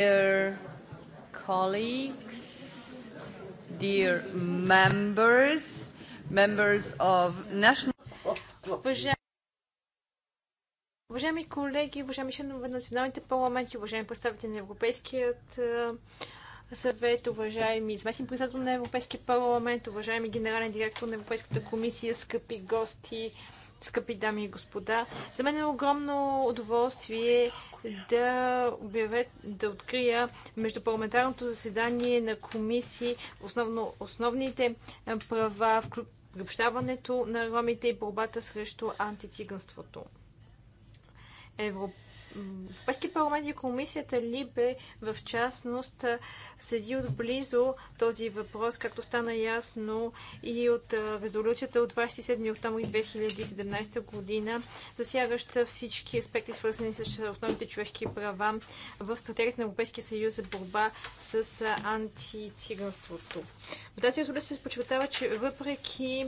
Dear colleagues, dear members, members of national... Уважаеми колеги, уважаеми членове на националните парламенти, уважаеми представители на Европейският е, съвет, уважаеми известни председател на Европейския парламент, уважаеми генерален директор на Европейската комисия, скъпи гости, скъпи дами и господа. За мен е огромно удоволствие да, обявя, да открия междупарламентарното заседание на комисии, основно, основните права, приобщаването на ромите и борбата срещу антициганството. Европа Европейския парламент и комисията Либе в частност седи отблизо този въпрос, както стана ясно и от резолюцията от 27 октомври 2017 година, засягаща всички аспекти, свързани с основните човешки права в стратегията на Европейския съюз за борба с антициганството. В тази резолюция се подчертава, че въпреки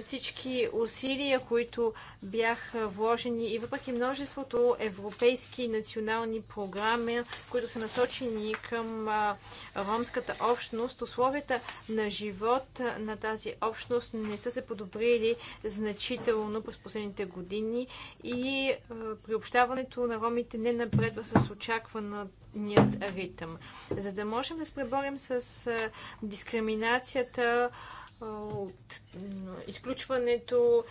всички усилия, които бяха вложени и въпреки множеството европейски и национални програми, които са насочени към ромската общност, условията на живот на тази общност не са се подобрили значително през последните години и приобщаването на ромите не напредва с очакваният ритъм. За да можем да се преборим с дискриминацията, от изключването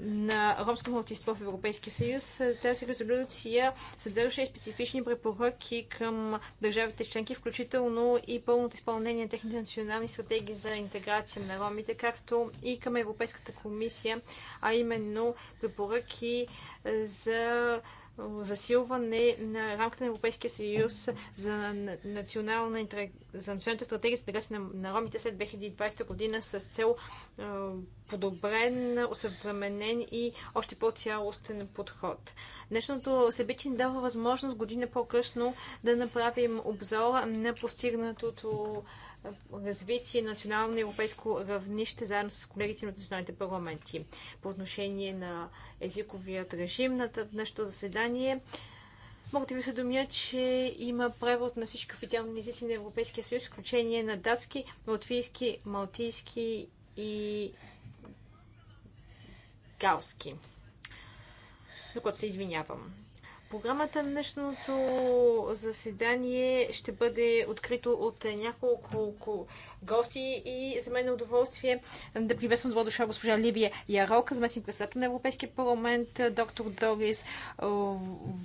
на ромско младсинство в Европейския съюз. Тази резолюция съдържа и специфични препоръки към държавите членки, включително и пълното изпълнение на техните национални стратегии за интеграция на ромите, както и към Европейската комисия, а именно препоръки за засилване на рамката на Европейския съюз за, национална, за националната стратегия за интеграция на, на ромите след 2020 година с цел подобрен, осъвременен и още по-цялостен подход. Днешното събитие ни дава възможност година по-късно да направим обзора на постигнатото развитие на национално европейско равнище, заедно с колегите от националните парламенти. По отношение на езиковият режим на днешното заседание, Мога да ви осведомя, че има превод на всички официални езици на Европейския съюз, изключение на датски, латвийски, малтийски и галски, за което се извинявам. Програмата на днешното заседание ще бъде открито от няколко гости и за мен е удоволствие да приветствам добро душа госпожа Ливия Ярока, заместник председател на Европейския парламент, доктор Дорис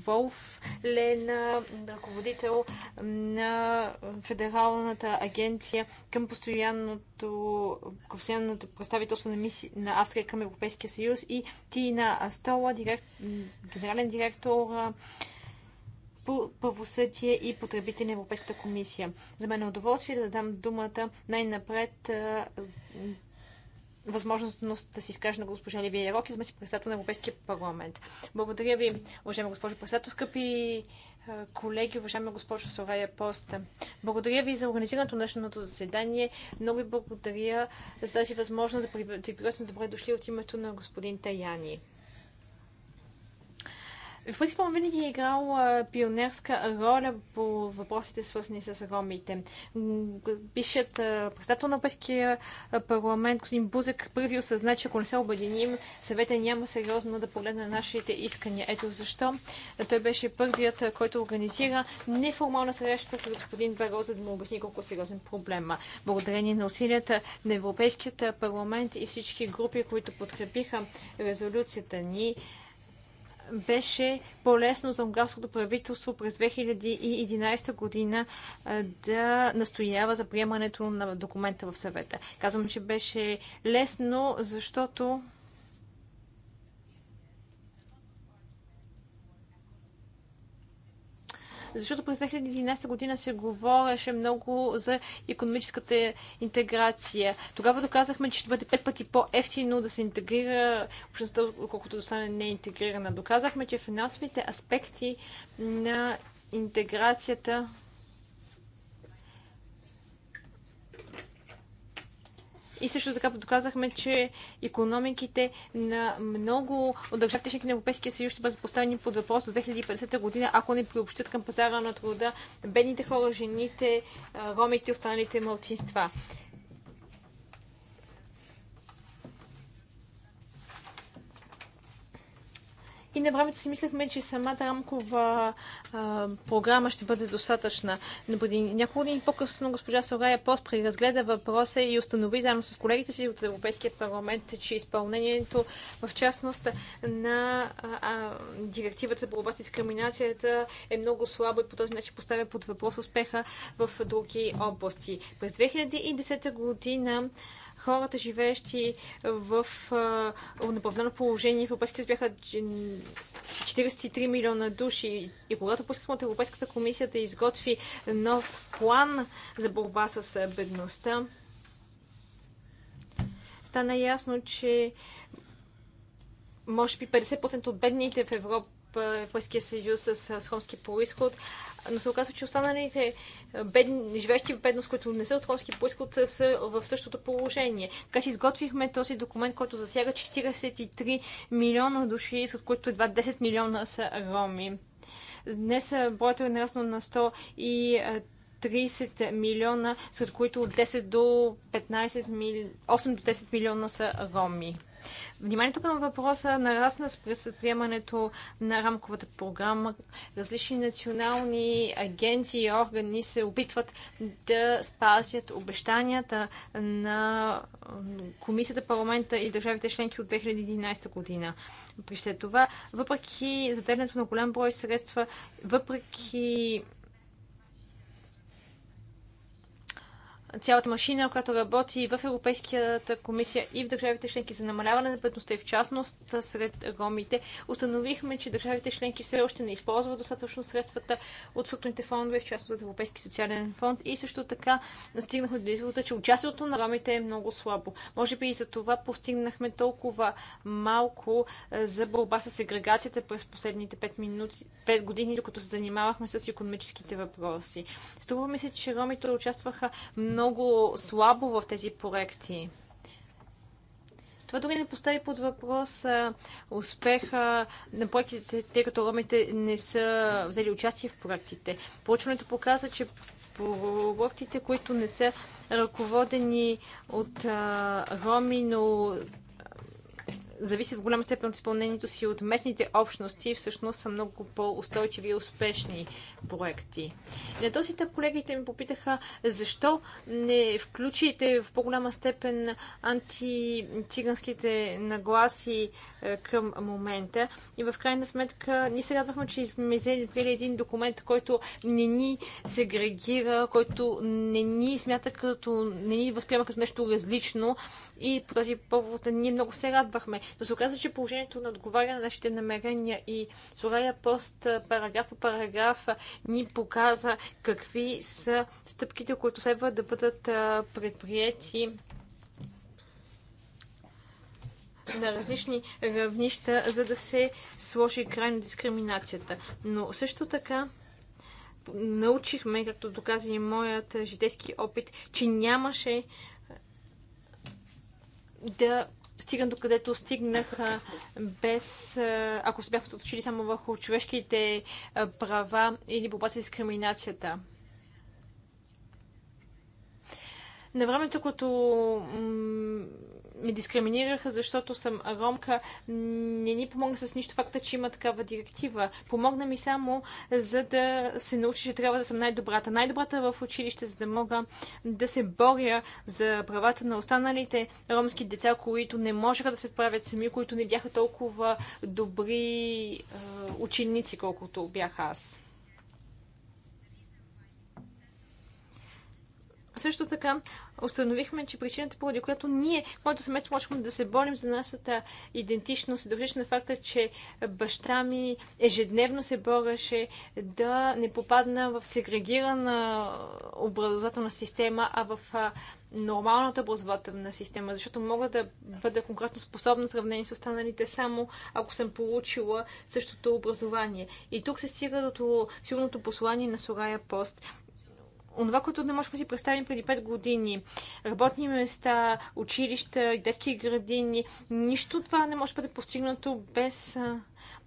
Волф Лена, ръководител на Федералната агенция към постоянното, постоянното представителство на, миси, на Австрия към Европейския съюз и Тина Астола, директ, генерален директор по правосъдие и потребители на Европейската комисия. За мен е удоволствие да дам думата най-напред възможност да се изкаже на госпожа Ливия Яроки, заместник председател на Европейския парламент. Благодаря ви, уважаема госпожо председател, скъпи колеги, уважаема госпожо Сорая Пост. Благодаря ви за организирането на днешното заседание. Много ви благодаря за тази възможност да приветствам добре дошли от името на господин Таяни. В он винаги е играл пионерска роля по въпросите свързани с ромите. Бившият председател на Европейския парламент, господин Бузек, първи осъзна, че ако не се обединим, съвета няма сериозно да погледне нашите искания. Ето защо той беше първият, който организира неформална среща с господин Беро, за да му обясни колко е сериозен проблема. Благодарение на усилията на Европейският парламент и всички групи, които подкрепиха резолюцията ни, беше по-лесно за унгарското правителство през 2011 година да настоява за приемането на документа в съвета. Казвам, че беше лесно, защото Защото през 2011 година се говореше много за економическата интеграция. Тогава доказахме, че ще бъде пет пъти по-ефтино да се интегрира общността, колкото да стане неинтегрирана. Доказахме, че финансовите аспекти на интеграцията И също така доказахме, че економиките на много от държавите членки на Европейския съюз ще бъдат поставени под въпрос до 2050 година, ако не приобщат към пазара на труда бедните хора, жените, ромите и останалите малцинства. И на времето си мислехме, че самата рамкова а, програма ще бъде достатъчна. преди няколко години по-късно госпожа Сарая Пост преразгледа въпроса и установи заедно с колегите си от Европейския парламент, че изпълнението в частност на а, а, директивата за борба с дискриминацията е много слабо и по този начин поставя под въпрос успеха в други области. През 2010 година хората, живеещи в неправдано положение в Европейския бяха 43 милиона души. И когато поискахме от Европейската комисия да изготви нов план за борба с бедността, стана ясно, че може би 50% от бедните в Европа Европейския съюз с, хомски происход, но се оказва, че останалите бедни, живещи в бедност, които не са от хомски происход, са в същото положение. Така че изготвихме този документ, който засяга 43 милиона души, от които едва 10 милиона са роми. Днес броят е нараснал на 100 и 30 милиона, сред които от 10 до 15 мили... 8 до 10 милиона са роми. Вниманието към въпроса нарасна с приемането на рамковата програма. Различни национални агенции и органи се опитват да спазят обещанията на Комисията, парламента и държавите членки от 2011 година. При след това, въпреки заделянето на голям брой средства, въпреки цялата машина, която работи в Европейската комисия и в държавите членки за намаляване на бедността и в частност сред ромите, установихме, че държавите членки все още не използват достатъчно средствата от структурните фондове, в частност от Европейски социален фонд и също така стигнахме до извода, че участието на ромите е много слабо. Може би и за това постигнахме толкова малко за борба с сегрегацията през последните 5, минути, 5 години, докато се занимавахме с економическите въпроси. Струва ми се, че ромите участваха много много слабо в тези проекти. Това дори не постави под въпрос а, успеха на проектите, тъй като ромите не са взели участие в проектите. Получването показа, че проектите, които не са ръководени от а, роми, но зависят в голяма степен от изпълнението си от местните общности и всъщност са много по-устойчиви и успешни проекти. И на този етап колегите ми попитаха защо не включите в по-голяма степен антициганските нагласи е, към момента. И в крайна сметка ние се радвахме, че сме взели един документ, който не ни сегрегира, който не ни смята като, не ни възприема като нещо различно и по този повод ние много се радвахме но се оказа, че положението не отговаря на нашите намерения и Сурая Пост параграф по параграф ни показа какви са стъпките, които следва да бъдат предприяти на различни равнища, за да се сложи край на дискриминацията. Но също така научихме, както доказа и моят житейски опит, че нямаше да стигна до където стигнах без, ако се бяхме съточили само върху човешките права или борбата с дискриминацията. На времето, като ме дискриминираха, защото съм ромка. Не ни помогна с нищо факта, че има такава директива. Помогна ми само за да се научи, че трябва да съм най-добрата. Най-добрата в училище, за да мога да се боря за правата на останалите ромски деца, които не можеха да се правят сами, които не бяха толкова добри е, ученици, колкото бях аз. Също така установихме, че причината, поради която ние, моето семейство, можем да се борим за нашата идентичност, дължеше на факта, че баща ми ежедневно се бореше да не попадна в сегрегирана образователна система, а в нормалната образователна система, защото мога да бъда конкретно способна в сравнение с останалите само ако съм получила същото образование. И тук се стига до силното послание на Сурая Пост онова, което не можем да си представим преди 5 години. Работни места, училища, детски градини. Нищо това не може да бъде постигнато без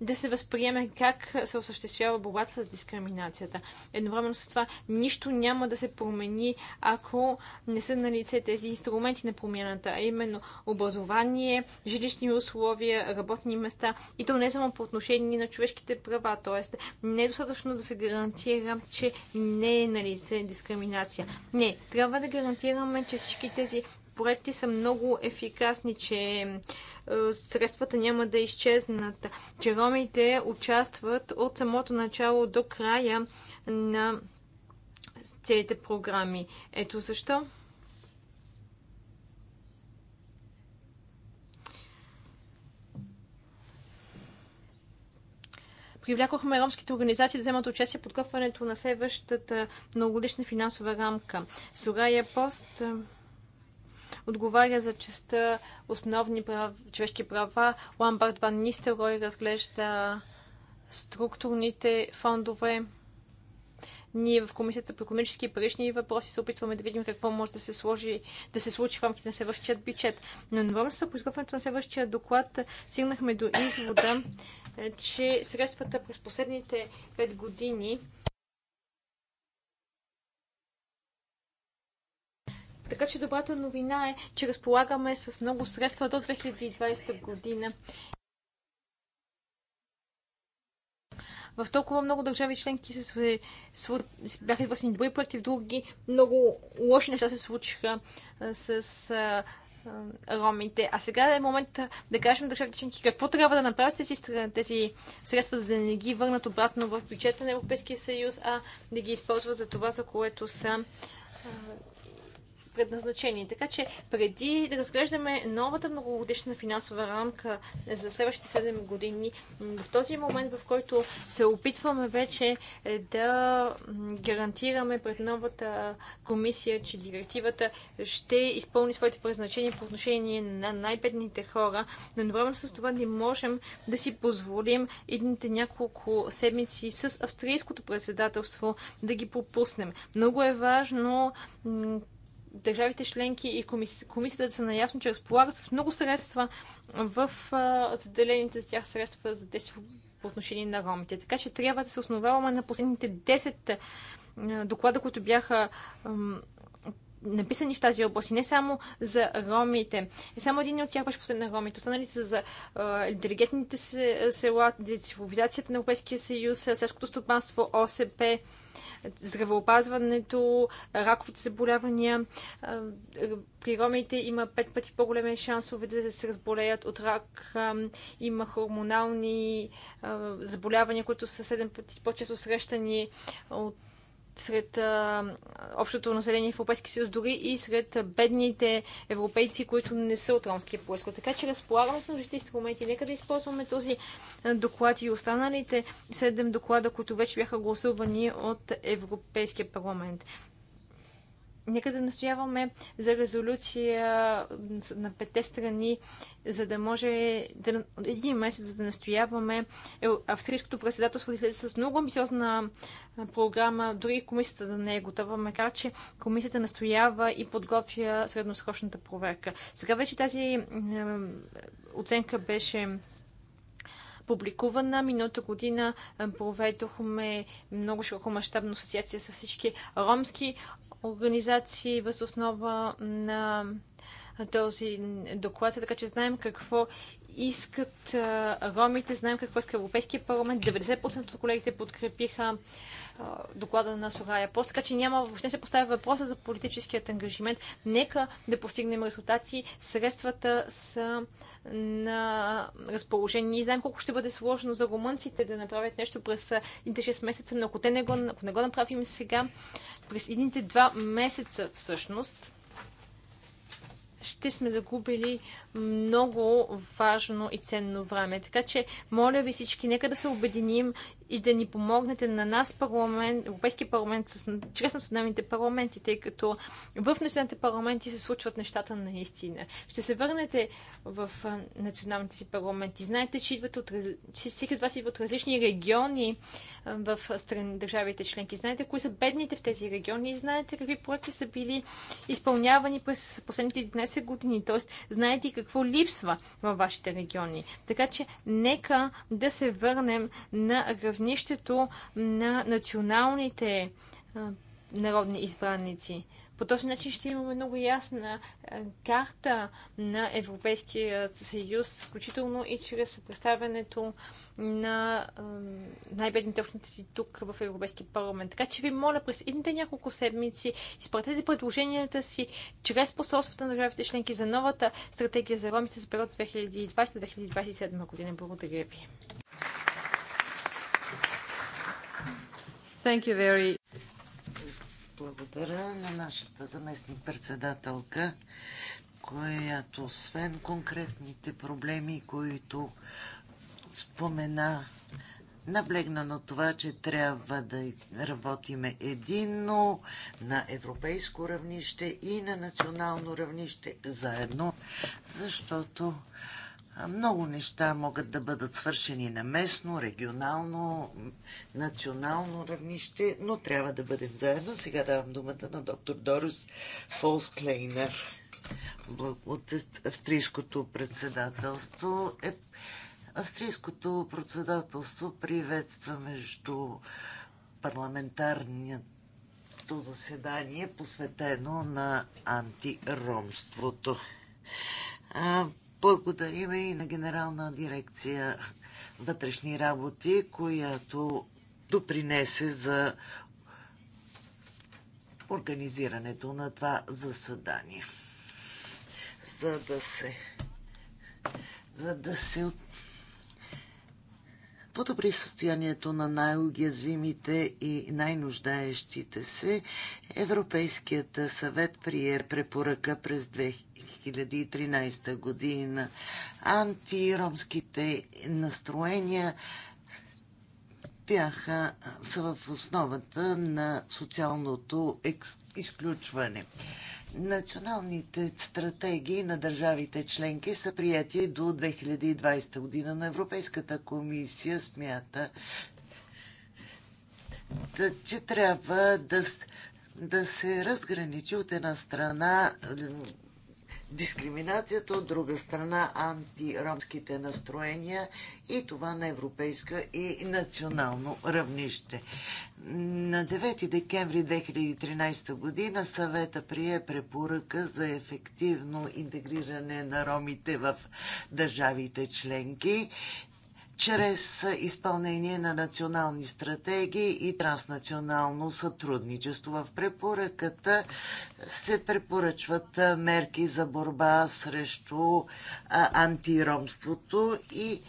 да се възприеме как се осъществява борбата с дискриминацията. Едновременно с това нищо няма да се промени, ако не са на лице тези инструменти на промяната, а именно образование, жилищни условия, работни места и то не само по отношение на човешките права, т.е. не е достатъчно да се гарантира, че не е на лице дискриминация. Не, трябва да гарантираме, че всички тези проекти са много ефикасни, че е, средствата няма да изчезнат, че ромите участват от самото начало до края на целите програми. Ето защо. привлякохме ромските организации да вземат участие в подкъпването на следващата многогодишна финансова рамка. Сурая Пост е, отговаря за честа основни прав, човешки права. Ламбард Ван Нистелрой разглежда структурните фондове. Ние в Комисията по економически и парични въпроси се опитваме да видим какво може да се, сложи, да се случи в рамките на следващия бюджет. Но едновременно с подготвянето на следващия доклад стигнахме до извода, е, че средствата през последните 5 години Така че добрата новина е, че разполагаме с много средства до 2020 година. В толкова много държави членки се сво... Сво... бяха извършени добри проекти, в други много лоши неща се случиха с а, ромите. А сега е момент да кажем на държавите членки какво трябва да направят тези, тези средства, за да не ги върнат обратно в бюджета на Европейския съюз, а да ги използват за това, за което са предназначени. Така че преди да разглеждаме новата многогодишна финансова рамка за следващите 7 години, в този момент, в който се опитваме вече е, да гарантираме пред новата комисия, че директивата ще изпълни своите предназначения по отношение на най-бедните хора, но едновременно с това не можем да си позволим едните няколко седмици с австрийското председателство да ги пропуснем. Много е важно държавите членки и комисията, комисията да са наясно, че разполагат с много средства в заделените за тях средства за действие по отношение на ромите. Така че трябва да се основаваме на последните 10 доклада, които бяха написани в тази област и не само за ромите. Не само един от тях беше последен на ромите. Останалите са за е, интелигентните села, децифровизацията на Европейския съюз, селското стопанство, ОСП, здравеопазването, раковите заболявания. При ромите има пет пъти по-големи шансове да се разболеят от рак. Има хормонални заболявания, които са седем пъти по-често срещани от сред а, общото население в Европейския съюз, дори и сред бедните европейци, които не са от ромския происход. Така че разполагаме с нужните инструменти. Нека да използваме този доклад и останалите седем доклада, които вече бяха гласувани от Европейския парламент. Нека да настояваме за резолюция на пете страни, за да може да, един месец, за да настояваме е, австрийското председателство да излезе с много амбициозна програма, дори комисията да не е готова, макар че комисията настоява и подготвя средносрочната проверка. Сега вече тази оценка беше публикувана. Миналата година проведохме много широко мащабна асоциация с всички ромски организации въз основа на този доклад, така че знаем какво искат ромите. Знаем какво иска Европейския парламент. 90% от колегите подкрепиха доклада на Сорая Пост, така че няма, въобще се поставя въпроса за политическият ангажимент. Нека да постигнем резултати. Средствата са на разположение. Ние знаем колко ще бъде сложно за румънците да направят нещо през едните 6 месеца, но ако, те не го, ако не го направим сега, през едните 2 месеца всъщност, ще сме загубили много важно и ценно време. Така че, моля ви всички, нека да се обединим и да ни помогнете на нас, парламент, Европейски парламент, с, чрез националните парламенти, тъй като в националните парламенти се случват нещата наистина. Ще се върнете в националните си парламенти. Знаете, че, идват от, че всеки от вас идва от различни региони в страни, държавите членки. Знаете кои са бедните в тези региони и знаете какви проекти са били изпълнявани през последните 11 години. Тоест, знаете как какво липсва във вашите региони. Така че нека да се върнем на равнището на националните народни избранници. По този начин ще имаме много ясна е, карта на Европейския съюз, включително и чрез представянето на е, най-бедните общности тук в Европейския парламент. Така че ви моля през едните няколко седмици изпратете предложенията си чрез посолствата на държавите членки за новата стратегия за ромите за период 2020-2027 година. Благодаря ви. Thank you very... Благодаря на нашата заместник председателка, която освен конкретните проблеми, които спомена, наблегна на това, че трябва да работиме единно на европейско равнище и на национално равнище заедно, защото много неща могат да бъдат свършени на местно, регионално, национално равнище, но трябва да бъдем заедно. Сега давам думата на доктор Дорис Фолсклейнер от австрийското председателство. Е, австрийското председателство приветства между парламентарното заседание, посветено на антиромството. Благодарим и на Генерална дирекция вътрешни работи, която допринесе за организирането на това заседание. За да се за да се подобри състоянието на най-уязвимите и най-нуждаещите се, Европейският съвет прие препоръка през 2000 2013 година. Антиромските настроения бяха, са в основата на социалното екс, изключване. Националните стратегии на държавите членки са прияти до 2020 година, но Европейската комисия смята, да, че трябва да, да се разграничи от една страна дискриминацията, от друга страна антиромските настроения и това на европейска и национално равнище. На 9 декември 2013 година съвета прие препоръка за ефективно интегриране на ромите в държавите членки чрез изпълнение на национални стратегии и транснационално сътрудничество. В препоръката се препоръчват мерки за борба срещу антиромството и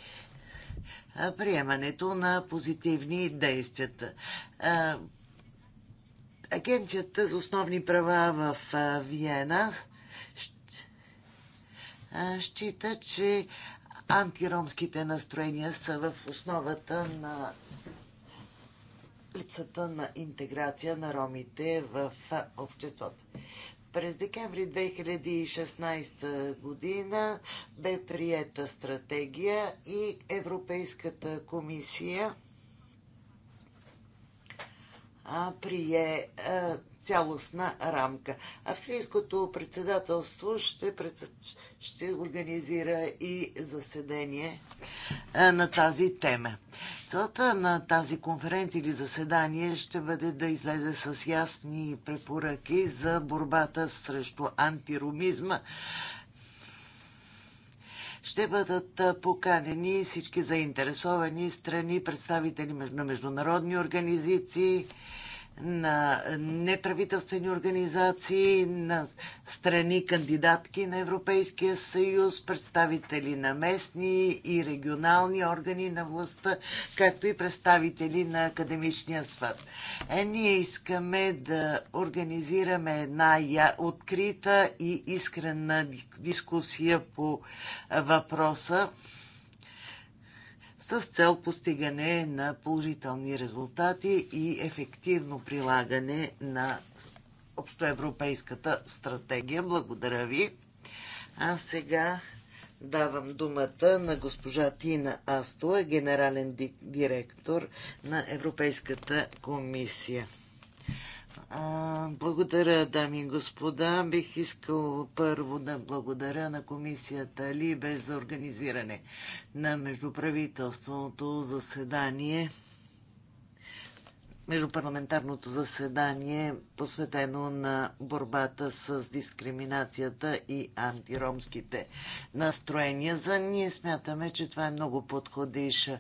приемането на позитивни действията. Агенцията за основни права в Виена счита, че антиромските настроения са в основата на липсата на интеграция на ромите в обществото. През декември 2016 година бе приета стратегия и Европейската комисия прие цялостна рамка. Австрийското председателство ще, ще организира и заседание е, на тази тема. Целта на тази конференция или заседание ще бъде да излезе с ясни препоръки за борбата срещу антиромизма, ще бъдат е, поканени всички заинтересовани страни, представители на международни организации, на неправителствени организации, на страни кандидатки на Европейския съюз, представители на местни и регионални органи на властта, както и представители на академичния свят. Е, ние искаме да организираме една открита и искрена дискусия по въпроса с цел постигане на положителни резултати и ефективно прилагане на общоевропейската стратегия. Благодаря ви. А сега давам думата на госпожа Тина Астола, е генерален директор на Европейската комисия. Благодаря, дами и господа. Бих искал първо да благодаря на комисията Либе за организиране на междуправителственото заседание междупарламентарното заседание, посветено на борбата с дискриминацията и антиромските настроения. За ние смятаме, че това е много подходиш е,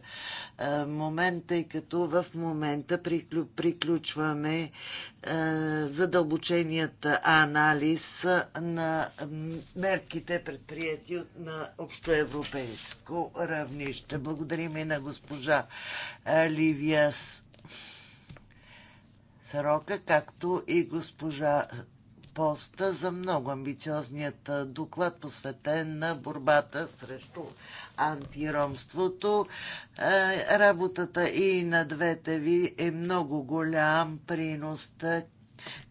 момент, тъй като в момента приключваме е, задълбоченият анализ на мерките предприяти на общоевропейско равнище. Благодарим и на госпожа е, Ливия срока, както и госпожа поста за много амбициозният доклад, посветен на борбата срещу антиромството. Работата и на двете ви е много голям принос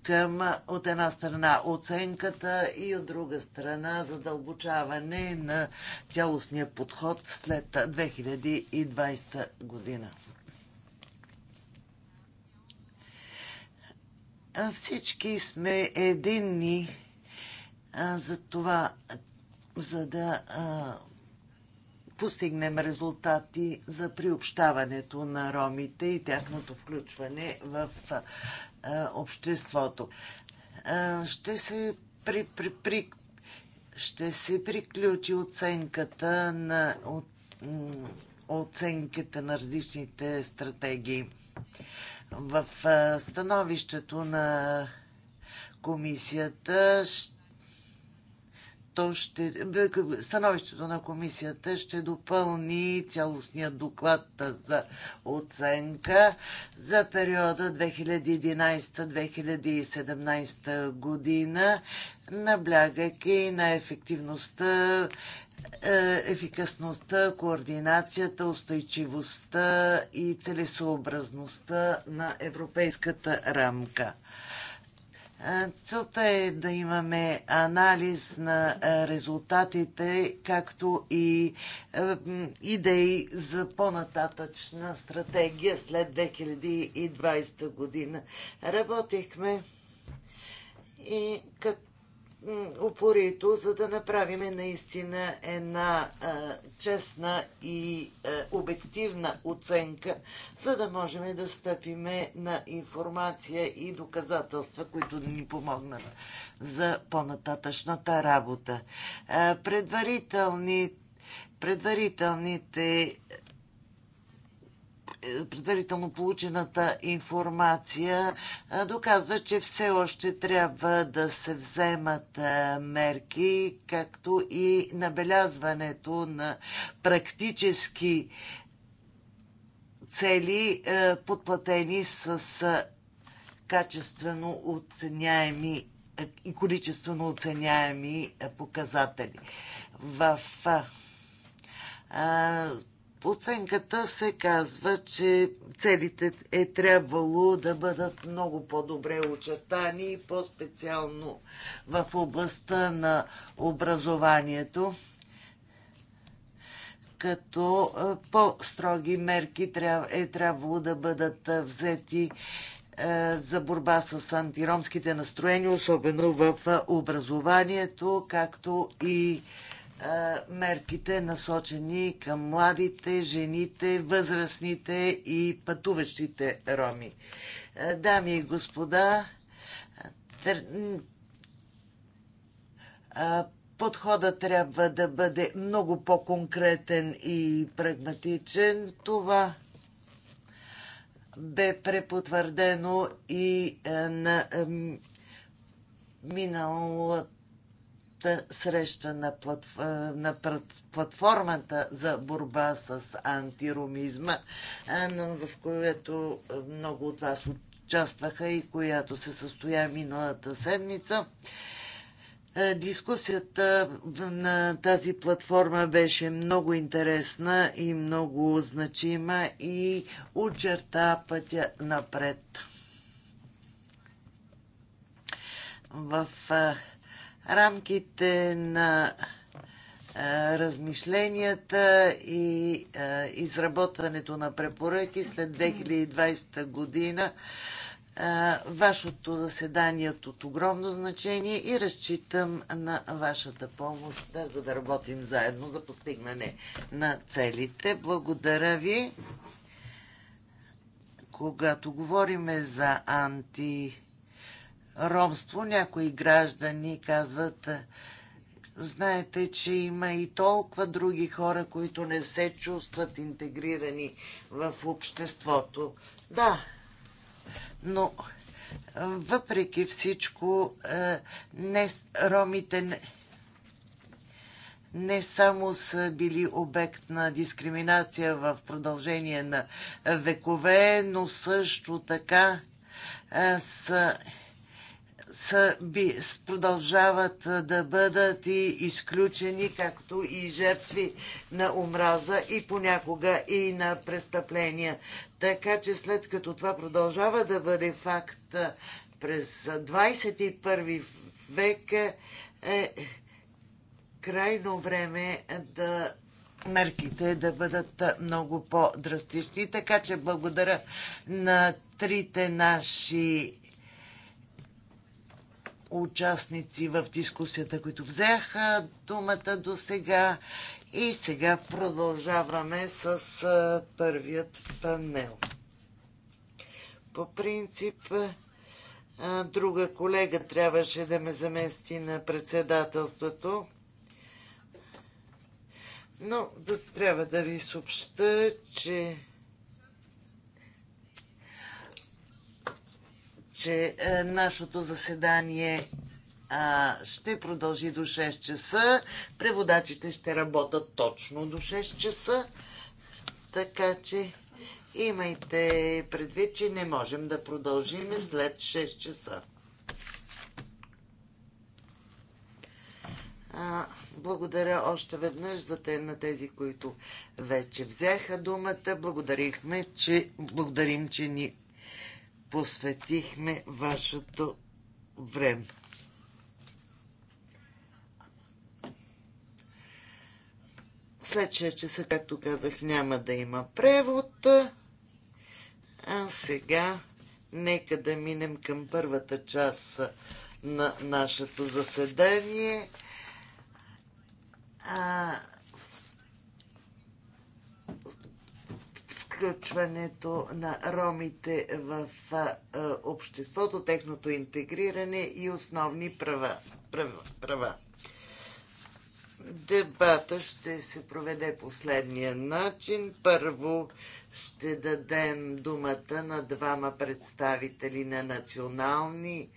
към от една страна оценката и от друга страна задълбочаване на цялостния подход след 2020 година. Всички сме единни за това, за да постигнем резултати за приобщаването на ромите и тяхното включване в обществото. Ще се при, при, при, ще се приключи оценката на оценката на различните стратегии. В становището на комисията то ще, становището на комисията ще допълни цялостния доклад за оценка за периода 2011-2017 година, наблягайки на ефективността е, ефикасността, координацията, устойчивостта и целесообразността на европейската рамка. Е, целта е да имаме анализ на е, резултатите, както и идеи за по-нататъчна стратегия след 2020 година. Работихме и като упорито, за да направим наистина една а, честна и а, обективна оценка, за да можем да стъпим на информация и доказателства, които да ни помогнат за по-нататъчната работа. А, предварителни, предварителните предварително получената информация доказва, че все още трябва да се вземат мерки, както и набелязването на практически цели, подплатени с качествено оценяеми и количествено оценяеми показатели. В оценката се казва, че целите е трябвало да бъдат много по-добре очертани и по-специално в областта на образованието като по-строги мерки е трябвало да бъдат взети за борба с антиромските настроения, особено в образованието, както и мерките насочени към младите, жените, възрастните и пътуващите роми. Дами и господа, подходът трябва да бъде много по-конкретен и прагматичен. Това бе препотвърдено и на миналата среща на, платф... на платформата за борба с антиромизма, в която много от вас участваха и която се състоя миналата седмица. Е, дискусията на тази платформа беше много интересна и много значима и очерта пътя напред. В рамките на размишленията и изработването на препоръки след 2020 година. Вашето заседание е от огромно значение и разчитам на вашата помощ, да, за да работим заедно за постигнане на целите. Благодаря ви. Когато говориме за анти ромство. Някои граждани казват, е, знаете, че има и толкова други хора, които не се чувстват интегрирани в обществото. Да, но е, въпреки всичко, е, не, ромите не, не само са били обект на дискриминация в продължение на векове, но също така са са, би, продължават да бъдат и изключени, както и жертви на омраза и понякога и на престъпления. Така че след като това продължава да бъде факт през 21 век, е, е крайно време да мерките да бъдат много по-драстични. Така че благодаря на трите наши участници в дискусията, които взеха думата до сега. И сега продължаваме с първият панел. По принцип, друга колега трябваше да ме замести на председателството. Но да трябва да ви съобща, че че е, нашето заседание а, ще продължи до 6 часа. Преводачите ще работят точно до 6 часа. Така че имайте предвид, че не можем да продължим след 6 часа. А, благодаря още веднъж за те, на тези, които вече взеха думата. Благодарихме, че, благодарим, че ни посветихме вашето време. След 6 часа, както казах, няма да има превод. А сега нека да минем към първата част на нашето заседание. А, включването на ромите в обществото, техното интегриране и основни права. права. Дебата ще се проведе последния начин. Първо ще дадем думата на двама представители на национални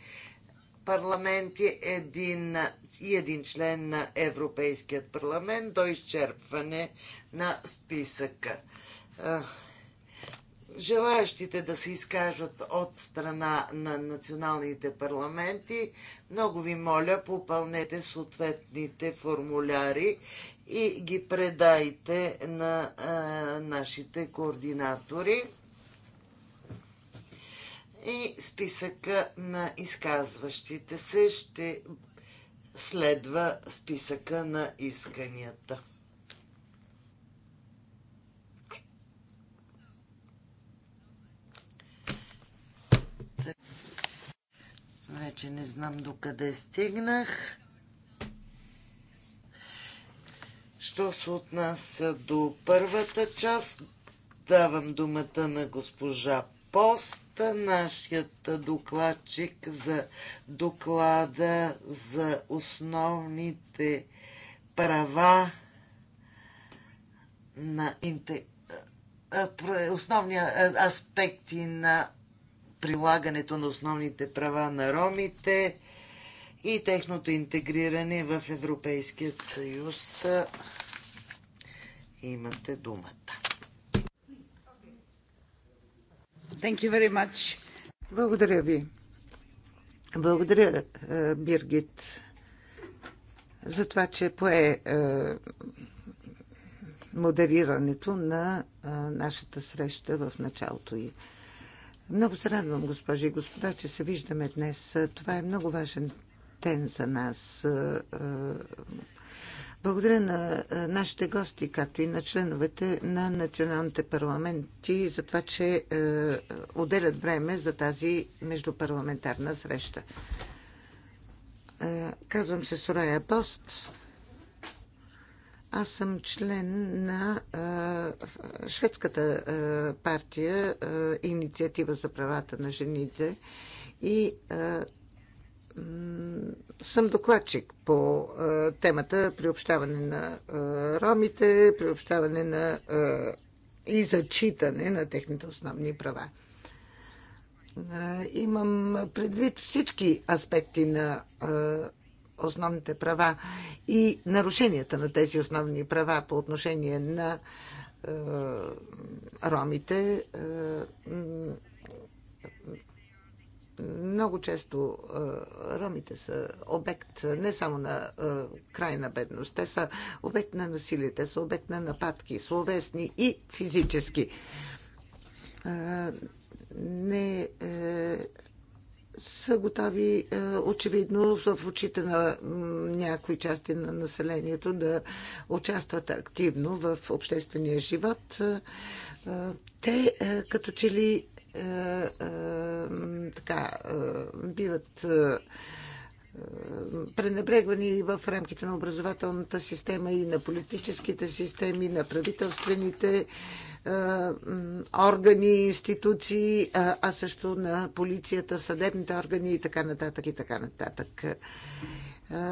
парламенти един, и един член на Европейският парламент до изчерпване на списъка желаящите да се изкажат от страна на националните парламенти, много ви моля, попълнете съответните формуляри и ги предайте на а, нашите координатори. И списъка на изказващите се ще следва списъка на исканията. Вече не знам докъде стигнах. Що се отнася до първата част, давам думата на госпожа Пост, нашият докладчик за доклада за основните права на интеграция основни аспекти на прилагането на основните права на ромите и техното интегриране в Европейският съюз. Имате думата. Thank you very much. Благодаря ви. Благодаря, е, Биргит, за това, че пое е, модерирането на е, нашата среща в началото й. Много се радвам, госпожи и господа, че се виждаме днес. Това е много важен ден за нас. Благодаря на нашите гости, както и на членовете на националните парламенти за това, че е, отделят време за тази междупарламентарна среща. Е, казвам се Сурая Пост. Аз съм член на а, шведската а, партия а, Инициатива за правата на жените и а, съм докладчик по а, темата приобщаване на а, ромите, приобщаване на а, и зачитане на техните основни права. А, имам предвид всички аспекти на а, основните права и нарушенията на тези основни права по отношение на е, ромите. Е, много често е, ромите са обект не само на е, крайна бедност, те са обект на насилие, те са обект на нападки, словесни и физически. Е, не са готови е, очевидно в очите на някои части на населението да участват активно в обществения живот. Е, е, те като че ли така биват пренебрегвани в рамките на образователната система и на политическите системи, на правителствените е, органи, институции, а също на полицията, съдебните органи и така нататък и така нататък. Е,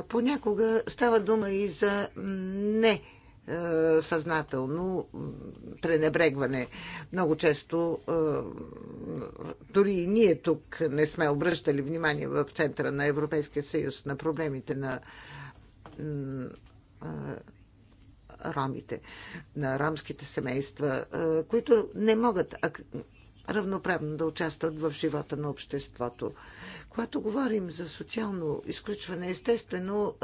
понякога става дума и за не е, съзнателно пренебрегване. Много често дори и ние тук не сме обръщали внимание в центъра на Европейския съюз на проблемите на рамите, на ромските семейства, които не могат равноправно да участват в живота на обществото. Когато говорим за социално изключване, естествено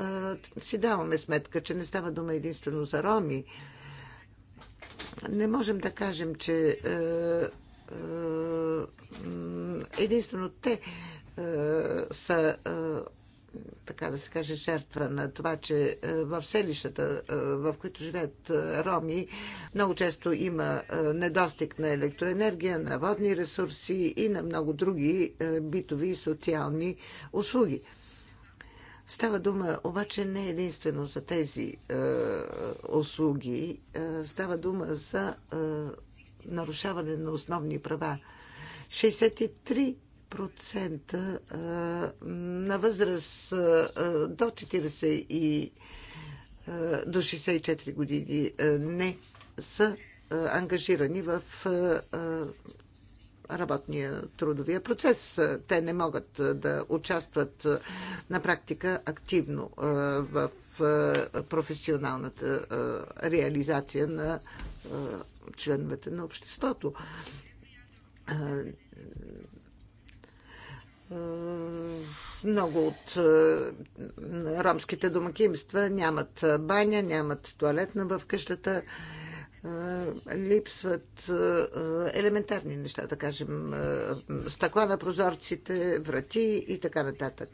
си даваме сметка, че не става дума единствено за роми. Не можем да кажем, че единствено те са така да се каже, жертва на това, че е, в селищата, е, в които живеят е, роми, много често има недостиг на електроенергия, на водни ресурси и на много други битови и социални услуги. Става дума обаче не единствено за тези е, услуги, е, става дума за е, нарушаване на основни права. 63 процента на възраст до 40 и до 64 години не са ангажирани в работния трудовия процес. Те не могат да участват на практика активно в професионалната реализация на членовете на обществото много от е, ромските домакинства нямат е, баня, нямат туалетна в къщата. Е, липсват елементарни неща, да кажем, стъкла на прозорците, врати и така нататък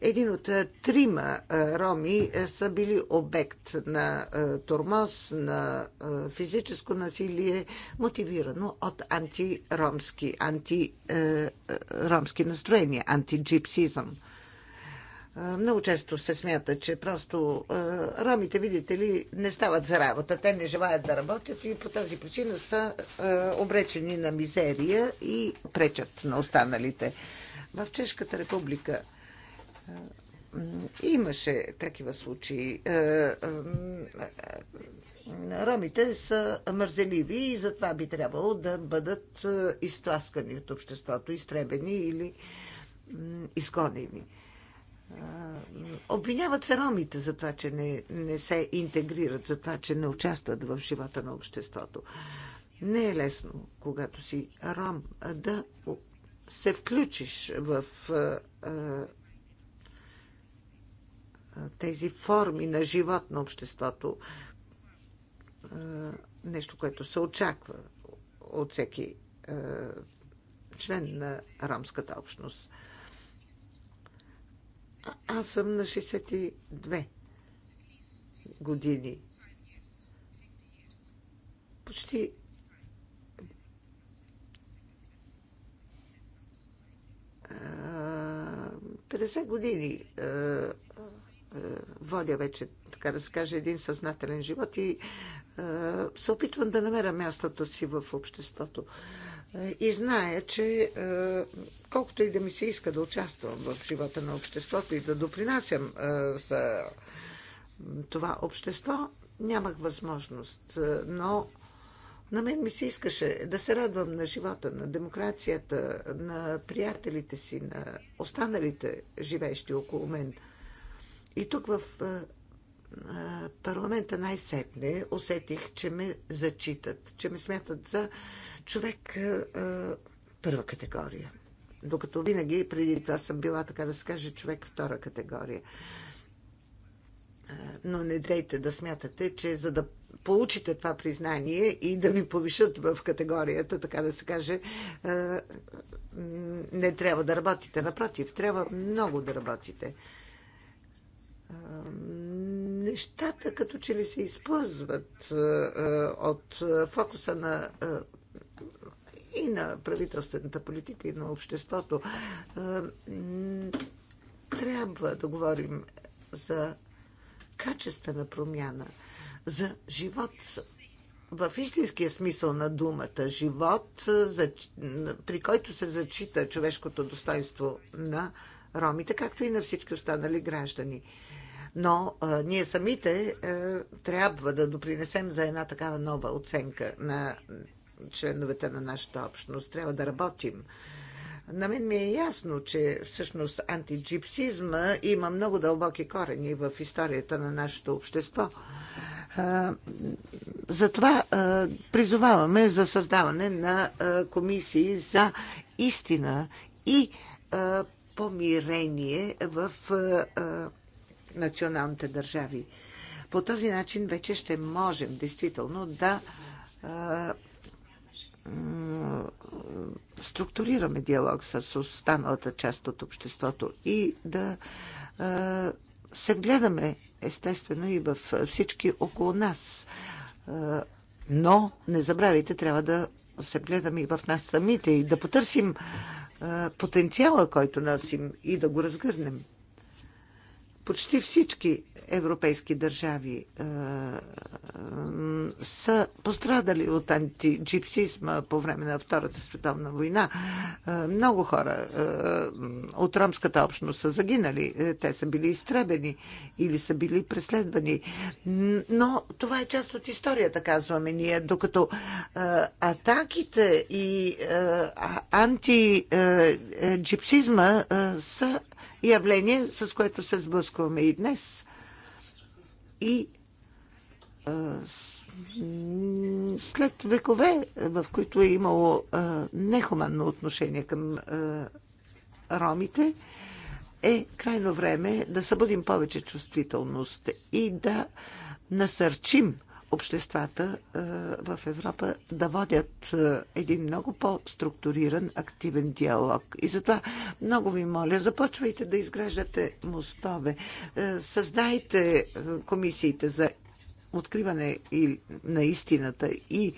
един от трима роми са били обект на тормоз, на физическо насилие, мотивирано от антиромски, антиромски настроения, антиджипсизъм. Много често се смята, че просто ромите, видите ли, не стават за работа. Те не желаят да работят и по тази причина са обречени на мизерия и пречат на останалите. В Чешката република Имаше такива случаи. Е, е, ромите са мързеливи и затова би трябвало да бъдат е, изтласкани от обществото, изтребени или изгонени. Обвиняват се ромите за това, че не, не се интегрират, за това, че не участват в живота на обществото. Не е лесно, когато си ром, да се включиш в тези форми на живот на обществото. Нещо, което се очаква от всеки член на рамската общност. аз съм на 62 години. Почти а, 50 години а, водя вече, така да се каже, един съзнателен живот и се опитвам да намеря мястото си в обществото. И зная, че колкото и да ми се иска да участвам в живота на обществото и да допринасям за това общество, нямах възможност. Но на мен ми се искаше да се радвам на живота, на демокрацията, на приятелите си, на останалите живеещи около мен – и тук в парламента най-сетне усетих, че ме зачитат, че ме смятат за човек първа категория. Докато винаги преди това съм била, така да се каже, човек втора категория. Но не дейте да смятате, че за да получите това признание и да ви повишат в категорията, така да се каже, не трябва да работите. Напротив, трябва много да работите нещата като че ли се изплъзват от фокуса на и на правителствената политика, и на обществото. Трябва да говорим за качествена промяна, за живот в истинския смисъл на думата, живот, при който се зачита човешкото достоинство на ромите, както и на всички останали граждани но а, ние самите а, трябва да допринесем за една такава нова оценка на членовете на нашата общност. Трябва да работим. На мен ми е ясно, че всъщност антиджипсизма има много дълбоки корени в историята на нашето общество. Затова призоваваме за създаване на комисии за истина и помирение в националните държави. По този начин вече ще можем действително да структурираме диалог с останалата част от обществото и да се гледаме естествено и в всички около нас. Но, не забравяйте, трябва да се гледаме и в нас самите и да потърсим потенциала, който носим и да го разгърнем почти всички европейски държави е, са пострадали от антиджипсизма по време на Втората световна война. Е, много хора е, от ромската общност са загинали. Е, те са били изтребени или са били преследвани. Но това е част от историята, казваме ние, докато е, атаките и антиджипсизма са явление, с което се сблъскваме и днес. И след векове, в които е имало нехуманно отношение към ромите, е крайно време да събудим повече чувствителност и да насърчим обществата в Европа да водят един много по-структуриран, активен диалог. И затова много ви моля, започвайте да изграждате мостове, създайте комисиите за откриване на истината и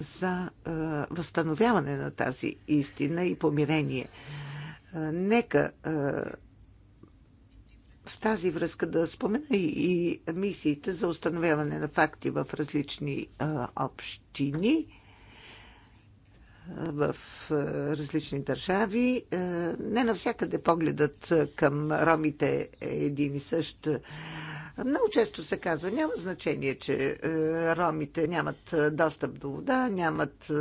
за възстановяване на тази истина и помирение. Нека в тази връзка да спомена и, и мисиите за установяване на факти в различни а, общини, в а, различни държави. А, не навсякъде погледът към ромите е един и същ. Много често се казва, няма значение, че е, ромите нямат е, достъп до вода, нямат е,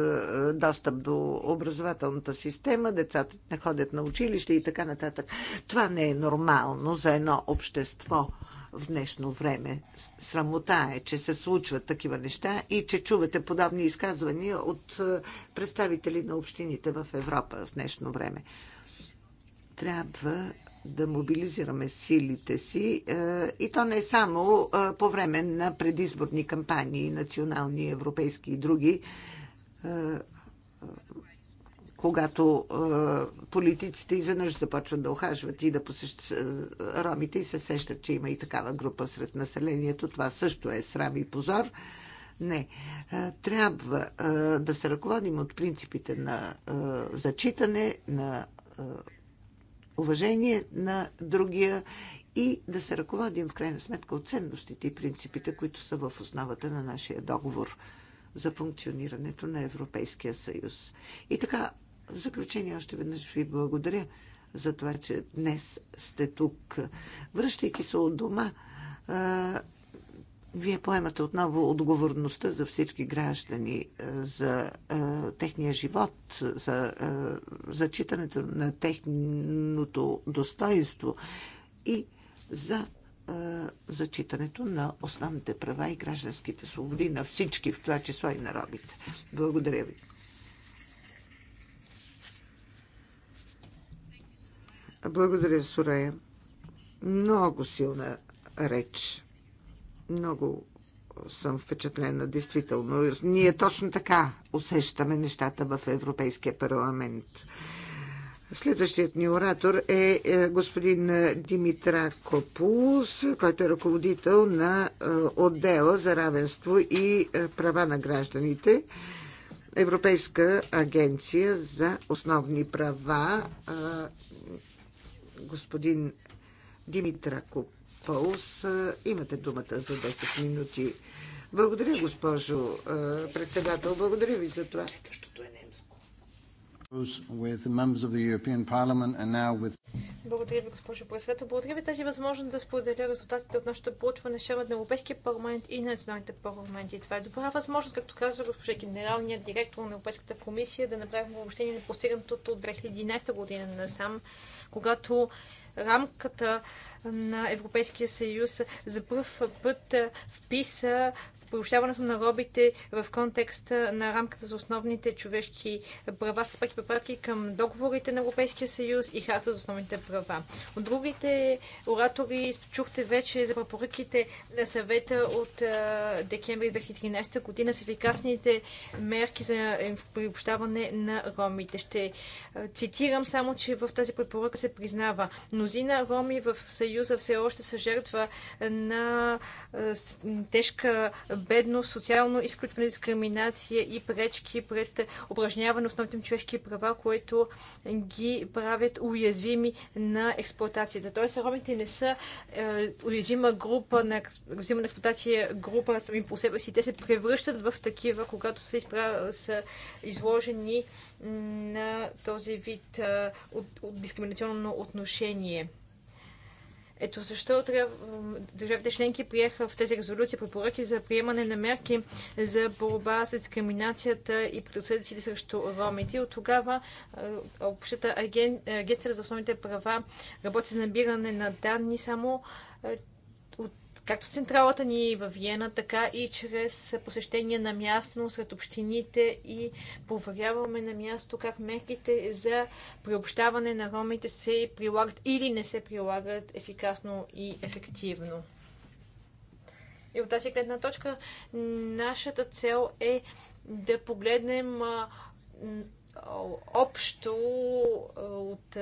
достъп до образователната система, децата не ходят на училище и така нататък. Това не е нормално за едно общество в днешно време. Срамота е, че се случват такива неща и че чувате подобни изказвания от представители на общините в Европа в днешно време. Трябва да мобилизираме силите си е, и то не само е, по време на предизборни кампании, национални, европейски и други, е, когато политиците изведнъж започват да охажват и да посещат ромите и се сещат, че има и такава група сред населението. Това също е срам и позор. Не. Трябва да се ръководим от принципите на зачитане, на уважение на другия и да се ръководим в крайна сметка от ценностите и принципите, които са в основата на нашия договор за функционирането на Европейския съюз. И така, в заключение още веднъж ви благодаря за това, че днес сте тук. Връщайки се от дома, вие поемате отново отговорността за всички граждани, е, за а, е, техния живот, за а, е, зачитането на техното достоинство и за а, зачитането на основните права и гражданските свободи на всички, в това число и на робите. Благодаря ви. Благодаря, Сурая. Много силна реч. Много съм впечатлена, действително. Ние точно така усещаме нещата в Европейския парламент. Следващият ни оратор е, е господин Димитра Копус, който е ръководител на е, отдела за равенство и е, права на гражданите, Европейска агенция за основни права. Господин Димитра Копус Паулс. Имате думата за 10 минути. Благодаря, госпожо председател. Благодаря ви за това. Е Благодаря ви, госпожо председател. Благодаря ви тази възможност да споделя резултатите от нашето проучване ще на Европейския парламент и на националните парламенти. Това е добра възможност, както казва госпожа генералният директор на Европейската комисия, да направим обобщение на постигнатото от 2011 година насам, когато рамката на Европейския съюз за първ път вписа Поощряването на робите в контекста на рамката за основните човешки права са пък препратки към договорите на Европейския съюз и харта за основните права. От другите оратори чухте вече за препоръките на съвета от декември 2013 година с ефикасните мерки за е, приобщаване на ромите. Ще цитирам само, че в тази препоръка се признава мнозина роми в Съюза все още са жертва на тежка бедност, социално изключване, дискриминация и пречки пред упражняване на основните им човешки права, които ги правят уязвими на експлоатацията. Тоест, ромите не са е, уязвима група на, уязвима на експлоатация група сами по себе си. Те се превръщат в такива, когато са, изправ... са изложени на този вид е, от, от дискриминационно отношение. Ето защо държавите членки приеха в тези резолюции препоръки за приемане на мерки за борба с дискриминацията и предсъдиците срещу ромите. От тогава Общата агенция за основните права работи за набиране на данни само както с централата ни в Виена, така и чрез посещение на място сред общините и проверяваме на място как мерките за приобщаване на ромите се прилагат или не се прилагат ефикасно и ефективно. И от тази гледна точка нашата цел е да погледнем общо от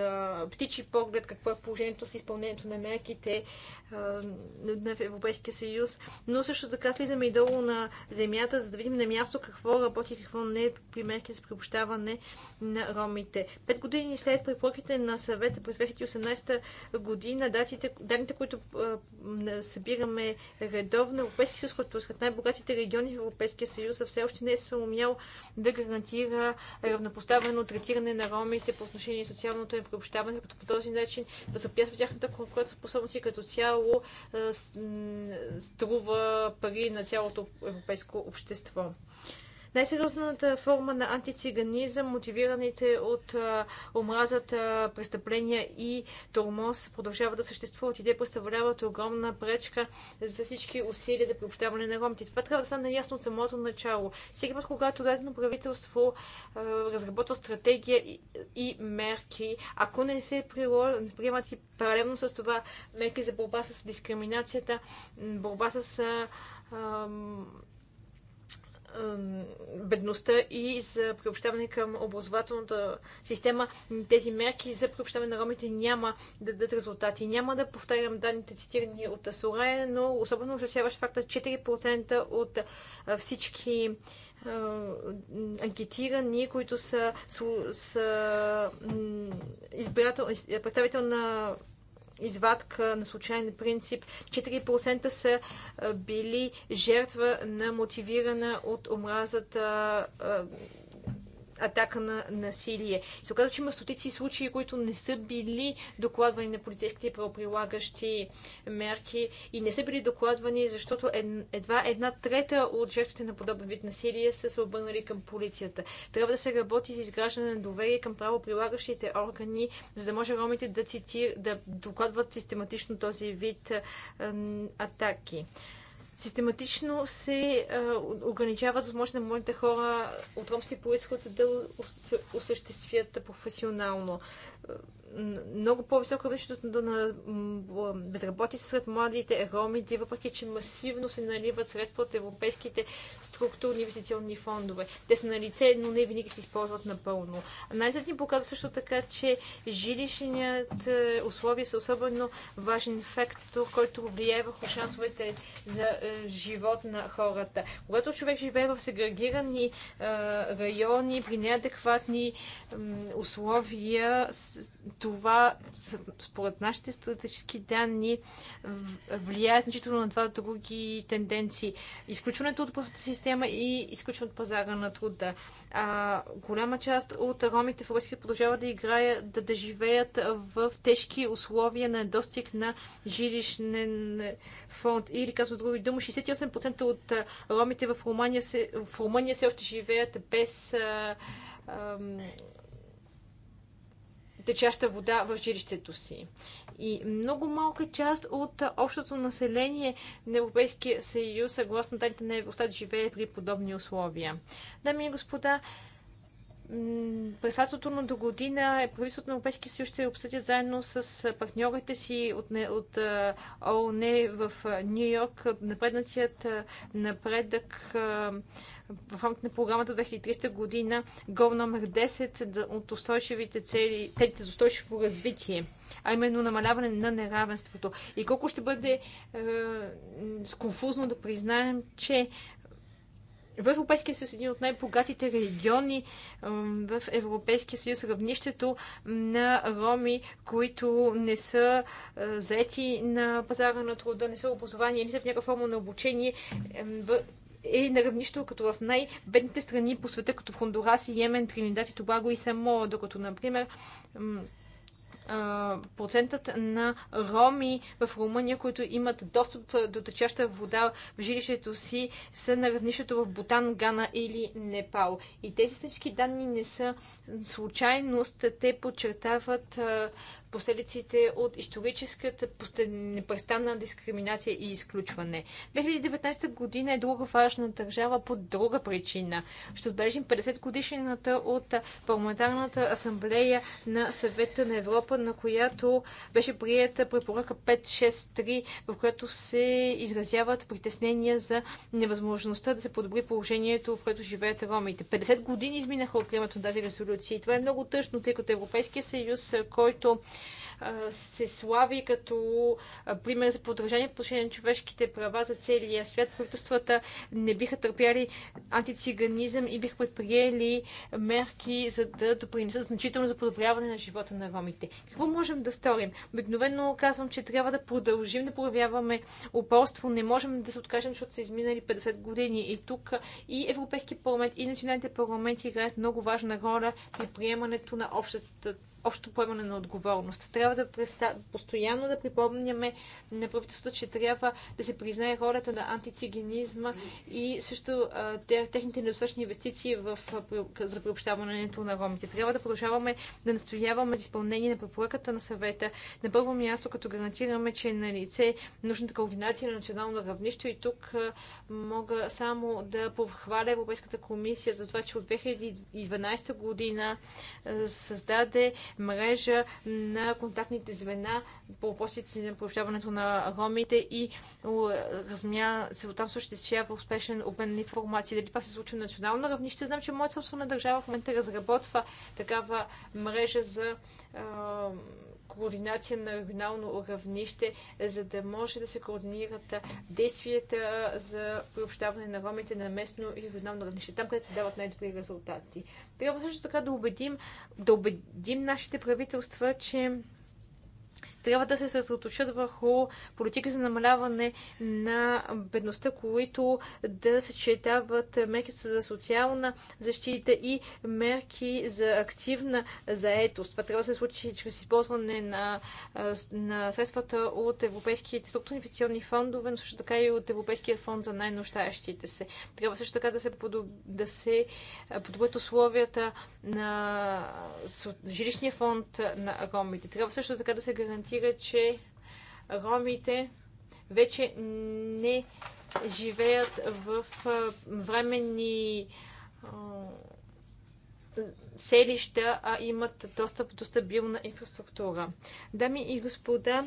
птичи поглед какво е положението с изпълнението на мерките на Европейския съюз, но също така слизаме и долу на земята, за да видим на място какво работи и какво не при мерки за приобщаване на ромите. Пет години след препоръките на съвета през 2018 година, датите, данните, които събираме редовно, Европейския съюз, който е сред най-богатите региони в Европейския съюз, все още не е съумял да гарантира равнопоставеност равнопоставено третиране на ромите по отношение на социалното им приобщаване, като по този начин възпрепятства тяхната конкурентоспособност и като цяло струва пари на цялото европейско общество най-сериозната форма на антициганизъм, мотивираните от омразата престъпления и тормоз продължават да съществуват и те представляват огромна пречка за всички усилия за приобщаване на ромите. Това трябва да стане ясно от самото начало. Всеки път, когато дадено правителство разработва стратегия и мерки, ако не се приемат и паралелно с това мерки за борба с дискриминацията, борба с бедността и за приобщаване към образователната система, тези мерки за приобщаване на ромите няма да дадат резултати. Няма да повтарям данните цитирани от Сурая, но особено ужасяващ факта е, 4% от всички анкетирани, които са, са, са избирател, представител на извадка на случайен принцип. 4% са били жертва на мотивирана от омразата атака на насилие. Се оказва, че има стотици случаи, които не са били докладвани на полицейските правоприлагащи мерки и не са били докладвани, защото едва една трета от жертвите на подобен вид насилие са се обърнали към полицията. Трябва да се работи с изграждане на доверие към правоприлагащите органи, за да може ромите да, цитир, да докладват систематично този вид атаки систематично се а, ограничават възможно на моите хора от ромски происход да се осъществят професионално много по-високо равнището на безработица сред младите ромите, въпреки че масивно се наливат средства от европейските структурни инвестиционни фондове. Те са на лице, но не винаги се използват напълно. най ни показва също така, че жилищният е, условия са особено важен фактор, който влияе върху шансовете за е, живот на хората. Когато човек живее в сегрегирани е, райони при неадекватни условия, това, според нашите статистически данни, влияе значително на два други тенденции. Изключването от първата система и изключването от пазара на труда. А, голяма част от ромите в Руси продължават да играят, да, да живеят в тежки условия на достиг на жилищен фонд. Или, казвам други думи, 68% от ромите в Румъния, се, в Румъния все още живеят без а, а, течаща вода в жилището си. И много малка част от общото население на Европейския съюз, съгласно данните на Евростат, живее при подобни условия. Дами и господа, през лятото на до година е правителството на Европейския съюз ще обсъдят заедно с партньорите си от, от ООН в Нью Йорк напреднатият напредък в рамките на програмата 2030 година гол номер 10 от устойчивите цели, целите за устойчиво развитие, а именно намаляване на неравенството. И колко ще бъде е, сконфузно да признаем, че в Европейския съюз е един от най-богатите региони в Европейския съюз равнището на роми, които не са е, заети на пазара на труда, не са образовани или са в някаква форма на обучение е на равнището като в най-бедните страни по света, като в Хондурас и Йемен, Тринидад и Тобаго и Самоа, докато, например, процентът на роми в Румъния, които имат достъп до течаща вода в жилището си, са на равнището в Бутан, Гана или Непал. И тези всички данни не са случайност. Те подчертават последиците от историческата непрестанна дискриминация и изключване. 2019 година е друга важна държава по друга причина. Ще отбележим 50 годишнината от Парламентарната асамблея на съвета на Европа, на която беше приета препоръка 563, в която се изразяват притеснения за невъзможността да се подобри положението, в което живеят ромите. 50 години изминаха от приемането на тази резолюция и това е много тъжно, тъй като Европейския съюз, който се слави като пример за подражание по отношение на човешките права за целия свят. Правителствата не биха търпяли антициганизъм и биха предприели мерки за да допринесат значително за подобряване на живота на ромите. Какво можем да сторим? Обикновено казвам, че трябва да продължим да проявяваме упорство. Не можем да се откажем, защото са изминали 50 години и тук и Европейски парламент, и националните парламенти играят много важна роля при приемането на общата общо поемане на отговорност. Трябва да преста... постоянно да припомняме на правителството, че трябва да се признае ролята на антицигенизма и също а, техните недостатъчни инвестиции в, за приобщаването на ромите. Трябва да продължаваме да настояваме за изпълнение на препоръката на съвета. На първо място, като гарантираме, че е на лице нужната координация на национално равнище и тук а, мога само да похваля Европейската комисия за това, че от 2012 година а, създаде мрежа на контактните звена по въпросите на приобщаването на ромите и размя... там оттам съществява успешен обмен на информация. Дали това се случва на национално равнище? Знам, че моята собствена държава в момента разработва такава мрежа за координация на регионално равнище, за да може да се координират действията за приобщаване на ромите на местно и регионално равнище, там където дават най-добри резултати. Трябва също така да убедим, да убедим нашите правителства, че трябва да се съсредоточат върху политики за намаляване на бедността, които да съчетават мерки за социална защита и мерки за активна заетост. Това трябва да се случи чрез използване на, на средствата от европейските структурни инвестиционни фондове, но също така и от Европейския фонд за най-нуждаещите се. Трябва също така да се, подоб... да се подобрят условията на жилищния фонд на ромите. Трябва също така да се гарантира констатира, че ромите вече не живеят в временни селища, а имат достъп до стабилна инфраструктура. Дами и господа,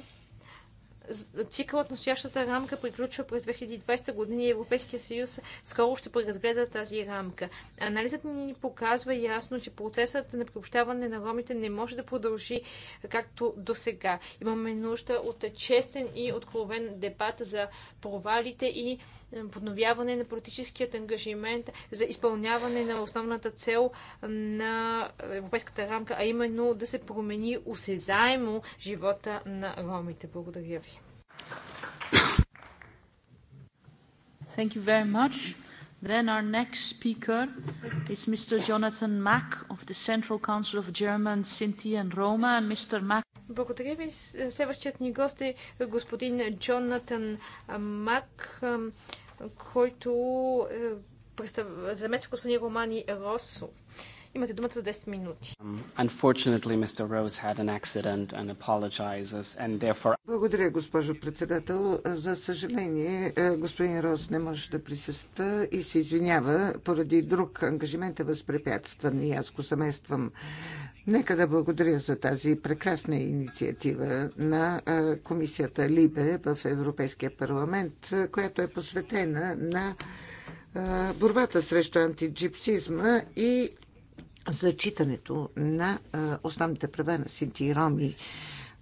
Цикълът на стоящата рамка приключва през 2020 година и Европейския съюз скоро ще преразгледа тази рамка. Анализът ни показва ясно, че процесът на приобщаване на ромите не може да продължи както до сега. Имаме нужда от честен и откровен дебат за провалите и е, подновяване на политическият ангажимент за изпълняване на основната цел на европейската рамка, а именно да се промени осезаемо живота на ромите. Благодаря ви. Thank you very much. Then our next speaker is Mr. Jonathan Mack of the Central Council of German Sinti and Roma. And Mr. Mack. Благодаря ви. Следващият ни гост е господин Джонатан Мак, който е, замества господин Романи Росо. Имате думата за 10 минути. Um, therefore... Благодаря, госпожо председател. За съжаление, е, господин Роуз не може да присъства и се извинява поради друг ангажимент е възпрепятстван и аз го съмествам. Нека да благодаря за тази прекрасна инициатива на е, комисията Либе в Европейския парламент, е, която е посветена на борбата срещу антиджипсизма и зачитането на основните права на синти и роми.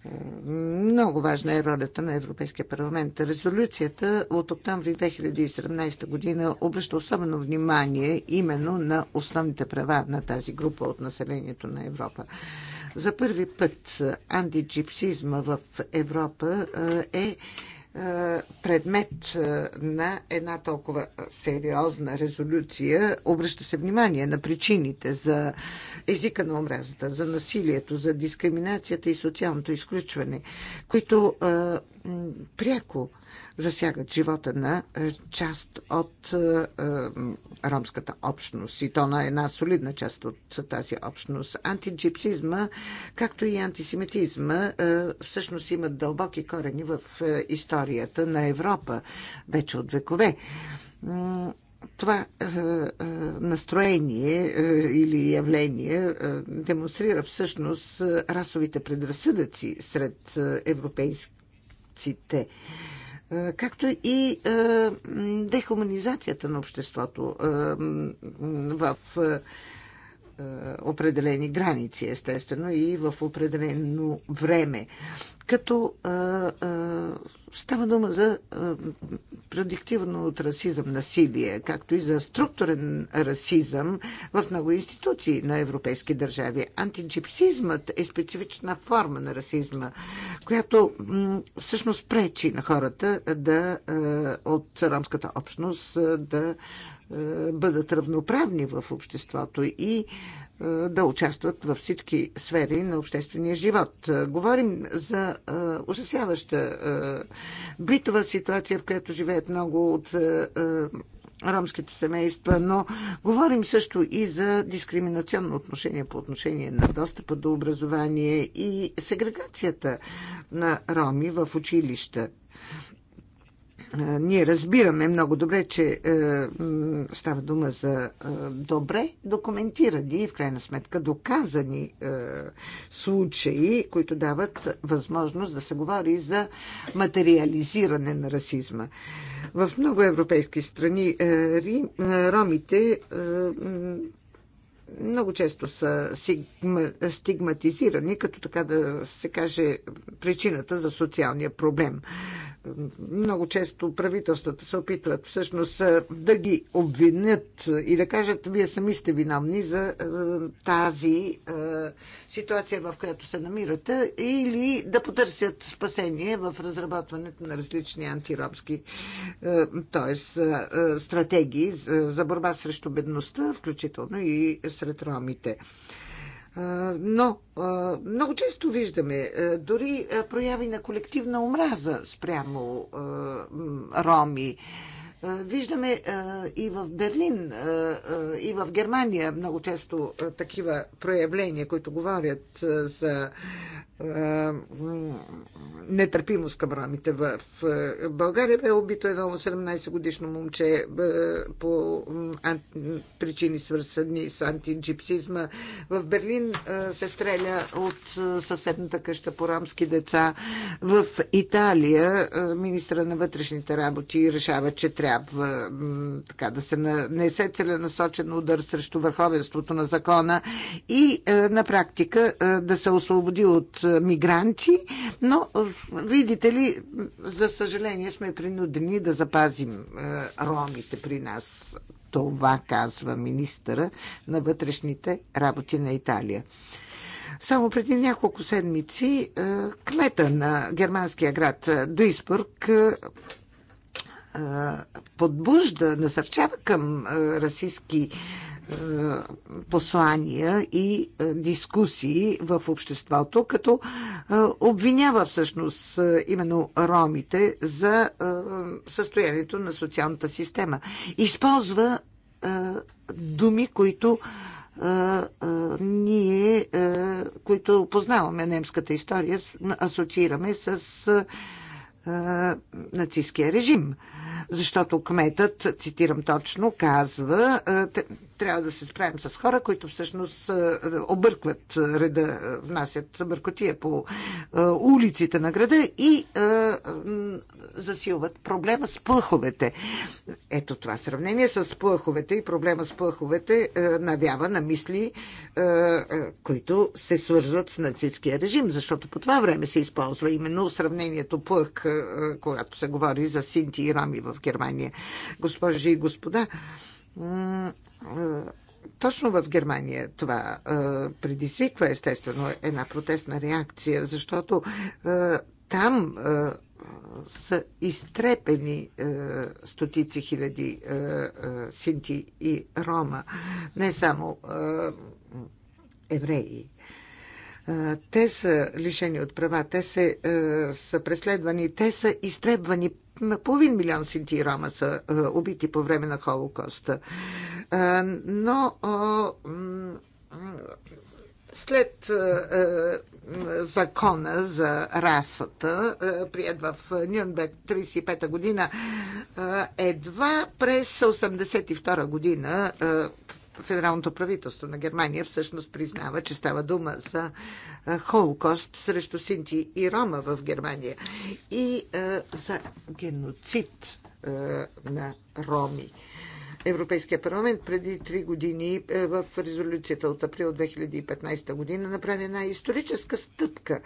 Е, много важна е ролята на Европейския парламент. Резолюцията от октомври 2017 година обръща особено внимание именно на основните права на тази група от населението на Европа. За първи път антиджипсизма в Европа е е, предмет е, на една толкова сериозна резолюция. Обръща се внимание на причините за езика на омразата, за насилието, за дискриминацията и социалното изключване, които е, пряко засягат живота на част от ромската общност и то на една солидна част от тази общност. Антиджипсизма, както и антисемитизма, всъщност имат дълбоки корени в историята историята на Европа вече от векове. Това е, е, настроение е, или явление демонстрира всъщност расовите предразсъдъци сред европейците както и дехуманизацията на обществото в е, определени граници, естествено, и в определено време. Като а, е, а, е, става дума за а, продиктивно от расизъм насилие, както и за структурен расизъм в много институции на европейски държави. Антиджипсизмът е специфична форма на расизма, която всъщност пречи на хората да, от ромската общност да е, бъдат равноправни в обществото и е, да участват във всички сфери на обществения живот. Е, говорим за ужасяваща битова ситуация, в която живеят много от ромските семейства, но говорим също и за дискриминационно отношение по отношение на достъпа до образование и сегрегацията на роми в училища. Ние разбираме много добре, че е, става дума за е, добре документирани и в крайна сметка доказани е, случаи, които дават възможност да се говори за материализиране на расизма. В много европейски страни ромите много често са стигматизирани, като така да се каже причината за социалния проблем много често правителствата се опитват всъщност да ги обвинят и да кажат, вие сами сте виновни за тази ситуация, в която се намирате, или да потърсят спасение в разработването на различни антиромски, т.е. стратегии за борба срещу бедността, включително и сред ромите. Но много често виждаме дори прояви на колективна омраза спрямо роми. Виждаме и в Берлин, и в Германия много често такива проявления, които говорят за е, нетърпимост към ромите в България. Бе убито едно 17-годишно момче е, по причини свързани с антиджипсизма. В Берлин е, се стреля от съседната къща по рамски деца. В Италия министра на вътрешните работи решава, че трябва така да се нанесе целенасочен удар срещу върховенството на закона и на практика да се освободи от мигранти, но, видите ли, за съжаление сме принудени да запазим ромите при нас. Това казва министъра на вътрешните работи на Италия. Само преди няколко седмици кмета на германския град Дуисбург подбужда, насърчава към расистски е, послания и е, дискусии в обществото, като е, обвинява всъщност именно ромите за състоянието на социалната система. Използва думи, които ние, които познаваме немската история, асоциираме с нацистския режим. Защото кметът, цитирам точно, казва, трябва да се справим с хора, които всъщност е, объркват реда, внасят бъркотия по е, улиците на града и е, засилват проблема с плъховете. Ето това сравнение с плъховете и проблема с плъховете навява на мисли, които се свързват с нацистския режим, защото по това време се използва именно сравнението плъх, когато се говори за синти и роми в Германия. Госпожи и господа, е, точно в Германия това е, предизвиква естествено една протестна реакция, защото е, там са изтрепени е, стотици хиляди е, е, синти и рома, не само е, евреи. Те са лишени от права, те се, са преследвани, те са изтребвани. Половин милион синти и рома са убити по време на Холокоста. Но след закона за расата, прият в Нюрнберг 35-та година, едва през 82-та година федералното правителство на Германия всъщност признава, че става дума за холокост срещу синти и рома в Германия и за геноцид на роми. Европейския парламент преди три години е, в резолюцията от април 2015 година направи една историческа стъпка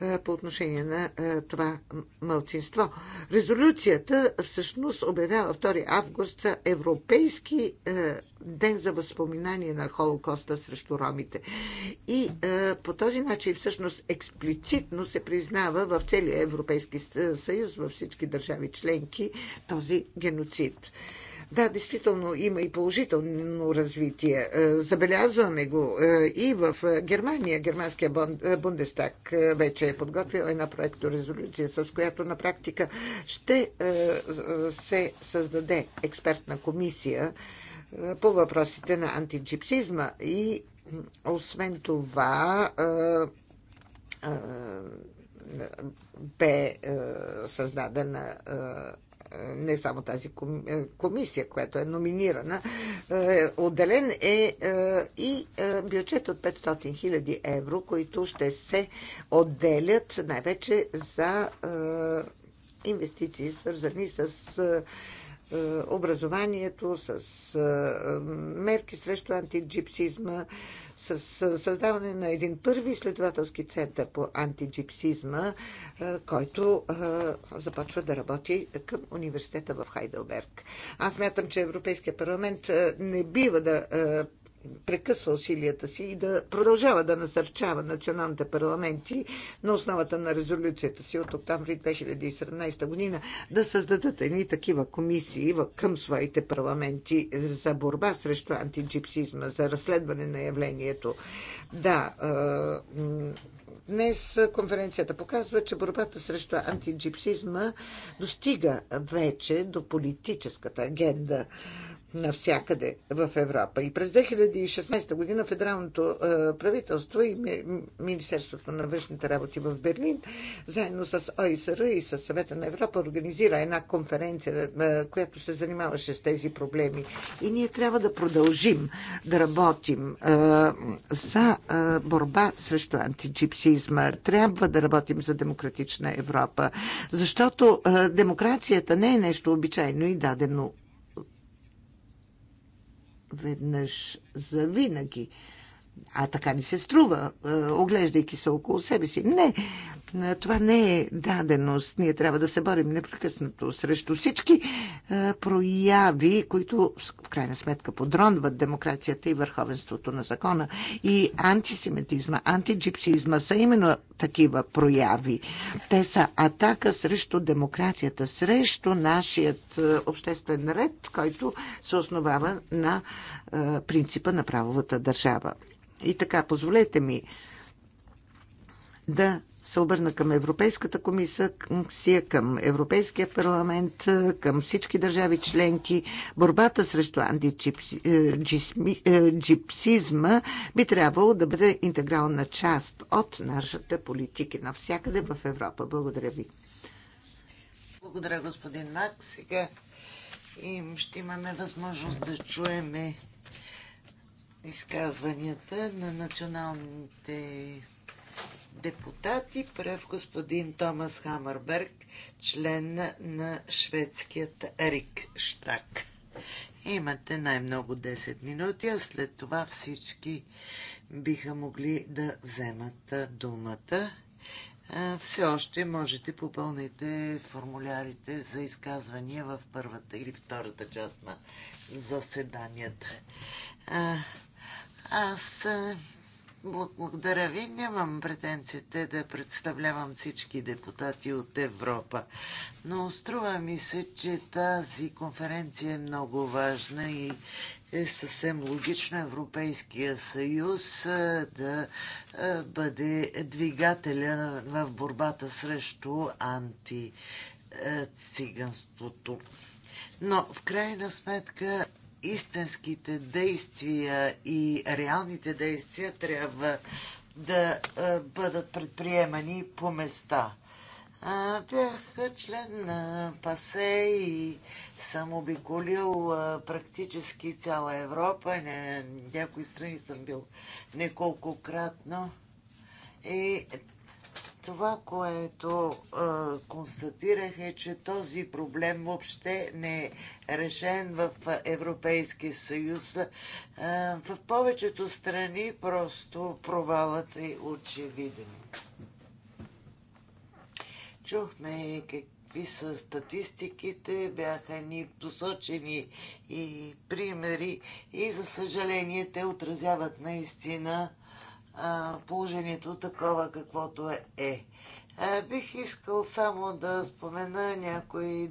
е, по отношение на е, това мълцинство. Резолюцията всъщност обявява 2 август за Европейски ден за възпоминание на Холокоста срещу ромите. И по този начин всъщност експлицитно се признава в целия Европейски съюз, във всички държави членки, този геноцид. Да, действително има и положително развитие. Е, забелязваме го е, и в е, Германия. Германския Бундестаг вече е подготвил една проекторезолюция, с която на практика ще се създаде експертна комисия по въпросите на антиджипсизма. И освен това, бе създадена не само тази е, комисия, която е номинирана. Е, отделен е, е и бюджет от 500 000 евро, които ще се отделят най-вече за инвестиции, свързани с е, образованието, с е, мерки срещу антиджипсизма, с е, създаване на един първи изследователски център по антиджипсизма, който започва да работи към университета в Хайделберг. Аз мятам, че Европейския парламент не бива да прекъсва усилията си и да продължава да насърчава националните парламенти на основата на резолюцията си от октомври 2017 година да създадат едни такива комисии към своите парламенти за борба срещу антиджипсизма, за разследване на явлението. Да, Днес конференцията показва, че борбата срещу антиджипсизма достига вече до политическата агенда навсякъде в Европа. И през 2016 година федералното е, правителство и Министерството на външните работи в Берлин, заедно с ОИСР и с Съвета на Европа, организира една конференция, е, която се занимаваше с тези проблеми. И ние трябва да продължим да работим е, за борба срещу антиджипсизма. Трябва да работим за демократична Европа, защото демокрацията не е нещо обичайно и дадено веднъж за винаги а така ни се струва, е, оглеждайки се около себе си. Не, е, това не е даденост. Ние трябва да се борим непрекъснато срещу всички е, прояви, които в крайна сметка подронват демокрацията и върховенството на закона. И антисемитизма, антиджипсизма са именно такива прояви. Те са атака срещу демокрацията, срещу нашият обществен ред, който се основава на принципа на правовата държава. И така, позволете ми да се обърна към Европейската комисия, към Европейския парламент, към всички държави членки. Борбата срещу антиджипсизма е, е, би трябвало да бъде интегрална част от нашата политика навсякъде в Европа. Благодаря ви. Благодаря, господин Мак. Сега им ще имаме възможност да чуеме изказванията на националните депутати. Пръв господин Томас Хамърберг, член на шведският Рикштаг. Имате най-много 10 минути, а след това всички биха могли да вземат думата. Все още можете попълните формулярите за изказвания в първата или втората част на заседанията. Аз е, благодаря ви. Нямам претенциите да представлявам всички депутати от Европа, но струва ми се, че тази конференция е много важна и е съвсем логично Европейския съюз е, да е, бъде двигателя в борбата срещу антициганството. Но в крайна сметка истинските действия и реалните действия трябва да бъдат предприемани по места. Бях член на ПАСЕ и съм обиколил практически цяла Европа. Не, някои страни съм бил неколкократно. И това, което а, констатирах е, че този проблем въобще не е решен в Европейски съюз. А, в повечето страни просто провалът е очевиден. Чухме какви са статистиките, бяха ни посочени и примери и за съжаление те отразяват наистина положението такова каквото е. е. Бих искал само да спомена някои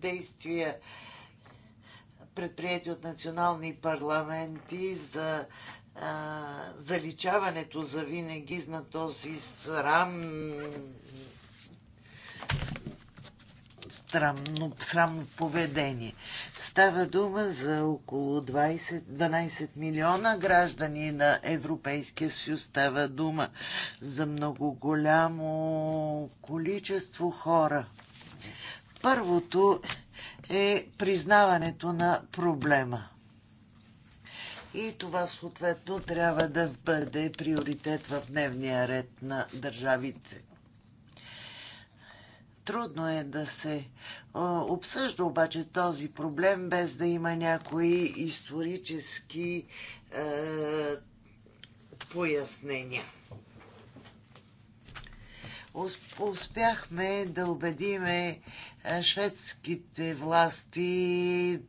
действия, предприяти от национални парламенти за заличаването за винаги на този срам Странно, срамно поведение. Става дума за около 20, 12 милиона граждани на Европейския съюз. Става дума за много голямо количество хора. Първото е признаването на проблема. И това съответно трябва да бъде приоритет в дневния ред на държавите Трудно е да се обсъжда обаче този проблем без да има някои исторически е, пояснения. Успяхме да убедиме е, шведските власти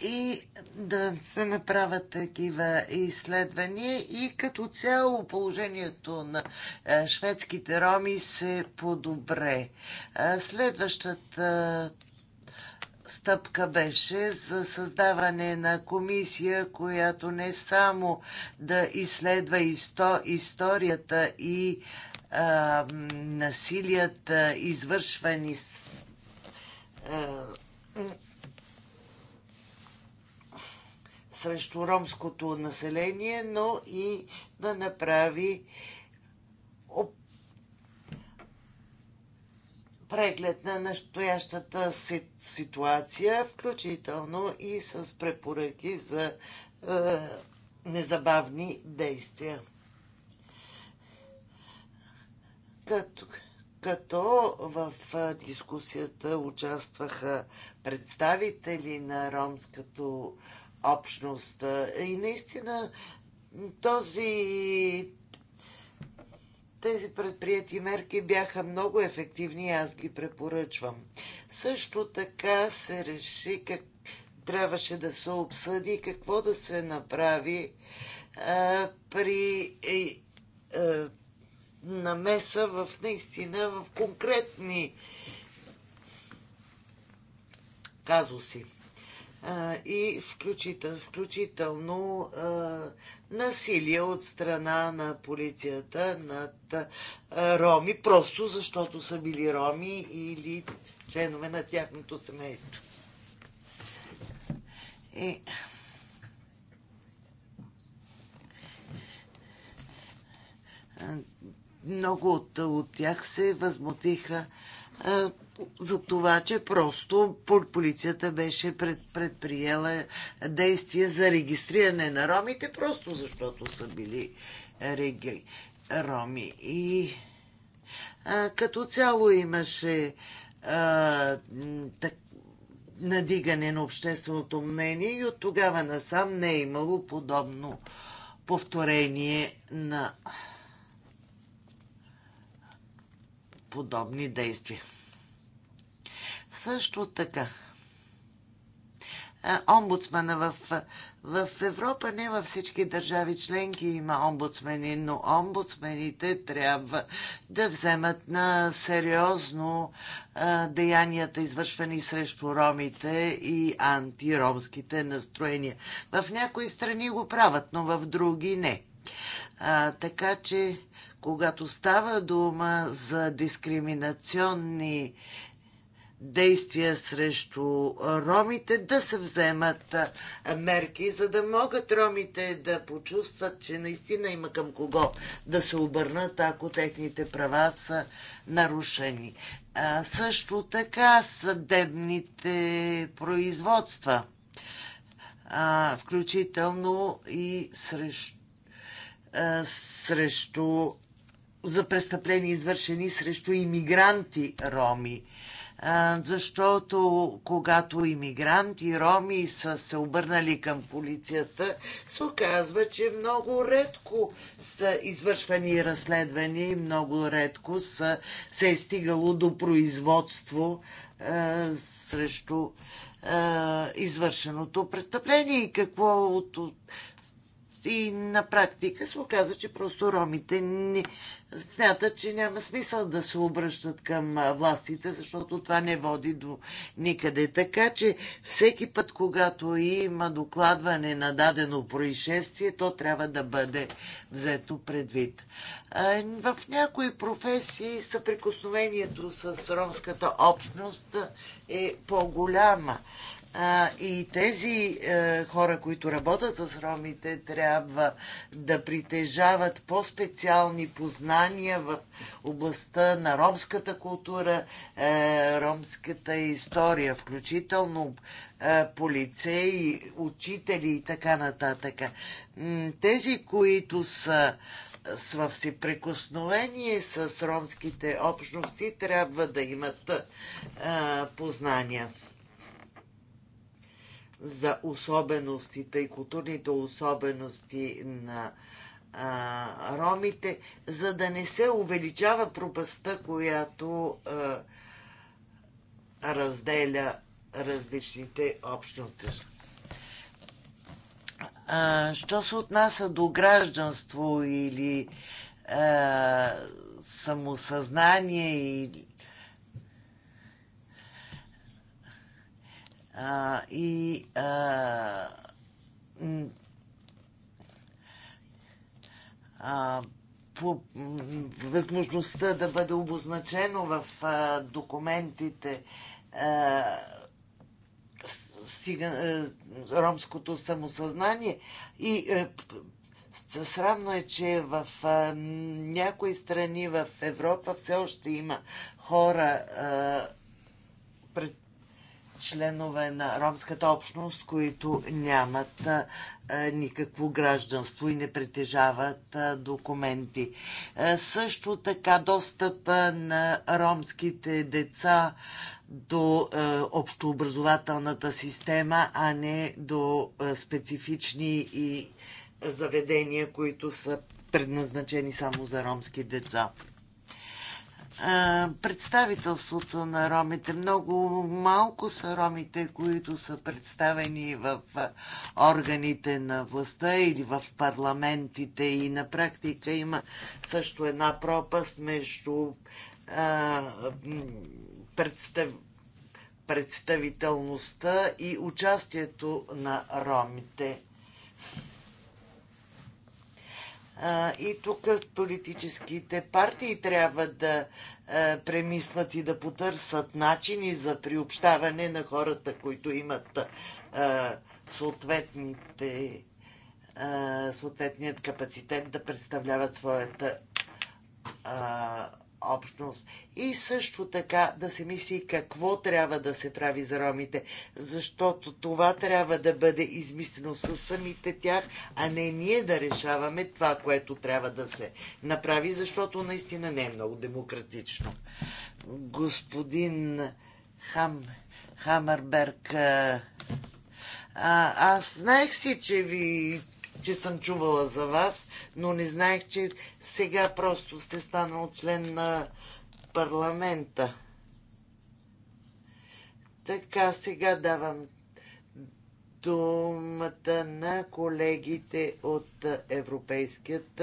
и да се направят такива изследвания и като цяло положението на е, шведските роми се подобре. Е, следващата е, стъпка беше за създаване на комисия, която не само да изследва исто, историята и а, насилията, извършвани с срещу ромското население, но и да направи преглед на настоящата ситуация, включително и с препоръки за е, незабавни действия. Като, като в е, дискусията участваха представители на ромското общност. Е, и наистина този тези предприяти мерки бяха много ефективни и аз ги препоръчвам. Също така се реши как трябваше да се обсъди какво да се направи а, е, при а, е, намеса в наистина в конкретни казуси и включител, включително насилие от страна на полицията над роми, просто защото са били роми или членове на тяхното семейство. И... Много от, от тях се възмутиха за това, че просто полицията беше пред, предприела действия за регистриране на ромите, просто защото са били реги, роми. И а, като цяло имаше а, так, надигане на общественото мнение и от тогава насам не е имало подобно повторение на подобни действия. Също така, омбудсмана в, в Европа, не във всички държави членки има омбудсмени, но омбудсмените трябва да вземат на сериозно а, деянията, извършвани срещу ромите и антиромските настроения. В някои страни го правят, но в други не. А, така че, когато става дума за дискриминационни действия срещу ромите, да се вземат мерки, за да могат ромите да почувстват, че наистина има към кого да се обърнат, ако техните права са нарушени. А, също така съдебните производства, включително и срещу, срещу за престъпления, извършени срещу иммигранти роми защото когато иммигранти, роми са се обърнали към полицията, се оказва, че много редко са извършвани разследвания и много редко са, се е стигало до производство а, срещу а, извършеното престъпление. И какво от, от, и на практика се оказва, че просто ромите не, смятат, че няма смисъл да се обръщат към властите, защото това не води до никъде. Така че всеки път, когато има докладване на дадено происшествие, то трябва да бъде взето предвид. В някои професии съприкосновението с ромската общност е по-голяма. А, и тези е, хора, които работят с ромите, трябва да притежават по-специални познания в областта на ромската култура, е, ромската история, включително е, полицеи, учители и така нататък. Тези, които са с в с ромските общности, трябва да имат е, познания за особеностите и културните особености на а, ромите, за да не се увеличава пропаста, която а, разделя различните общности. А, що се отнася до гражданство или а, самосъзнание или а, и а, а, по възможността да бъде обозначено в а, документите а, сига, а, ромското самосъзнание и а, е, Срамно е, че в а, някои страни в Европа все още има хора, а, пред, членове на ромската общност, които нямат никакво гражданство и не притежават документи. също така достъп на ромските деца до общообразователната система, а не до специфични и заведения, които са предназначени само за ромски деца представителството на ромите. Много малко са ромите, които са представени в органите на властта или в парламентите и на практика има също една пропаст между представ, представителността и участието на ромите. И тук политическите партии трябва да премислят и да потърсят начини за приобщаване на хората, които имат съответните, съответният капацитет да представляват своята общност. И също така да се мисли какво трябва да се прави за ромите, защото това трябва да бъде измислено с самите тях, а не ние да решаваме това, което трябва да се направи, защото наистина не е много демократично. Господин Хам, Хамърберг, а, аз знаех си, че ви че съм чувала за вас, но не знаех, че сега просто сте станал член на парламента. Така, сега давам думата на колегите от Европейският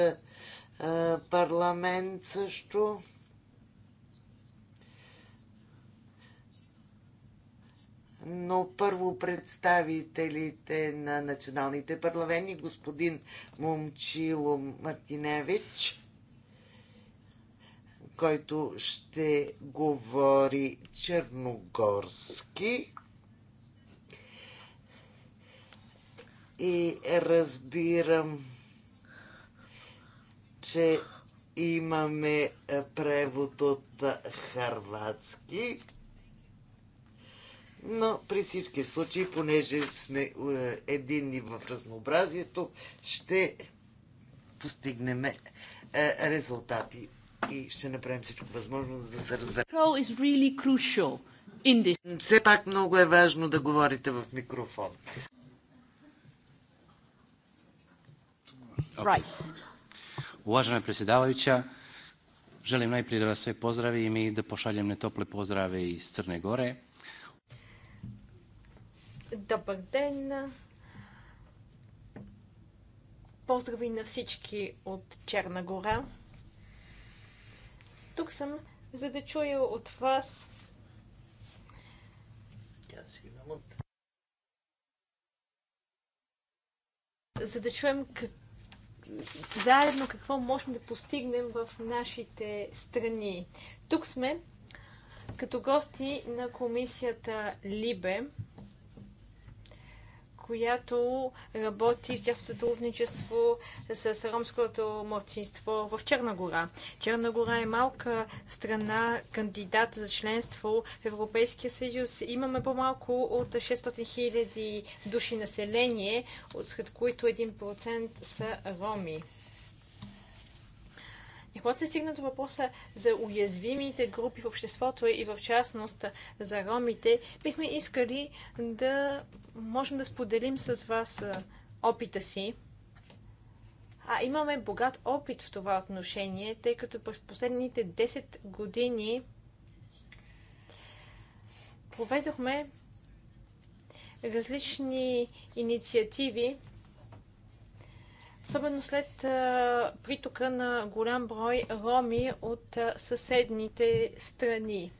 парламент също. но първо представителите на националните парламенти, господин Момчило Мартиневич, който ще говори черногорски. И разбирам, че имаме превод от харватски но при всички случаи, понеже сме е, единни в разнообразието, ще постигнем е, резултати и ще направим всичко възможно да се разберем. Все пак много е важно да говорите в микрофон. Right. председавача, желим най-при да vas sve pozdravim i да пошалям нетопле pozdrave из Crne горе. Добър ден! Поздрави на всички от Черна гора. Тук съм, за да чуя от вас за да чуем как... заедно какво можем да постигнем в нашите страни. Тук сме като гости на комисията Либе, която работи в тясно сътрудничество с ромското младсинство в Черна гора. Черна гора е малка страна, кандидат за членство в Европейския съюз. Имаме по-малко от 600 000 души население, сред които 1% са роми. И когато се стигна до въпроса за уязвимите групи в обществото и в частност за ромите, бихме искали да можем да споделим с вас опита си. А имаме богат опит в това отношение, тъй като през последните 10 години проведохме различни инициативи, особено след притока на голям брой роми от съседните страни.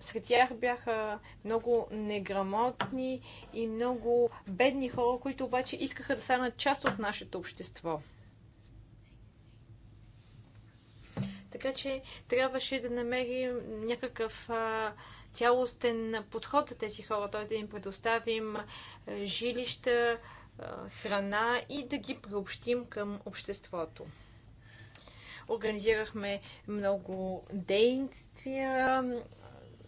Сред тях бяха много неграмотни и много бедни хора, които обаче искаха да станат част от нашето общество. Така че трябваше да намерим някакъв а, цялостен подход за тези хора, т.е. да им предоставим жилища, храна и да ги приобщим към обществото. Организирахме много действия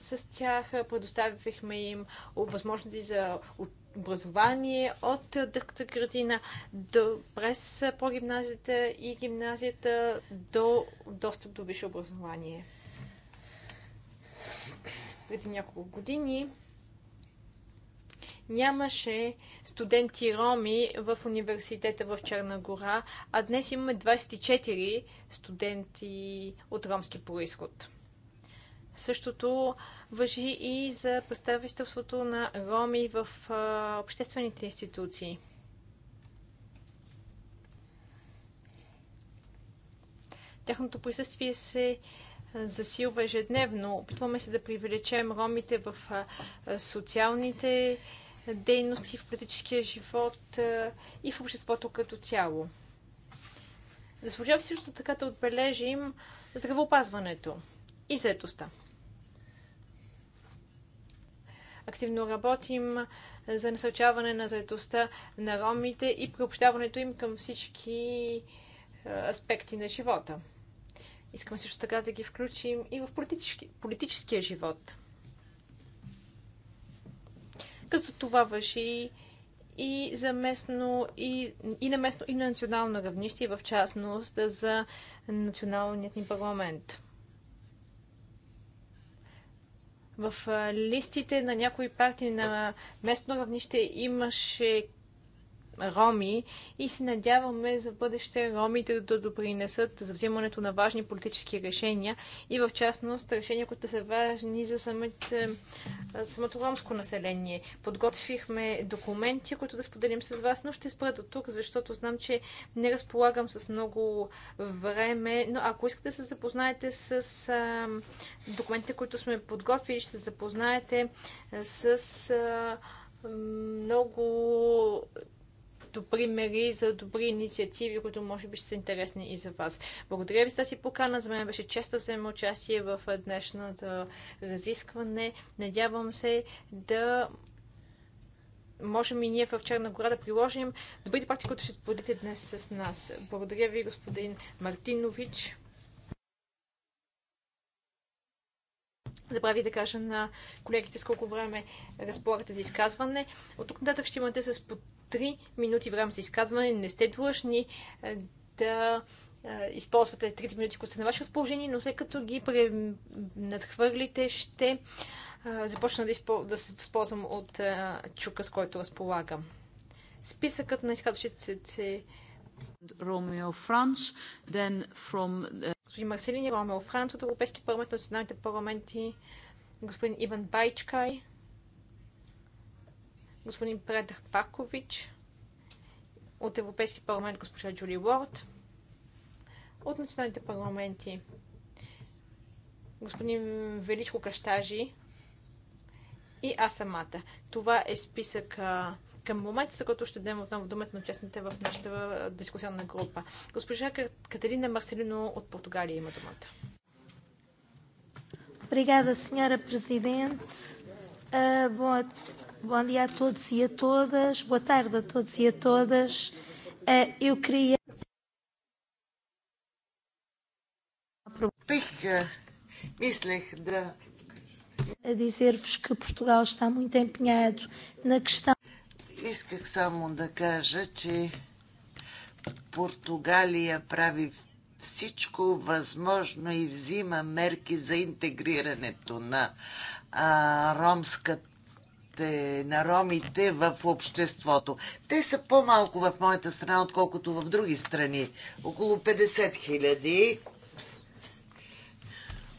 с тях, предоставихме им възможности за образование от детската градина до, през прогимназията и гимназията до достъп до висше образование. Преди няколко години нямаше студенти роми в университета в Черна гора, а днес имаме 24 студенти от ромски происход. Същото въжи и за представителството на роми в обществените институции. Тяхното присъствие се засилва ежедневно. Опитваме се да привлечем ромите в социалните дейности в политическия живот и в обществото като цяло. Заслужава също така да отбележим здравеопазването и заетостта. Активно работим за насърчаване на заетостта на ромите и приобщаването им към всички аспекти на живота. Искам също така да ги включим и в политически, политическия живот – като това въжи и за местно, и, и на местно, и на национално равнище, и в частност за националният ни парламент. В листите на някои партии на местно равнище имаше роми и се надяваме за бъдеще ромите да допринесат за взимането на важни политически решения и в частност решения, които са важни за самите, самото ромско население. Подготвихме документи, които да споделим с вас, но ще спра до тук, защото знам, че не разполагам с много време, но ако искате да се запознаете с а, документите, които сме подготвили, ще се запознаете с а, много добри примери за добри инициативи, които може би ще са интересни и за вас. Благодаря ви за тази покана. За мен беше чест да взема участие в днешното разискване. Надявам се да можем и ние в Черна гора да приложим добрите практики, които ще споделите днес с нас. Благодаря ви, господин Мартинович. Забравих да кажа на колегите с колко време разполагате за изказване. От тук нататък ще имате с по 3 минути време за изказване. Не сте длъжни е, да е, използвате 3 минути, които са на ваше разположение, но след като ги надхвърлите, ще е, започна да, да се възползвам от чука, с който разполагам. Списъкът на изказващите се Ромео Франс, then from... Господин Марселини, Ромео Франс от Европейски парламент, националните парламенти, господин Иван Байчкай, господин Предър Пакович, от Европейски парламент госпожа Джули Уорд, от националните парламенти господин Величко Каштажи и аз самата. Това е списък към момента, за който ще дадем отново думата на участните в нашата дискусионна група. Госпожа Катерина Марселино от Португалия има думата. Бригада, сеньора президент. Uh, boa Bom dia a todos e a todas. Boa tarde a todos e a todas. Eu queria. A dizer-vos que Portugal está muito empenhado na questão. Исках само да кажа, че Португалия прави всичко възможно и взима мерки за интегрирането на а, ромската ромските, на ромите в обществото. Те са по-малко в моята страна, отколкото в други страни. Около 50 хиляди.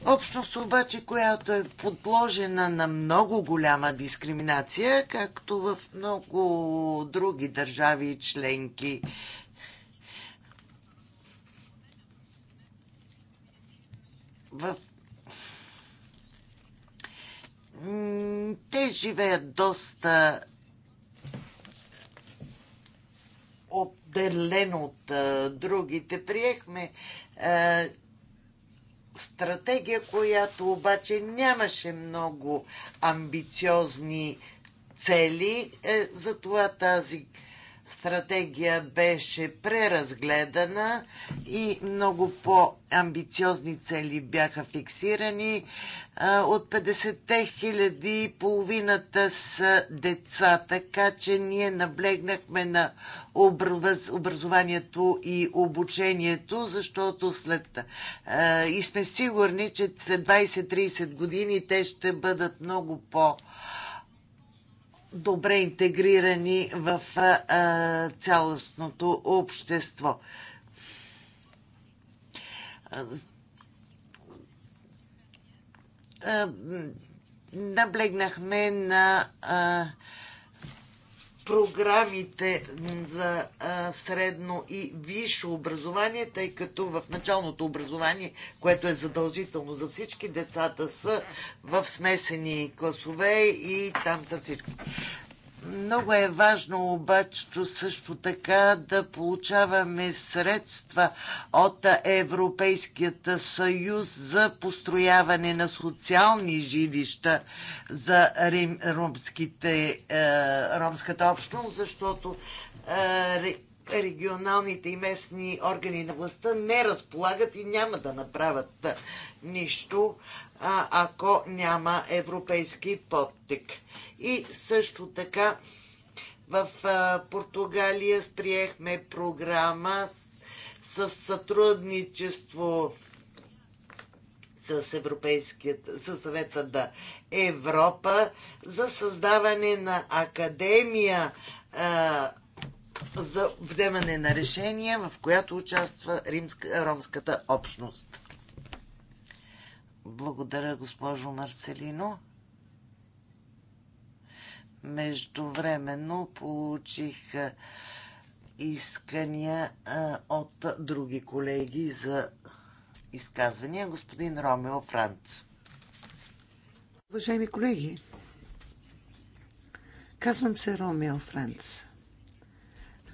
Общност обаче, която е подложена на много голяма дискриминация, както в много други държави и членки. В те живеят доста отделено от а, другите. Приехме а, стратегия, която обаче нямаше много амбициозни цели. Е, затова тази стратегия беше преразгледана и много по-амбициозни цели бяха фиксирани. От 50-те хиляди половината са деца, така че ние наблегнахме на образованието и обучението, защото след и сме сигурни, че след 20-30 години те ще бъдат много по- добре интегрирани в цялостното общество. Наблегнахме на програмите за средно и висше образование, тъй като в началното образование, което е задължително за всички, децата са в смесени класове и там са всички. Много е важно обаче също така да получаваме средства от Европейският съюз за построяване на социални жилища за ромските, е, ромската общност, защото е, регионалните и местни органи на властта не разполагат и няма да направят е, нищо а, ако няма европейски подтик. И също така в а, Португалия сприехме програма с, с сътрудничество с, Европейският, със съвета да Европа за създаване на академия а, за вземане на решения, в която участва римска, ромската общност. Благодаря, госпожо Марселино. Междувременно получих искания от други колеги за изказвания. Господин Ромео Франц. Уважаеми колеги, казвам се Ромео Франц.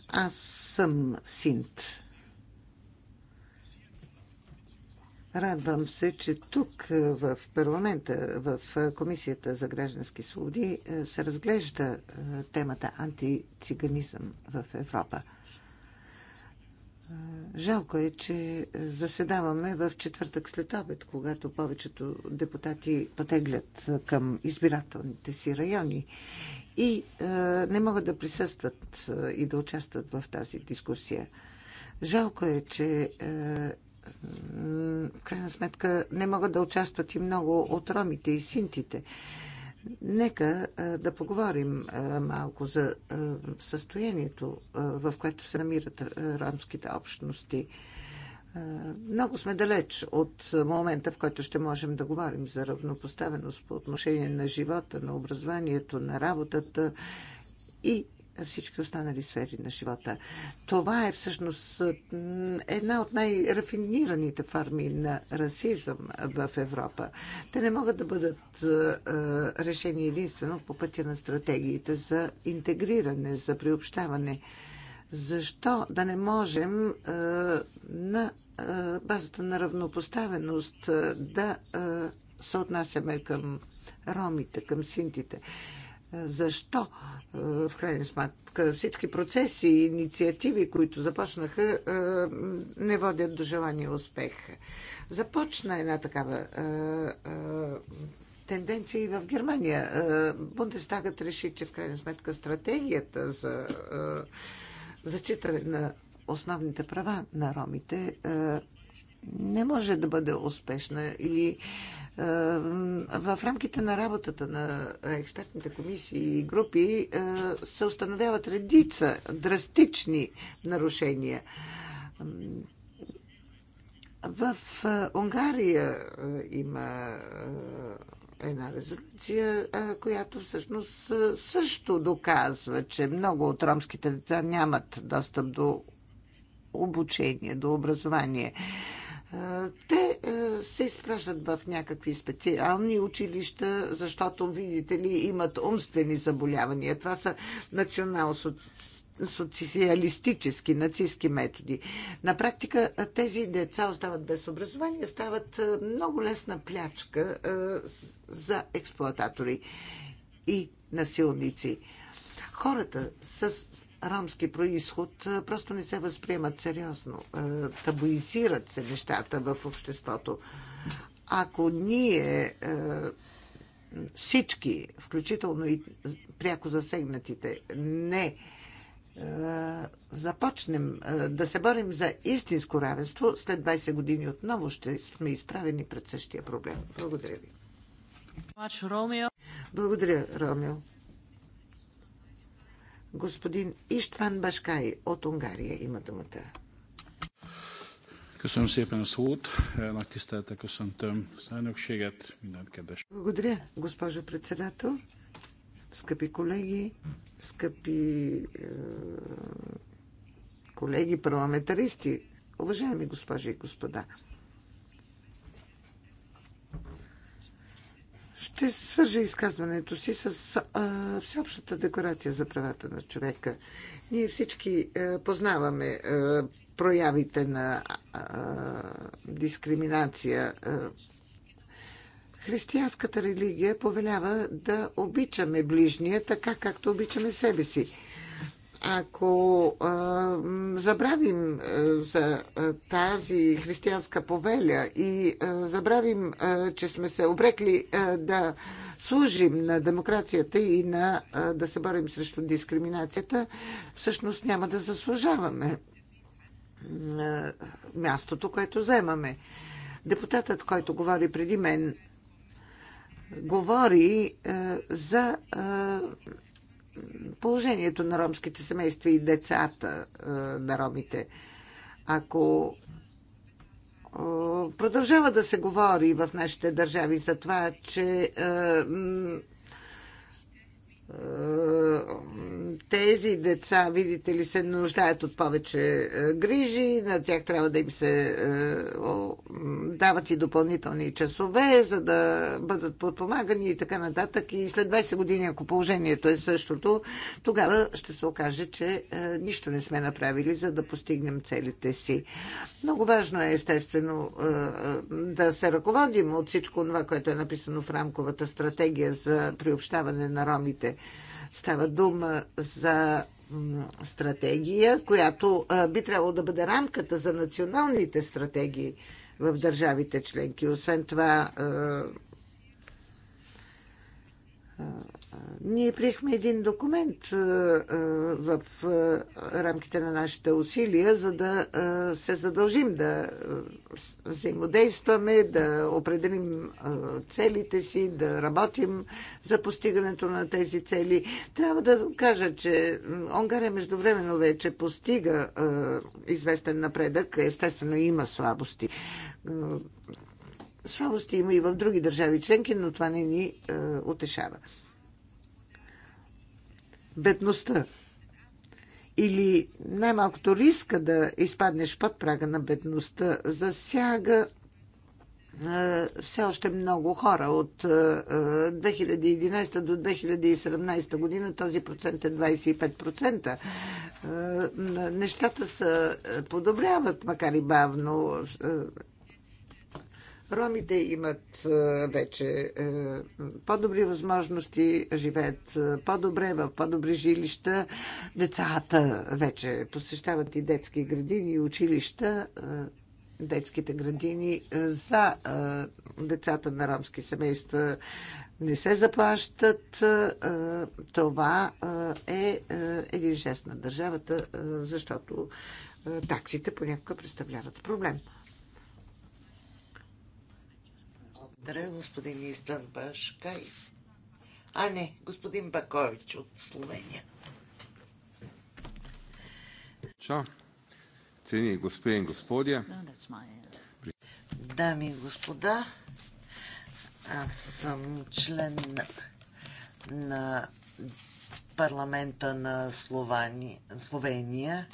Аз съм синт Радвам се, че тук е, в парламента, в е, Комисията за граждански свободи е, се разглежда темата антициганизъм в Европа. Жалко е, че заседаваме в четвъртък след обед, когато повечето депутати потеглят към избирателните си райони и не могат да присъстват и да участват в тази дискусия. Жалко е, че в крайна сметка не могат да участват и много от ромите и синтите. Нека да поговорим малко за състоянието, в което се намират ромските общности. Много сме далеч от момента, в който ще можем да говорим за равнопоставеност по отношение на живота, на образованието, на работата и всички останали сфери на живота. Това е всъщност една от най-рафинираните форми на расизъм в Европа. Те не могат да бъдат е, е, решени единствено по пътя на стратегиите за интегриране, за приобщаване. Защо да не можем е, на базата на равнопоставеност да се отнасяме към ромите, към синтите? защо е, в крайна сметка всички процеси и инициативи, които започнаха, е, не водят до желания успех. Започна една такава е, тенденция и в Германия. Бундестагът реши, че в крайна сметка стратегията за зачитане на основните права на ромите не може да бъде успешна и е, в рамките на работата на експертните комисии и групи е, се установяват редица драстични нарушения. В е, Унгария има една резолюция, която всъщност също доказва, че много от ромските деца нямат достъп до обучение, до образование те се изпращат в някакви специални училища, защото, видите ли, имат умствени заболявания. Това са национал-социалистически, нацистски методи. На практика тези деца остават без образование, стават много лесна плячка за експлоататори и насилници. Хората с ромски происход просто не се възприемат сериозно. Табуизират се нещата в обществото. Ако ние всички, включително и пряко засегнатите, не започнем да се борим за истинско равенство, след 20 години отново ще сме изправени пред същия проблем. Благодаря ви. Благодаря, Ромео. Господин Иштван Башкай от Унгария има думата. Благодаря, госпожо председател, скъпи колеги, скъпи е, колеги парламентаристи, уважаеми госпожи и господа. Ще свържа изказването си с а, Всеобщата декларация за правата на човека. Ние всички а, познаваме а, проявите на а, дискриминация. християнската религия повелява да обичаме ближния така, както обичаме себе си ако а, забравим а, за а, тази християнска повеля и а, забравим, а, че сме се обрекли а, да служим на демокрацията и на, а, да се борим срещу дискриминацията, всъщност няма да заслужаваме а, мястото, което вземаме. Депутатът, който говори преди мен, говори а, за. А, положението на ромските семейства и децата е, на ромите. Ако е, продължава да се говори в нашите държави за това, че е, тези деца, видите ли, се нуждаят от повече е, грижи, на тях трябва да им се е, дават и допълнителни часове, за да бъдат подпомагани и така нататък. И след 20 години, ако положението е същото, тогава ще се окаже, че е, нищо не сме направили, за да постигнем целите си. Много важно е, естествено, да се ръководим от всичко това, което е написано в рамковата стратегия за приобщаване на ромите става дума за стратегия, която би трябвало да бъде рамката за националните стратегии в държавите членки. Освен това, ние приехме един документ в рамките на нашите усилия, за да се задължим да взаимодействаме, да определим целите си, да работим за постигането на тези цели. Трябва да кажа, че Унгария междувременно вече постига известен напредък. Естествено има слабости. Слабости има и в други държави членки, но това не ни утешава бедността или най-малкото риска да изпаднеш под прага на бедността засяга все още много хора. От 2011 до 2017 година този процент е 25%. Нещата се подобряват, макар и бавно. Ромите имат е, вече е, по-добри възможности, живеят е, по-добре в по-добри жилища. Децата вече посещават и детски градини и училища, детските градини за децата на ромски семейства не се заплащат. Това е един жест на държавата, защото таксите понякога представляват проблем. Благодаря, господин Истан Башкай. А не, господин Бакович от Словения. Чао. Цени господин и господя. Uh, Дами и господа, аз съм член на, на парламента на Словани, Словения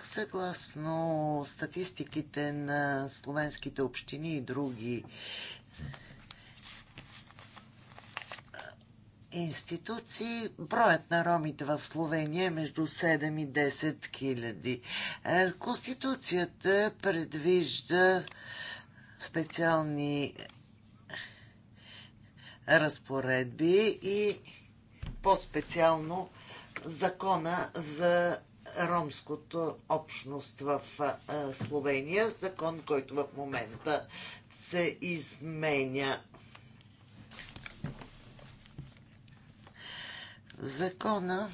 Съгласно статистиките на словенските общини и други институции, броят на ромите в Словения е между 7 и 10 хиляди. Конституцията предвижда специални разпоредби и по-специално закона за ромското общност в Словения, закон, който в момента се изменя. Закона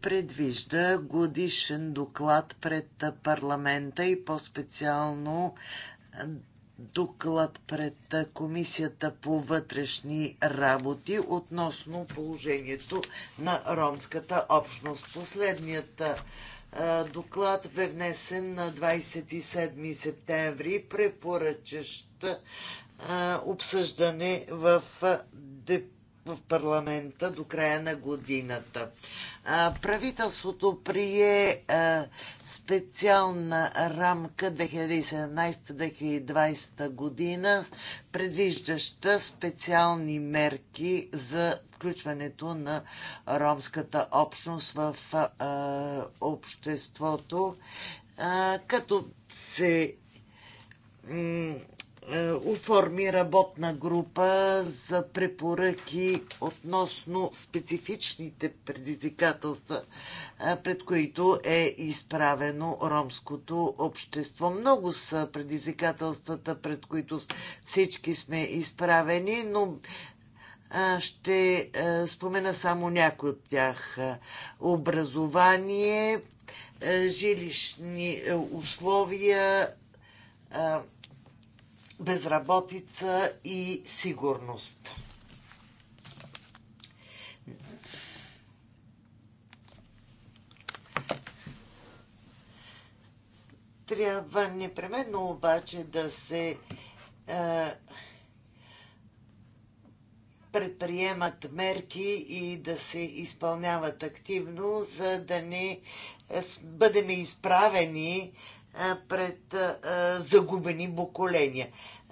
предвижда годишен доклад пред парламента и по-специално доклад пред Комисията по вътрешни работи относно положението на ромската общност. Последният доклад бе внесен на 27 септември, препоръчащ обсъждане в деп в парламента до края на годината. Правителството прие специална рамка 2017-2020 година, предвиждаща специални мерки за включването на ромската общност в обществото, като се е, оформи работна група за препоръки относно специфичните предизвикателства, е, пред които е изправено ромското общество. Много са предизвикателствата, пред които всички сме изправени, но е, ще спомена само някои от тях. Образование, жилищни условия, безработица и сигурност. Трябва непременно обаче да се е, предприемат мерки и да се изпълняват активно, за да не бъдем изправени пред загубени поколения.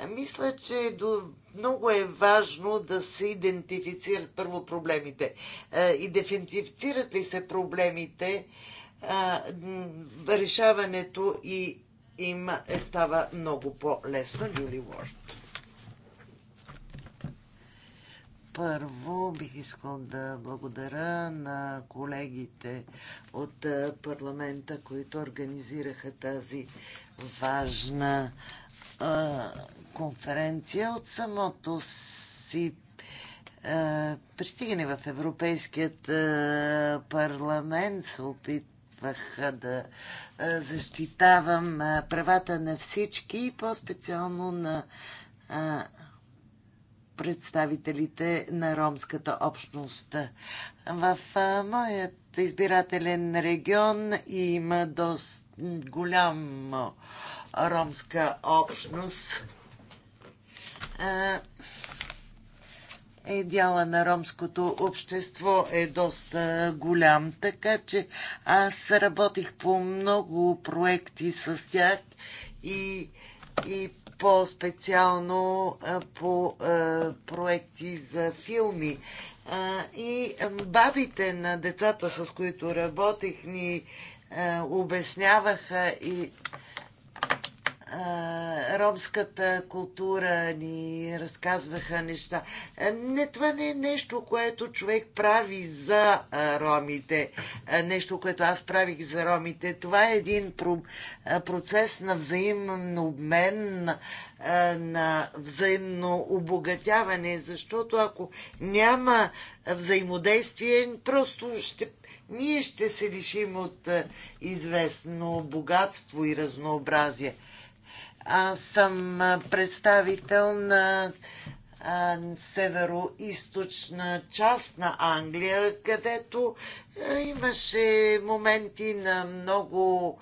Мисля, че е до много е важно да се идентифицират първо проблемите. Идентифицират ли се проблемите, решаването и им е става много по-лесно. Джули Уорд. Първо бих искал да благодаря на колегите от парламента, които организираха тази важна а, конференция. От самото си а, пристигане в Европейският а, парламент се опит да защитавам правата на всички и по-специално на представителите на ромската общност. В моят избирателен регион има доста голяма ромска общност. Е, дяла на ромското общество е доста голям, така че аз работих по много проекти с тях и, и по-специално по проекти за филми. И бабите на децата, с които работех, ни обясняваха и ромската култура ни разказваха неща. Не, това не е нещо, което човек прави за ромите. Нещо, което аз правих за ромите. Това е един процес на взаимен обмен, на взаимно обогатяване, защото ако няма взаимодействие, просто ще ние ще се лишим от известно богатство и разнообразие. Аз съм представител на северо-источна част на Англия, където имаше моменти на много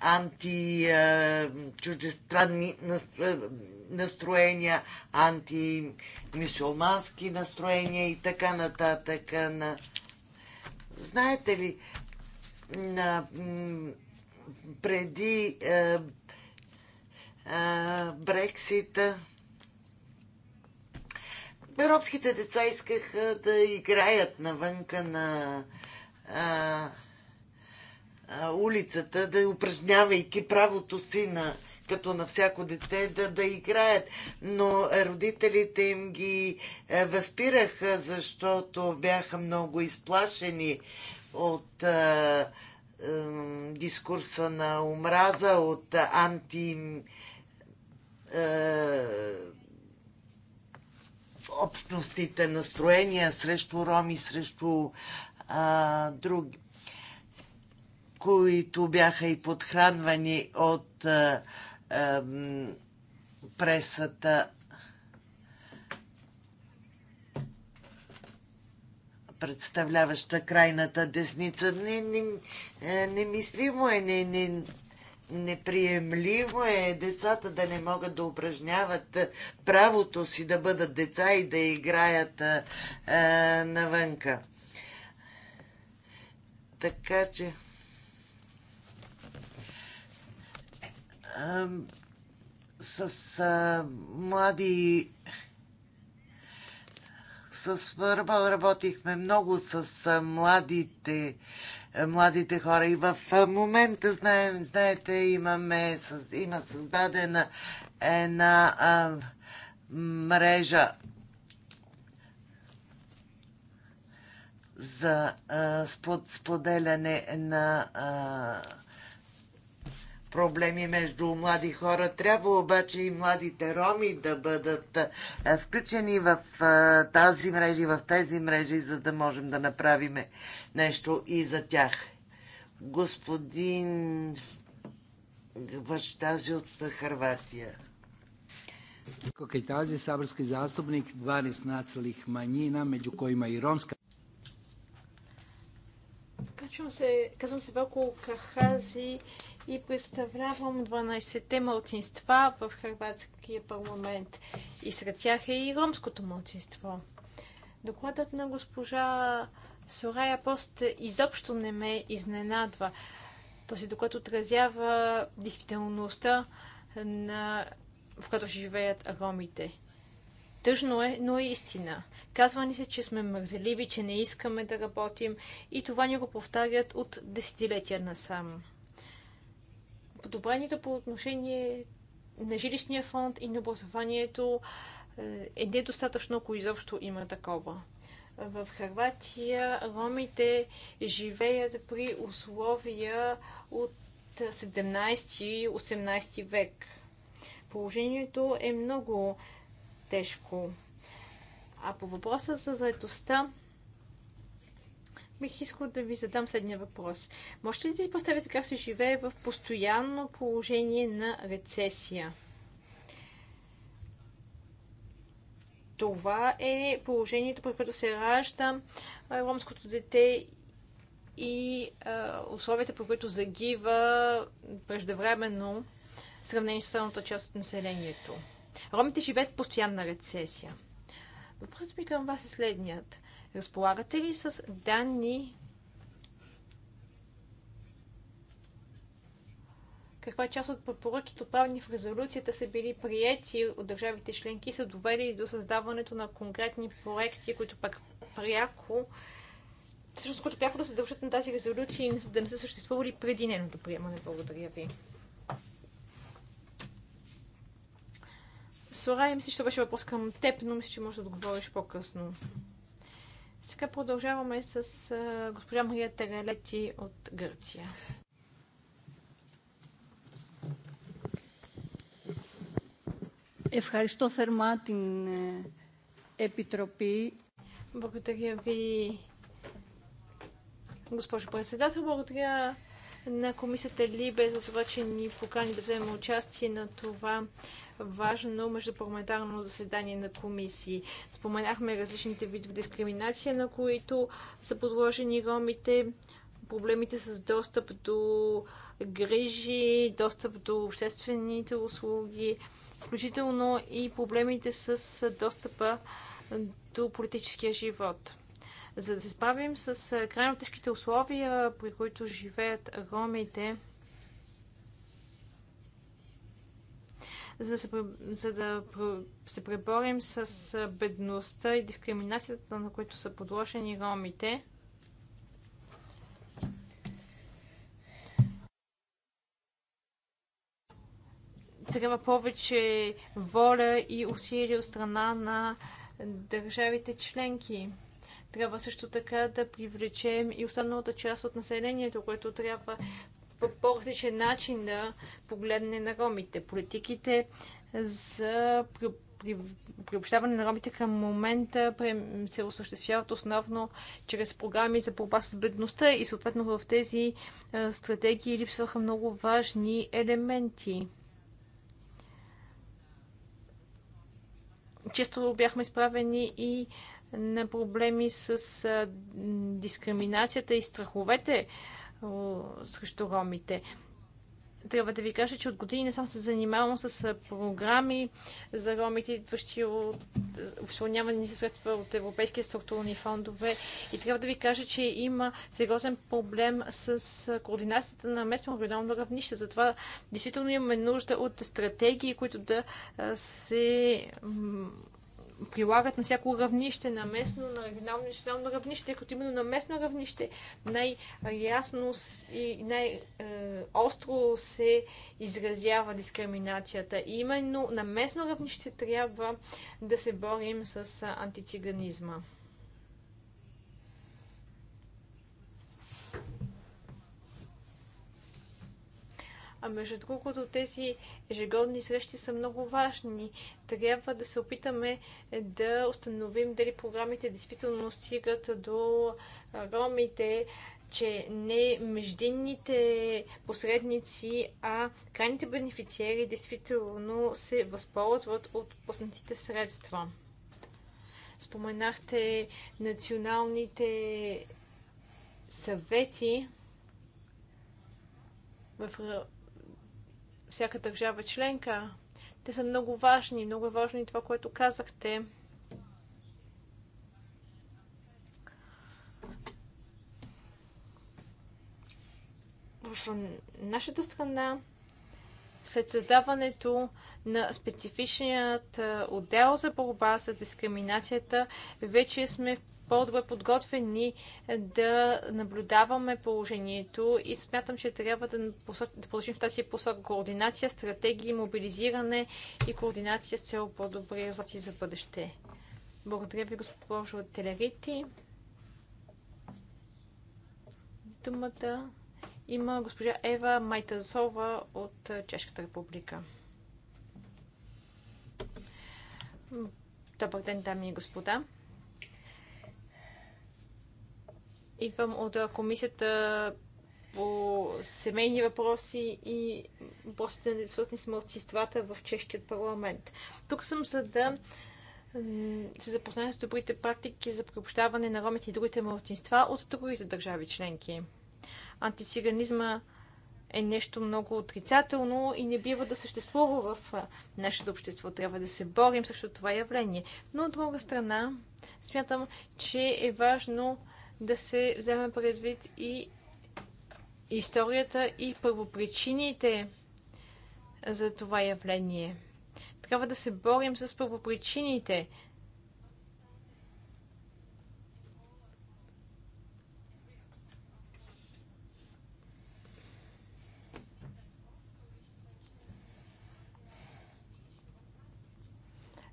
анти-чуждестранни настроения, антимисулмански настроения и така нататък. Знаете ли, на преди е, е, Брексита. Европските деца искаха да играят навънка на а, е, а, улицата, да упражнявайки правото си на, като на всяко дете, да, да играят. Но родителите им ги възпираха, защото бяха много изплашени от а, дискурса на омраза, от анти общностите, настроения срещу роми, срещу а, други, които бяха и подхранвани от а, а, пресата представляваща крайната десница. Не, не, е, немислимо е, не, не, неприемливо е децата да не могат да упражняват правото си да бъдат деца и да играят а, е, а, навънка. Така че. А, с а, млади с, работихме много с младите, младите хора и в момента, знаем, знаете, имаме, има създадена една а, мрежа за а, спод, споделяне на а, проблеми между млади хора. Трябва обаче и младите роми да бъдат е, включени в е, тази мрежа и в тези мрежи, за да можем да направим нещо и за тях. Господин Ваштази от Харватия. и тази saborski zastupnik 12 нацелих манина, между коима и Ромска. Качвам се, казвам се Велко Кахази и представлявам 12-те мълцинства в Харватския парламент. И сред тях е и ромското мълцинство. Докладът на госпожа Сорая Пост изобщо не ме изненадва. Този доклад отразява действителността, на... в която живеят ромите. Тъжно е, но е истина. Казва ни се, че сме мързеливи, че не искаме да работим и това ни го повтарят от десетилетия насам подобрението по отношение на жилищния фонд и на образованието е, е недостатъчно, ако изобщо има такова. В Харватия ромите живеят при условия от 17-18 век. Положението е много тежко. А по въпроса за заедостта, бих искал да ви задам следния въпрос. Можете ли да си представите как се живее в постоянно положение на рецесия? Това е положението, при което се ражда ромското дете и а, условията, при които загива преждевременно в сравнение с останалата част от населението. Ромите живеят в постоянна рецесия. Въпросът ми към вас е следният. Разполагате ли с данни каква част от препоръките, отправени в резолюцията, са били приети от държавите членки и са довели до създаването на конкретни проекти, които пак пряко всъщност, които пряко да се дължат на тази резолюция и да не са съществували преди нейното приемане. Благодаря ви. Сорая, мисля, че беше въпрос към теб, но мисля, че можеш да отговориш по-късно. Сега продължаваме с госпожа Мария Терелети от Гърция. Ευχαριστώ θερμά την Επιτροπή. Благодаря ви, госпожо председател. Благодаря на комисията Либе за това, че ни покани да вземем участие на това важно междупарламентарно заседание на комисии. Споменахме различните видове дискриминация, на които са подложени ромите, проблемите с достъп до грижи, достъп до обществените услуги, включително и проблемите с достъпа до политическия живот. За да се справим с крайно тежките условия, при които живеят ромите, за да се, за да се преборим с бедността и дискриминацията, на които са подложени ромите, трябва повече воля и усилия от страна на държавите членки. Трябва също така да привлечем и останалата част от населението, което трябва по по-различен начин да погледне на ромите. Политиките за при, приобщаване на ромите към момента се осъществяват основно чрез програми за борба с бедността и съответно в тези стратегии липсваха много важни елементи. Често бяхме изправени и на проблеми с дискриминацията и страховете срещу ромите трябва да ви кажа, че от години не съм се занимавам с програми за ромите, идващи от обслонявани средства от европейския структурни фондове. И трябва да ви кажа, че има сериозен проблем с координацията на местно регионално равнище. Затова действително имаме нужда от стратегии, които да се прилагат на всяко равнище, на местно, на регионално, национално равнище, тъй като именно на местно равнище най-ясно и най-остро се изразява дискриминацията. И именно на местно равнище трябва да се борим с антициганизма. А между другото, тези ежегодни срещи са много важни. Трябва да се опитаме да установим дали програмите действително стигат до ромите, че не междинните посредници, а крайните бенефициери действително се възползват от пуснатите средства. Споменахте националните съвети в всяка държава членка. Те са много важни. Много е важно и това, което казахте. В нашата страна след създаването на специфичният отдел за борба с дискриминацията, вече сме по-добре подготвени да наблюдаваме положението и смятам, че трябва да, посоч... да продължим в тази посока координация, стратегии, мобилизиране и координация с цел по-добри резултати за бъдеще. Благодаря ви, госпожо Телерити. Думата има госпожа Ева Майтазова от Чешката република. Добър ден, дами и господа. Идвам от комисията по семейни въпроси и въпросите свързани с младсинствата в чешкият парламент. Тук съм за да се запознаем с добрите практики за приобщаване на ромите и другите младсинства от другите държави членки. Антисиганизма е нещо много отрицателно и не бива да съществува в нашето общество. Трябва да се борим срещу това явление. Но от друга страна, смятам, че е важно да се вземе предвид и историята и първопричините за това явление. Трябва да се борим с първопричините.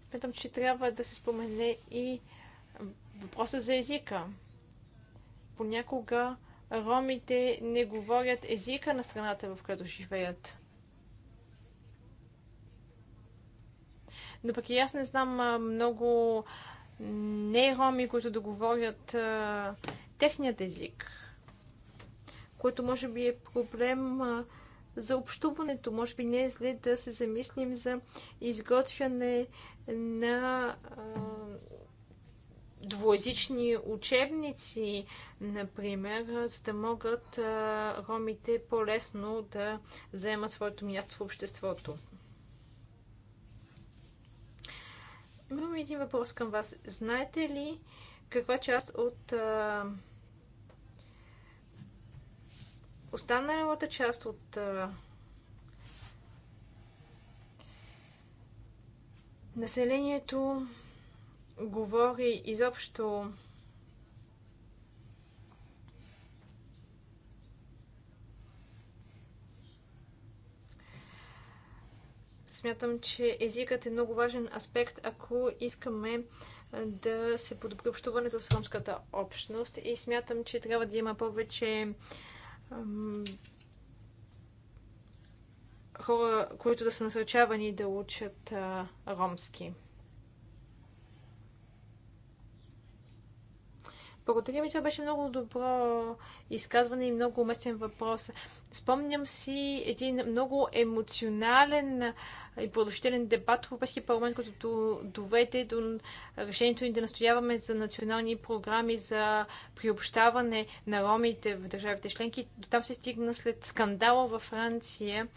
Смятам, че трябва да се спомене и въпроса за езика понякога ромите не говорят езика на страната, в която живеят. Но пък и аз не знам много не роми, които да говорят а, техният език, което може би е проблем а, за общуването. Може би не е зле да се замислим за изготвяне на а, двоязични учебници, например, за да могат ромите по-лесно да вземат своето място в обществото. Имам един въпрос към вас. Знаете ли каква част от а, останалата част от а, населението говори изобщо смятам, че езикът е много важен аспект, ако искаме да се подобри общуването с ромската общност и смятам, че трябва да има повече хора, които да са насърчавани да учат а, ромски. Благодаря ми, това беше много добро изказване и много уместен въпрос. Спомням си един много емоционален и продължителен дебат в Европейския парламент, който доведе до решението ни да настояваме за национални програми за приобщаване на ромите в държавите членки. До там се стигна след скандала във Франция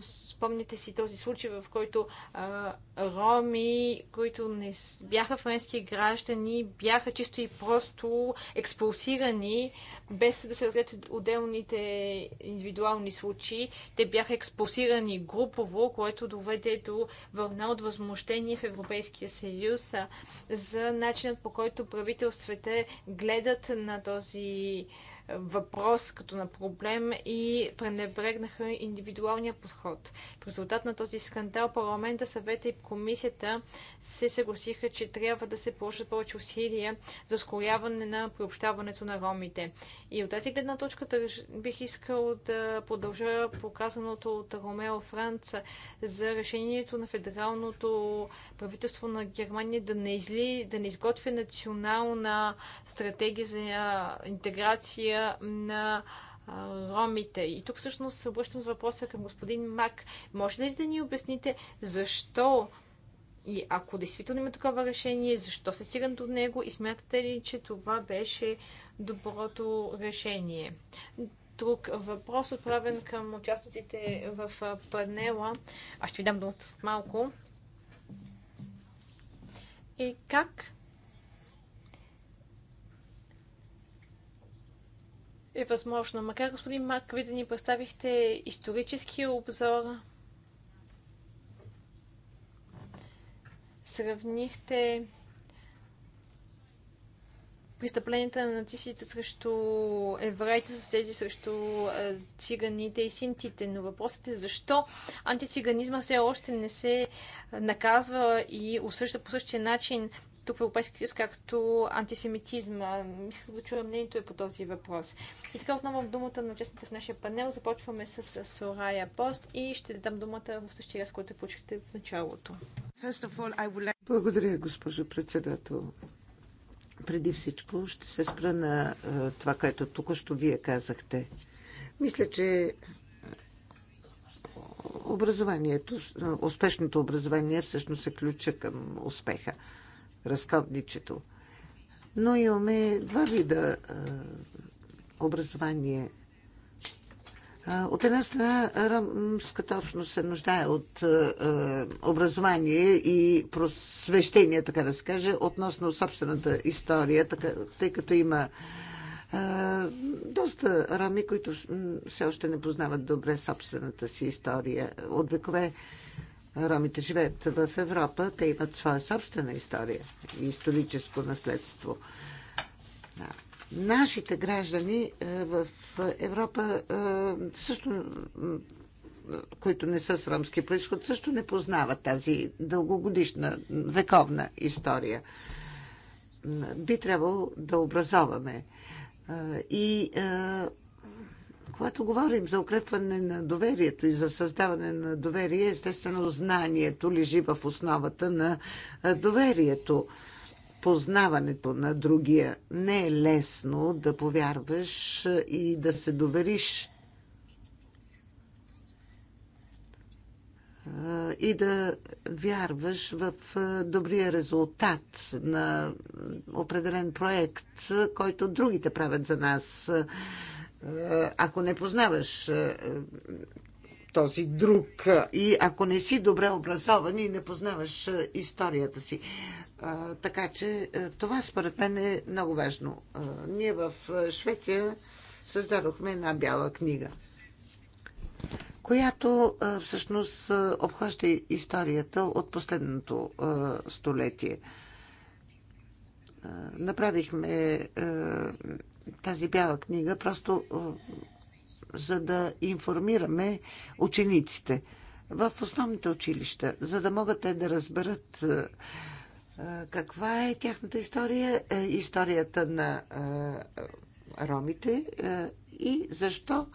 Спомните си този случай, в който а, роми, които не бяха френски граждани, бяха чисто и просто експулсирани, без да се разгледат отделните индивидуални случаи. Те бяха експулсирани групово, което доведе до вълна от възмущение в Европейския съюз за начинът по който правителствата гледат на този въпрос, като на проблем и пренебрегнаха индивидуалния подход. В резултат на този скандал парламента, съвета и комисията се съгласиха, че трябва да се положат повече усилия за ускоряване на приобщаването на ромите. И от тази гледна точка бих искал да продължа показаното от Ромео Франц за решението на федералното правителство на Германия да не, изли, да не изготвя национална стратегия за интеграция на ромите. И тук всъщност се обръщам с въпроса към господин Мак. Може ли да ни обясните защо и ако действително има такова решение, защо се стигна до него и смятате ли, че това беше доброто решение? Друг въпрос, отправен към участниците в панела, аз ще ви дам думата малко, е как е възможно. Макар, господин Марк, ви да ни представихте историческия обзор, сравнихте престъпленията на нацистите срещу евреите с тези срещу циганите и синтите. Но въпросът е защо антициганизма все още не се наказва и осъжда по същия начин тук в Европейския съюз, както антисемитизма. Мисля да чуя мнението е по този въпрос. И така отново думата на участните в нашия панел. Започваме с Сорая Пост и ще дам думата в същия раз, който получихте в началото. Благодаря, госпожо председател. Преди всичко ще се спра на това, което тук що вие казахте. Мисля, че образованието, успешното образование всъщност се ключа към успеха разходничето. Но имаме два вида образование. От една страна, ромската общност се нуждае от образование и просвещение, така да се каже, относно собствената история, тъй като има доста рами, които все още не познават добре собствената си история. От векове ромите живеят в Европа, те имат своя собствена история и историческо наследство. Нашите граждани е, в Европа е, също които не са с ромски происход, също не познават тази дългогодишна, вековна история. Би трябвало да образоваме е, и когато говорим за укрепване на доверието и за създаване на доверие, естествено знанието лежи в основата на доверието. Познаването на другия не е лесно да повярваш и да се довериш и да вярваш в добрия резултат на определен проект, който другите правят за нас. Е, ако не познаваш е, този друг е, и ако не си добре образован и не познаваш историята си. Така че това според мен е много важно. Ние в Швеция създадохме една бяла книга, която всъщност обхваща историята от последното столетие. Направихме тази бяла книга, просто е, за да информираме учениците в основните училища, за да могат те да разберат е, е, каква е тяхната история, историята на ромите и защо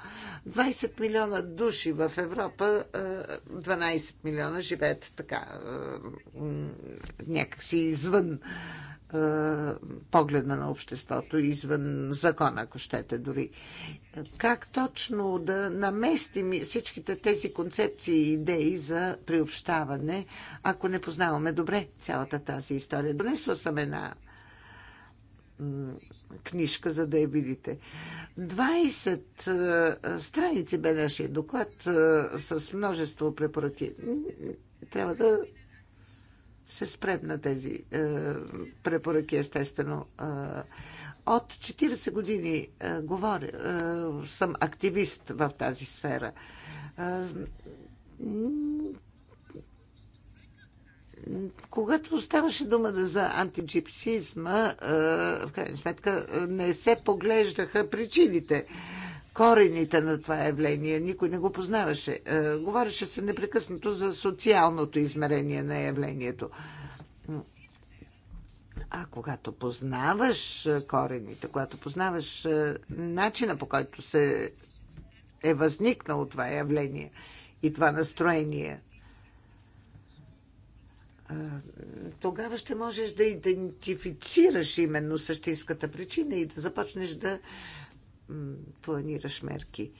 20 милиона души в Европа, 12 милиона живеят така някакси извън е, погледа на обществото, извън закона, ако щете дори. Как точно да наместим всичките тези концепции и идеи за приобщаване, ако не познаваме добре цялата тази история? Донесла съм една книжка, за да я видите. 20 е, страници бе нашия доклад е, с множество препоръки. Трябва да се спрем на тези е, препоръки, естествено. Е, от 40 години е, говоря, е, съм активист в тази сфера. Е, когато ставаше дума за антиджипсизма, е, в крайна сметка е, не се поглеждаха причините корените на това явление. Никой не го познаваше. Е, говореше се непрекъснато за социалното измерение на явлението. А когато познаваш е, корените, когато познаваш е, начина по който се е възникнало това явление и това настроение, тогава ще можеш да идентифицираш именно същинската причина и да започнеш да планираш мерки.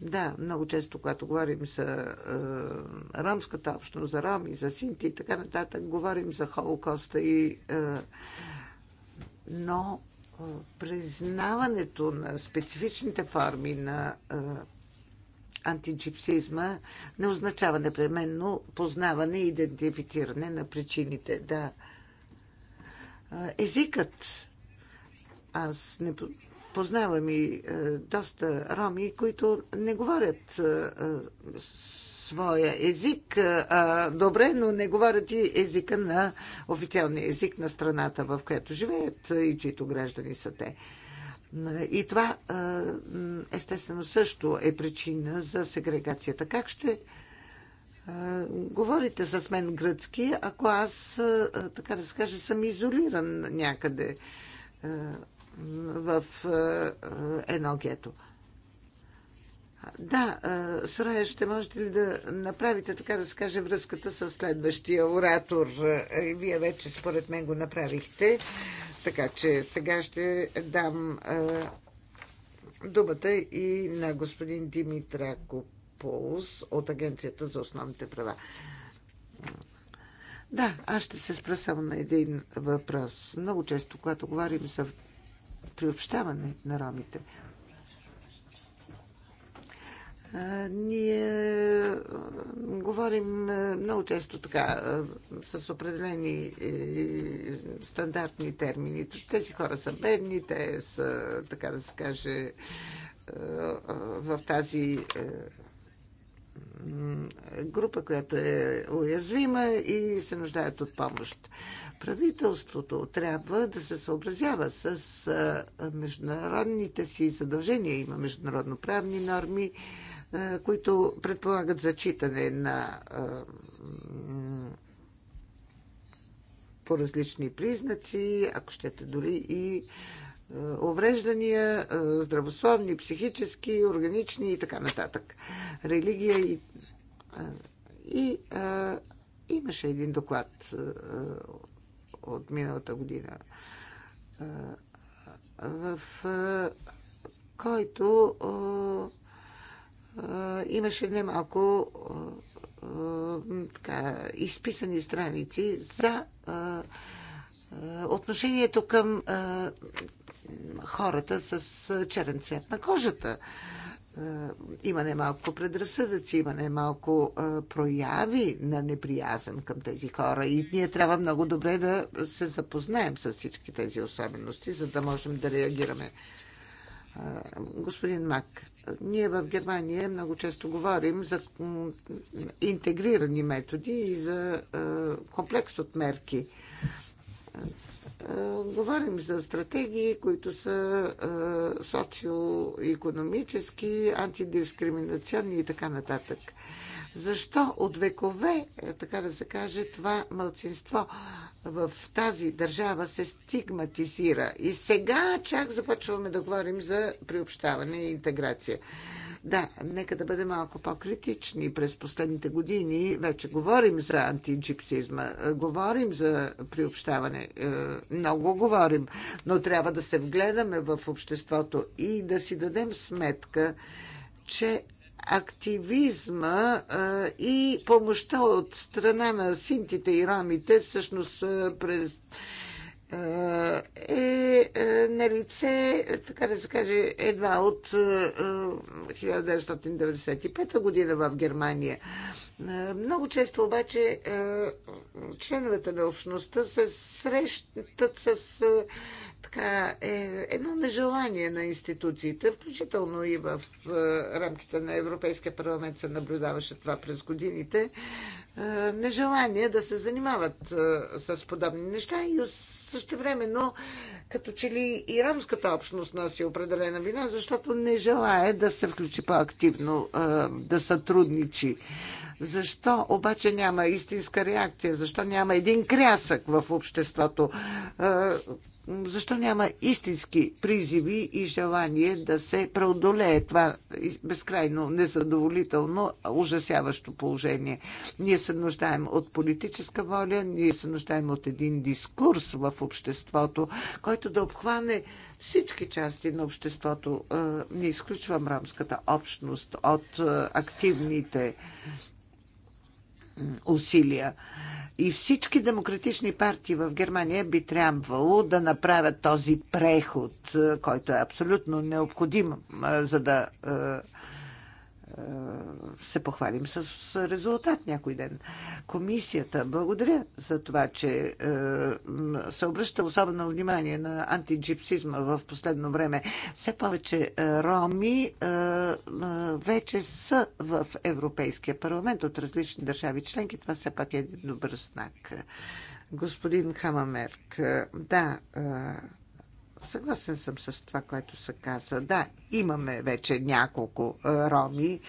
Да, много често, когато говорим за е, ромската общност, за роми, за синти и така нататък, говорим за Холокоста и. Е, но е, признаването на специфичните форми на е, антиджипсизма не означава непременно познаване и идентифициране на причините. Да. Е, езикът. Аз не Познавам и е, доста роми, които не говорят е, своя език. е, добре, но не говорят и езика на официалния език на страната, в която живеят е, и чието граждани са те. И това, естествено, също е причина за сегрегацията. Как ще говорите с мен гръцки, ако аз, така да се каже, съм изолиран някъде в е, е, едно гето. Да, е, Срая, ще можете ли да направите, така да се каже, връзката с следващия оратор? Вие вече, според мен, го направихте. Така че сега ще дам думата и на господин Димитра Кополус от Агенцията за основните права. Да, аз ще се спра само на един въпрос. Много често, когато говорим за приобщаване на ромите. Ние говорим много често така, с определени е, стандартни термини. Тези хора са бедни, те са, така да се каже, в тази е, група, която е уязвима и се нуждаят от помощ. Правителството трябва да се съобразява с международните си задължения. Има международноправни норми, които предполагат зачитане на по различни признаци, ако щете дори и е, увреждания, е, здравословни, психически, органични и така нататък. Религия и. Е, и а, имаше един доклад а, от миналата година, а, в а, който а, а, имаше немалко а, така, изписани страници за. А, отношението към а, хората с черен цвет на кожата. Има немалко предразсъдъци, има немалко прояви на неприязън към тези хора и ние трябва много добре да се запознаем с всички тези особености, за да можем да реагираме. Господин Мак, ние в Германия много често говорим за интегрирани методи и за комплекс от мерки е, говорим за стратегии, които са е, социо-економически, антидискриминационни и така нататък. Защо от векове, е, така да се каже, това мълцинство в тази държава се стигматизира? И сега чак започваме да говорим за приобщаване и интеграция. Да, нека да бъдем малко по-критични. През последните години вече говорим за антиджипсизма, е, говорим за приобщаване, е, много говорим, но трябва да се вгледаме в обществото и да си дадем сметка, че активизма е, и помощта от страна на синтите и рамите всъщност през е, е на лице, така да се каже, едва от 1995 е, е, година в Германия. Много често обаче членовете на общността се срещат с така, е, едно нежелание на институциите, включително и в рамките на Европейския парламент се наблюдаваше това през годините, нежелание да се занимават с подобни неща и също време, но като че ли и рамската общност носи определена вина, защото не желая да се включи по-активно, да сътрудничи. Защо обаче няма истинска реакция? Защо няма един крясък в обществото? защо няма истински призиви и желание да се преодолее това безкрайно незадоволително, ужасяващо положение? Ние се нуждаем от политическа воля, ние се нуждаем от един дискурс в обществото, който да обхване всички части на обществото. Не изключвам рамската общност от е, активните усилия. И всички демократични партии в Германия би трябвало да направят този преход, е, който е абсолютно необходим, е, за да е, е, се похвалим с резултат някой ден. Комисията, благодаря за това, че е, се обръща особено внимание на антиджипсизма в последно време. Все повече е, роми вече са в Европейския парламент от различни държави членки. Това все пак е един добър знак. Господин Хамамерк, да, Съгласен съм с това, което се каза. Да, имаме вече няколко е, роми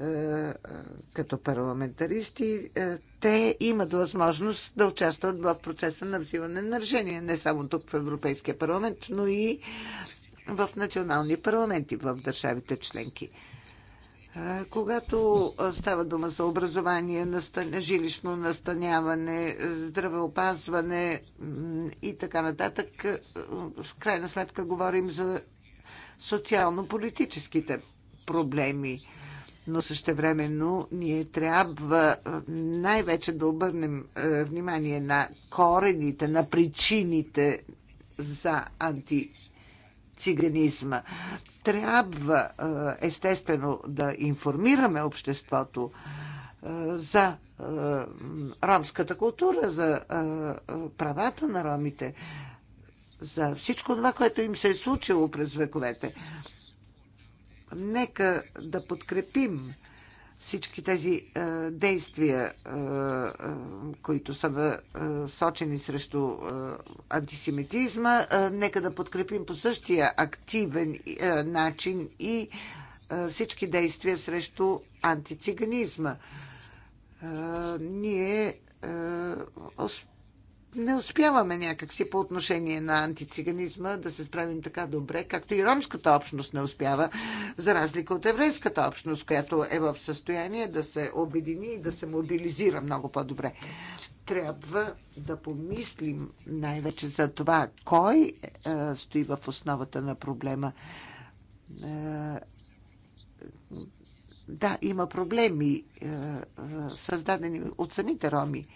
е, е, като парламентаристи. Те имат възможност да участват в процеса на взимане на решение, не само тук в Европейския парламент, но и в национални парламенти в държавите членки. Когато става дума за образование, жилищно настаняване, здравеопазване и така нататък, в крайна сметка говорим за социално-политическите проблеми. Но същевременно ние трябва най-вече да обърнем внимание на корените, на причините за анти циганизма. Трябва естествено да информираме обществото за ромската култура, за правата на ромите, за всичко това, което им се е случило през вековете. Нека да подкрепим всички тези е, действия, е, е, които са е, сочени срещу е, антисемитизма, е, нека да подкрепим по същия активен е, начин и е, всички действия срещу антициганизма. Е, ние е, не успяваме някакси по отношение на антициганизма да се справим така добре, както и ромската общност не успява, за разлика от еврейската общност, която е в състояние да се обедини и да се мобилизира много по-добре. Трябва да помислим най-вече за това, кой е, стои в основата на проблема. Е, да, има проблеми, е, е създадени от самите роми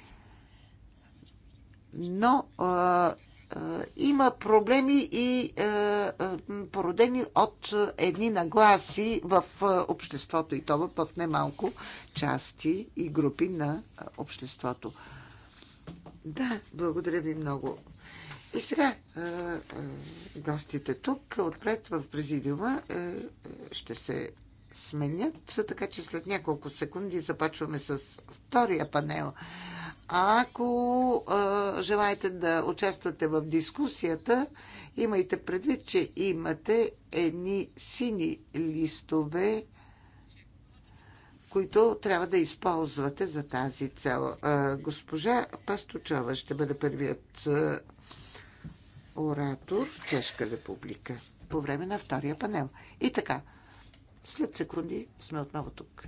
но а, а, има проблеми и а, породени от едни нагласи в обществото и то в немалко части и групи на обществото. Да, благодаря ви много. И сега гостите тук, отпред в президиума, ще се сменят, така че след няколко секунди започваме с втория панел. Ако а, желаете да участвате в дискусията, имайте предвид, че имате едни сини листове, които трябва да използвате за тази цел. А, госпожа Пастучова ще бъде първият а, оратор в Чешка република по време на втория панел. И така, след секунди сме отново тук.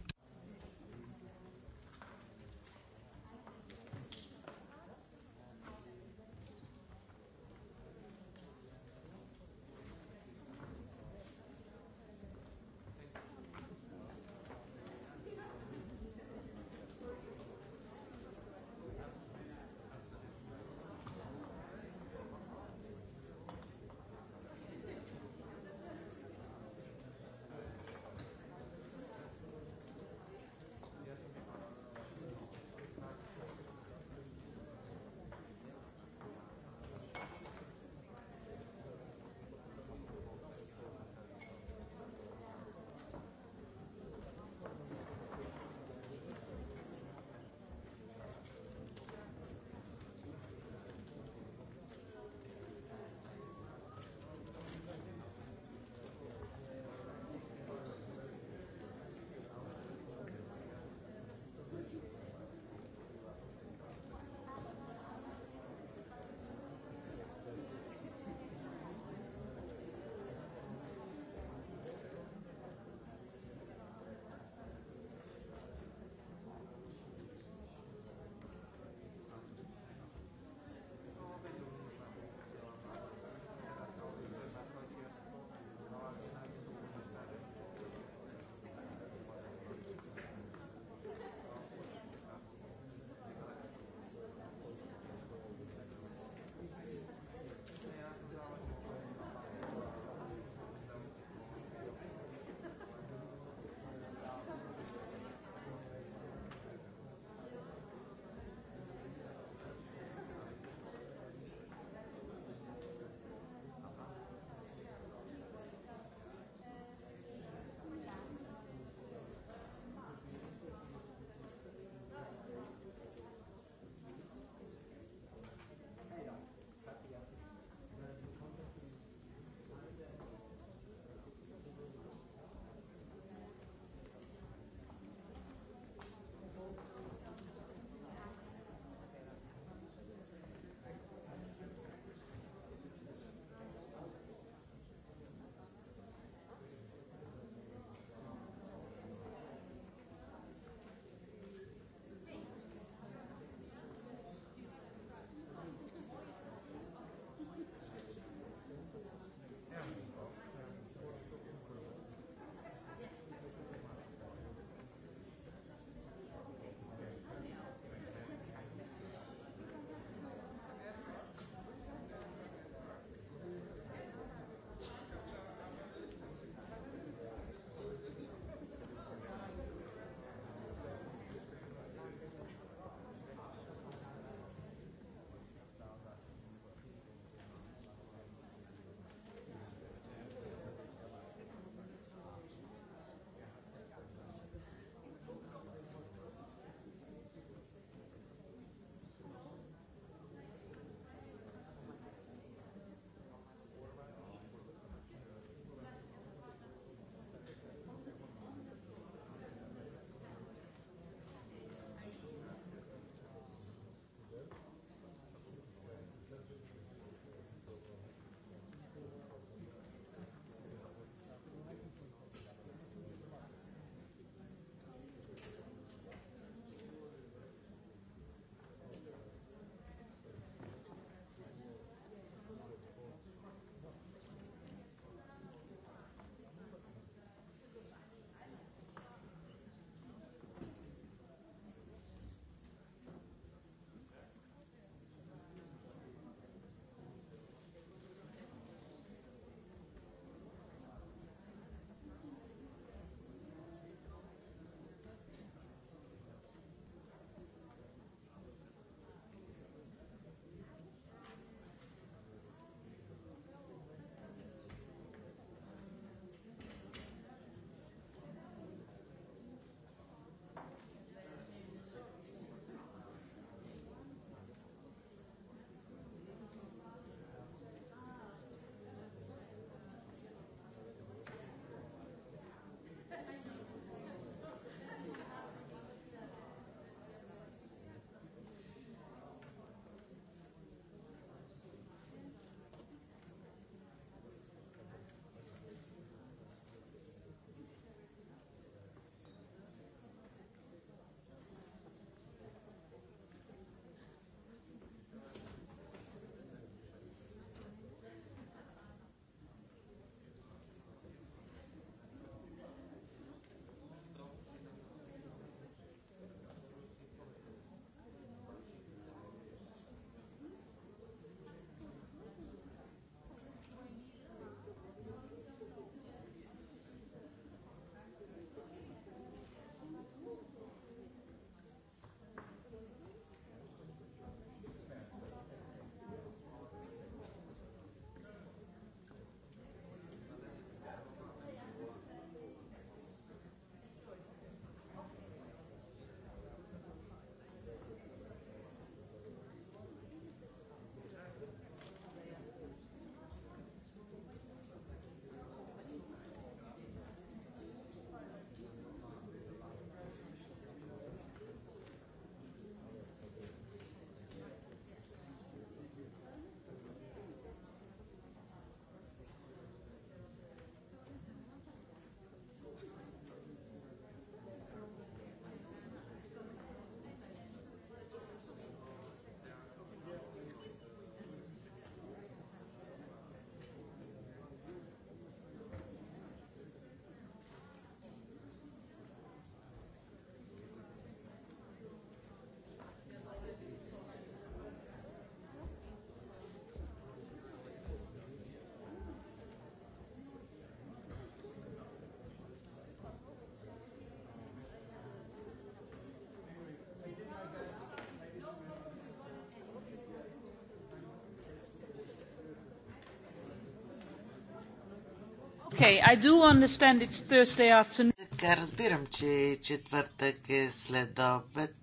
Okay, I do understand it's Thursday afternoon. Така, разбирам, че четвъртък е след обед.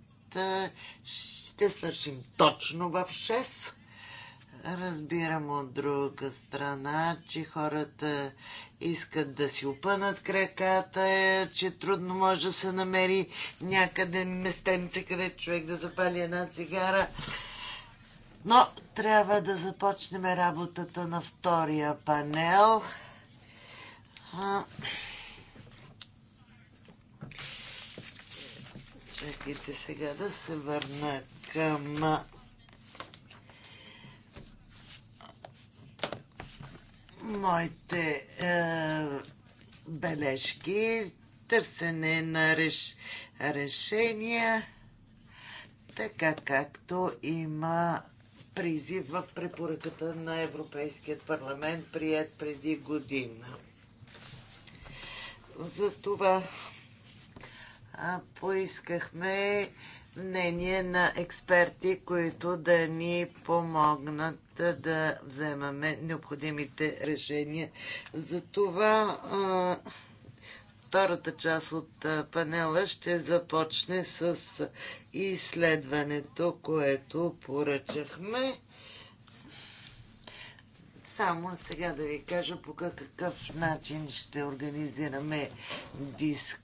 Ще свършим точно в 6. Разбирам от друга страна, че хората искат да си опънат краката, че трудно може да се намери някъде местенце, къде човек да запали една цигара. Но трябва да започнем работата на втория панел. А... Чакайте сега да се върна към моите е, бележки, търсене на реш, решения, така както има призив в препоръката на Европейският парламент, прият преди година. За това поискахме мнение на експерти, които да ни помогнат да вземаме необходимите решения. За това втората част от панела ще започне с изследването, което поръчахме. Само сега да ви кажа по какъв начин ще организираме диск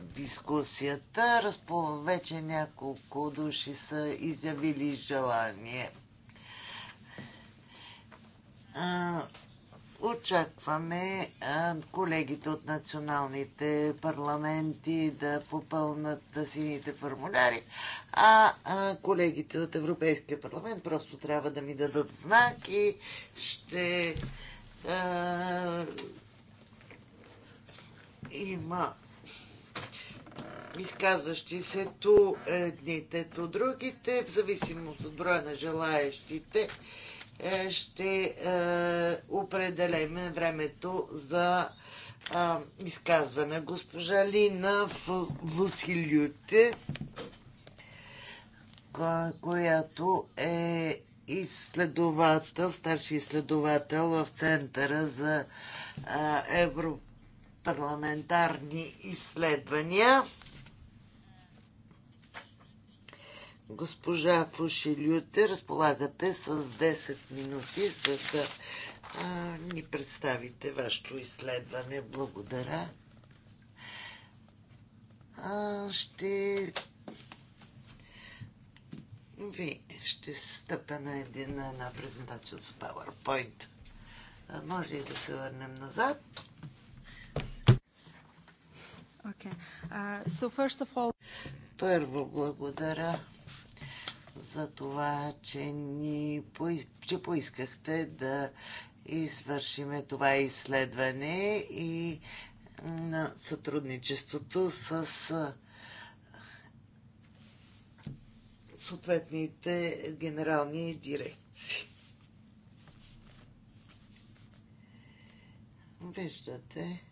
дискусията. Разпо... Вече няколко души са изявили желание. А, Очакваме колегите от националните парламенти да попълнат сините формуляри, а колегите от Европейския парламент просто трябва да ми дадат знак и ще а, има изказващи се ту едните, ту другите, в зависимост от броя на желаящите е, ще е, определим времето за е, изказване. Госпожа Лина Василюте, която е изследовател, старши изследовател в Центъра за европарламентарни изследвания. Госпожа Фушилюте, разполагате с 10 минути, за да а, ни представите вашето изследване. Благодаря. А, ще ви ще стъпя на един, една презентация от PowerPoint. А, може и да се върнем назад. Okay. Uh, so all... Първо благодаря за това, че, ни, че поискахте да извършиме това изследване и на сътрудничеството с съответните генерални дирекции. Виждате,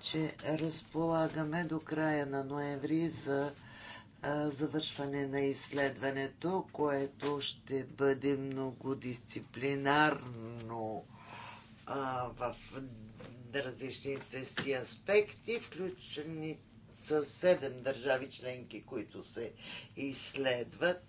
че разполагаме до края на ноември за завършване на изследването, което ще бъде многодисциплинарно а, в различните си аспекти, включени с седем държави членки, които се изследват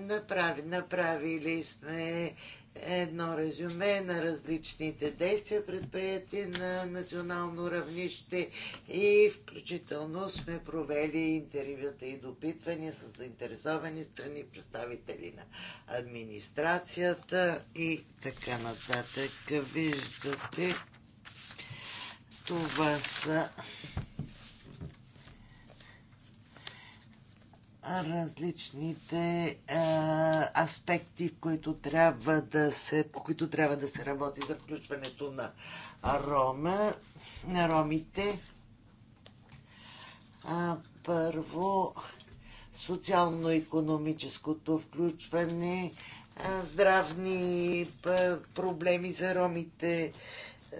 Направи, направили сме едно резюме на различните действия предприяти на национално равнище и включително сме провели интервюта и допитвания с заинтересовани страни, представители на администрацията и така нататък. Виждате, това са различните а, е, аспекти, които трябва да се, по които трябва да се работи за включването на рома, на ромите. А, първо, социално-економическото включване, здравни проблеми за ромите,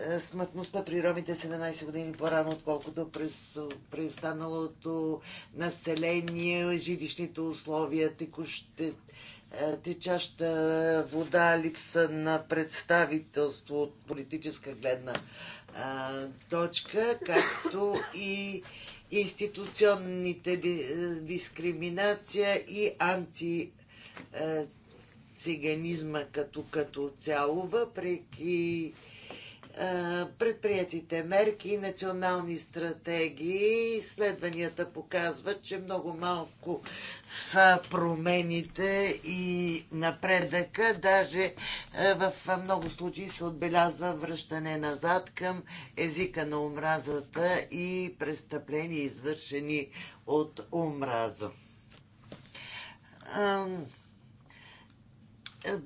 е, смъртността при ромите 17 е години по-рано, отколкото през, при останалото население, жилищните условия, текуще, е, течаща вода, липса на представителство от политическа гледна а, точка, както и институционните дискриминация и анти циганизма като, като цяло, въпреки предприятите мерки и национални стратегии. Изследванията показват, че много малко са промените и напредъка. Даже в много случаи се отбелязва връщане назад към езика на омразата и престъпления, извършени от омраза.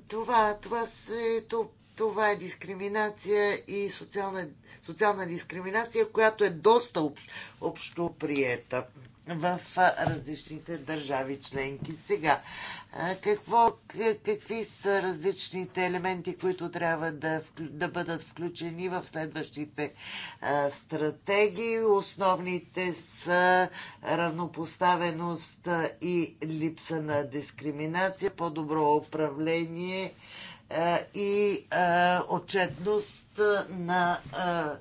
Това, това, се, топ това е дискриминация и социална, социална дискриминация, която е доста об, общо приета в различните държави членки. Сега, какво, какви са различните елементи, които трябва да, да бъдат включени в следващите стратегии? Основните са равнопоставеност и липса на дискриминация, по-добро управление, е, и е, отчетност на е,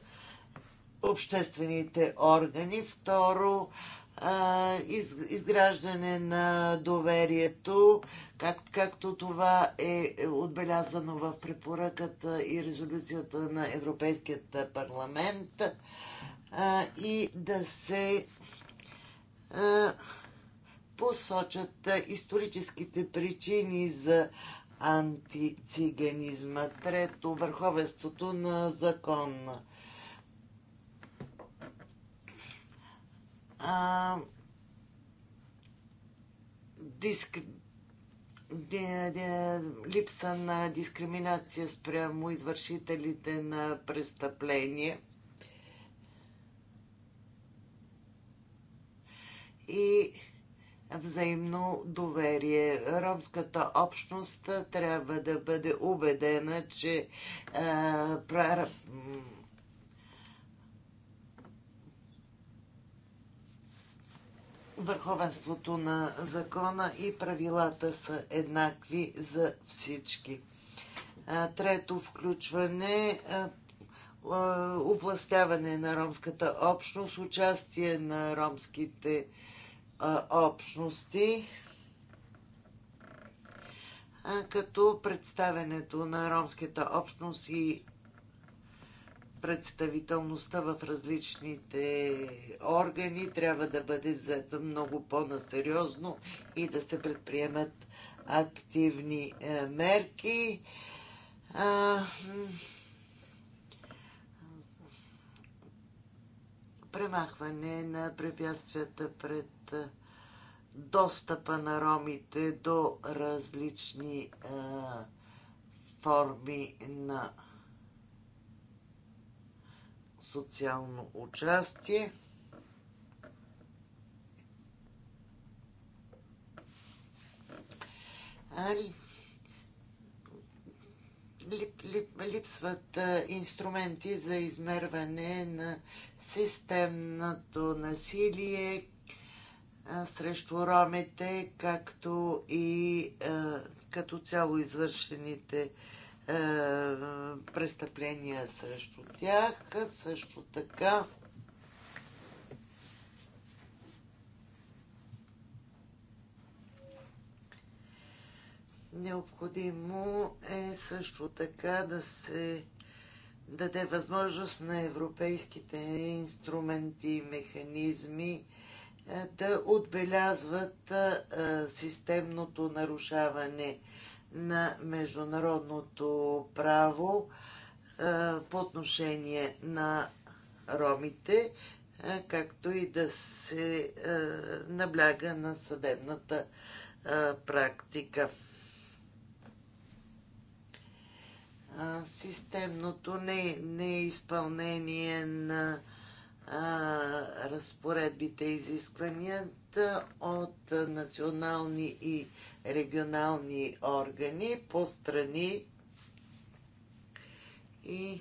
обществените органи. Второ, изграждане на доверието, както това е отбелязано в препоръката и резолюцията на Европейският парламент и да се посочат историческите причини за антициганизма. Трето, върховенството на закон. А, диск, ди, ди, липса на дискриминация спрямо извършителите на престъпление и взаимно доверие. Ромската общност трябва да бъде убедена, че е, пра, върховенството на закона и правилата са еднакви за всички. Е, трето включване е, овластяване на ромската общност, участие на ромските общности, като представенето на ромската общност и представителността в различните органи трябва да бъде взета много по-насериозно и да се предприемат активни е, мерки. премахване на препятствията пред достъпа на ромите до различни а, форми на социално участие. Али? лип, лип, липсват инструменти за измерване на системното насилие срещу ромите, както и като цяло извършените престъпления срещу тях. Също така Необходимо е също така да се даде възможност на европейските инструменти и механизми е, да отбелязват е, е, системното нарушаване на международното право по отношение на ромите, както и да се набляга на съдебната практика. системното неизпълнение не на а, разпоредбите и изискванията от национални и регионални органи по страни и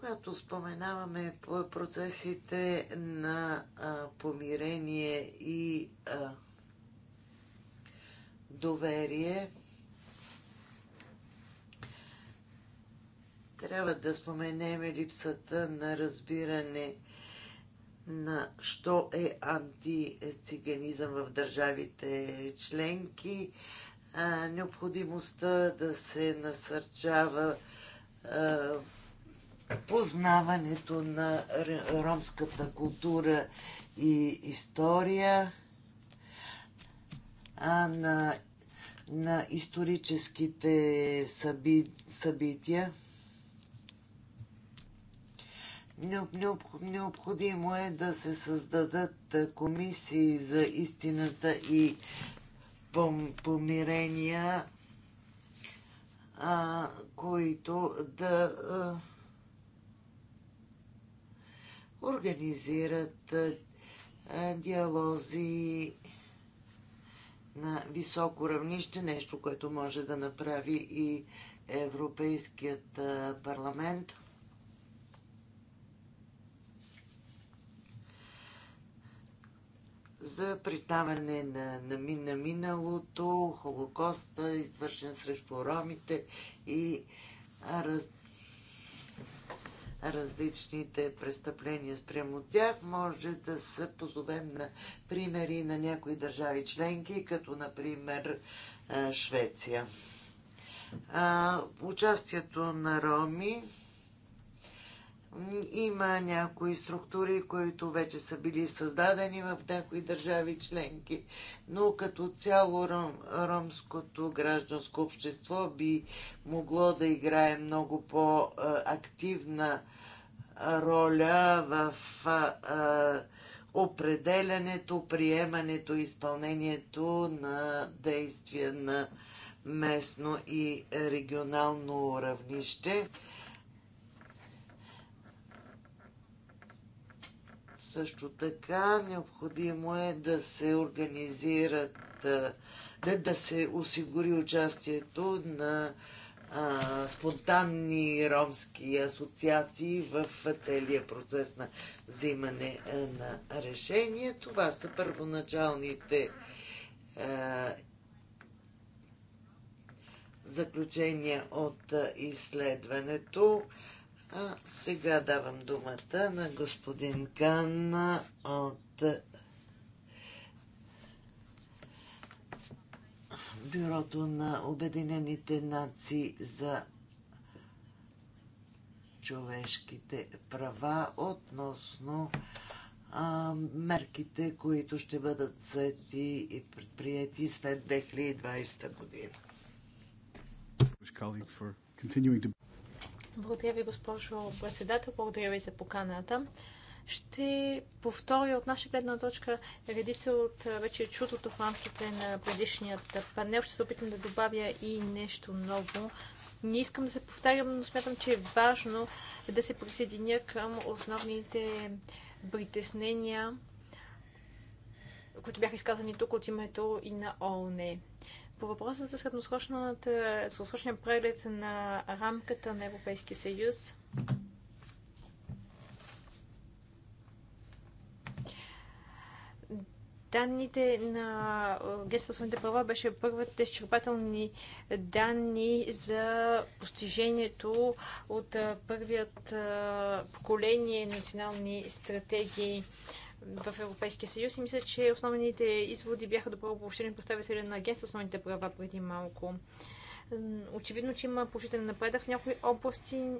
Когато споменаваме процесите на а, помирение и а, доверие, трябва да споменем липсата на разбиране на що е антициганизъм в държавите членки, а, необходимостта да се насърчава познаването на ромската култура и история, а на, на историческите съби, събития. Необходимо е да се създадат комисии за истината и помирения, които да организират диалози на високо равнище, нещо, което може да направи и Европейският парламент. за признаване на, на, на миналото, Холокоста, извършен срещу ромите и раз, различните престъпления спрямо тях. Може да се позовем на примери на някои държави членки, като например е, Швеция. Участието на роми има някои структури, които вече са били създадени в някои държави членки, но като цяло ром, ромското гражданско общество би могло да играе много по-активна роля в определянето, приемането, изпълнението на действия на местно и регионално равнище. Също така необходимо е да се организират, да, да се осигури участието на а, спонтанни ромски асоциации в целия процес на взимане на решение. Това са първоначалните а, заключения от изследването. А сега давам думата на господин Кан от Бюрото на Обединените нации за човешките права относно а, мерките, които ще бъдат взети и предприяти след 2020 година. Благодаря ви, госпожо председател. Благодаря ви за поканата. Ще повторя от наша гледна точка редица от вече чутото в рамките на предишният панел. Ще се опитам да добавя и нещо ново. Не искам да се повтарям, но смятам, че е важно да се присъединя към основните притеснения, които бяха изказани тук от името и на ООН. По въпроса за средносрочния преглед на рамката на Европейския съюз, данните на Агенцията права беше първите изчерпателни данни за постижението от първият поколение национални стратегии в Европейския съюз и мисля, че основните изводи бяха добро обобщени представители на агенция основните права преди малко. Очевидно, че има положителен напредък в някои области.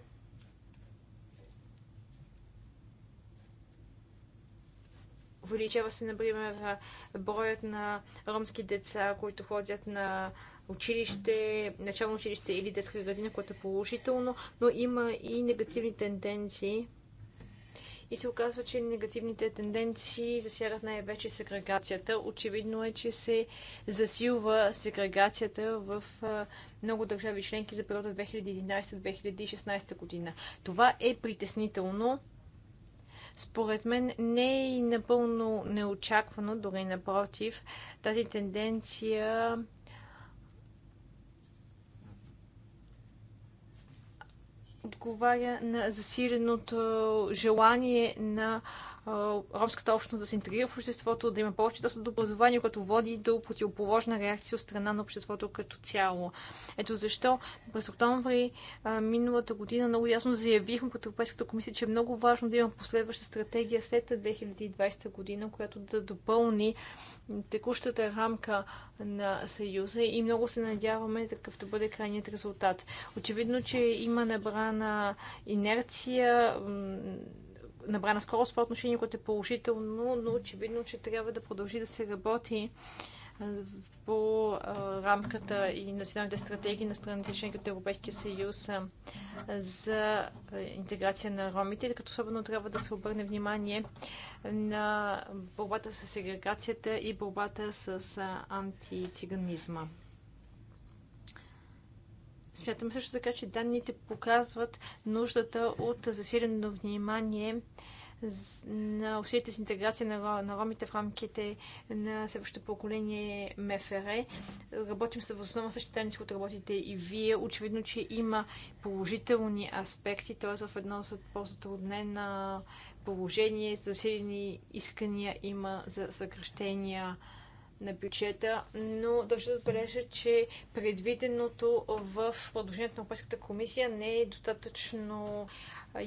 Увеличава се, например, броят на ромски деца, които ходят на училище, начално училище или детска градина, което е положително, но има и негативни тенденции и се оказва, че негативните тенденции засягат най-вече сегрегацията. Очевидно е, че се засилва сегрегацията в много държави членки за периода 2011-2016 година. Това е притеснително. Според мен не е и напълно неочаквано, дори напротив, тази тенденция отговаря на засиленото желание на ромската общност да се интегрира в обществото, да има повече достъп до образование, което води до противоположна реакция от страна на обществото като цяло. Ето защо през октомври миналата година много ясно заявихме като Европейската комисия, че е много важно да има последваща стратегия след 2020 година, която да допълни текущата рамка на Съюза и много се надяваме такъв да бъде крайният резултат. Очевидно, че има набрана инерция, набрана скорост в отношение, което е положително, но очевидно, че трябва да продължи да се работи по рамката и националните стратегии на страните членки от Европейския съюз за интеграция на ромите, като особено трябва да се обърне внимание на борбата с сегрегацията и борбата с антициганизма. Смятам също така, че данните показват нуждата от засилено внимание на усилите с интеграция на, на ромите в рамките на следващото поколение МФР. Работим с основа същите тайници, които работите и вие. Очевидно, че има положителни аспекти, т.е. в едно по-затруднено положение, засилени искания има за съкръщения на бюджета, но държа да отбележа, че предвиденото в продължението на Европейската комисия не е достатъчно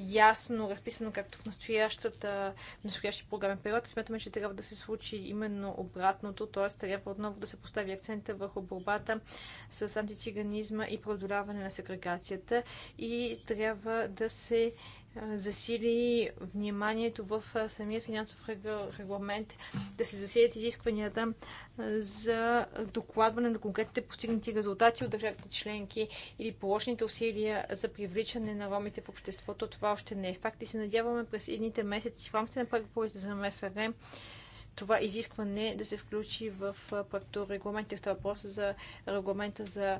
ясно разписано, както в настоящата, настоящия програмен период. Смятаме, че трябва да се случи именно обратното, т.е. трябва отново да се постави акцента върху борбата с антициганизма и преодоляване на сегрегацията и трябва да се засили вниманието в самия финансов регламент, да се засилят изискванията за докладване на конкретните постигнати резултати от държавите членки или положените усилия за привличане на ромите в обществото. Това още не е факт и се надяваме през едните месеци в рамките на преговорите за МФРМ това изискване да се включи в проекто регламента. това въпрос за регламента за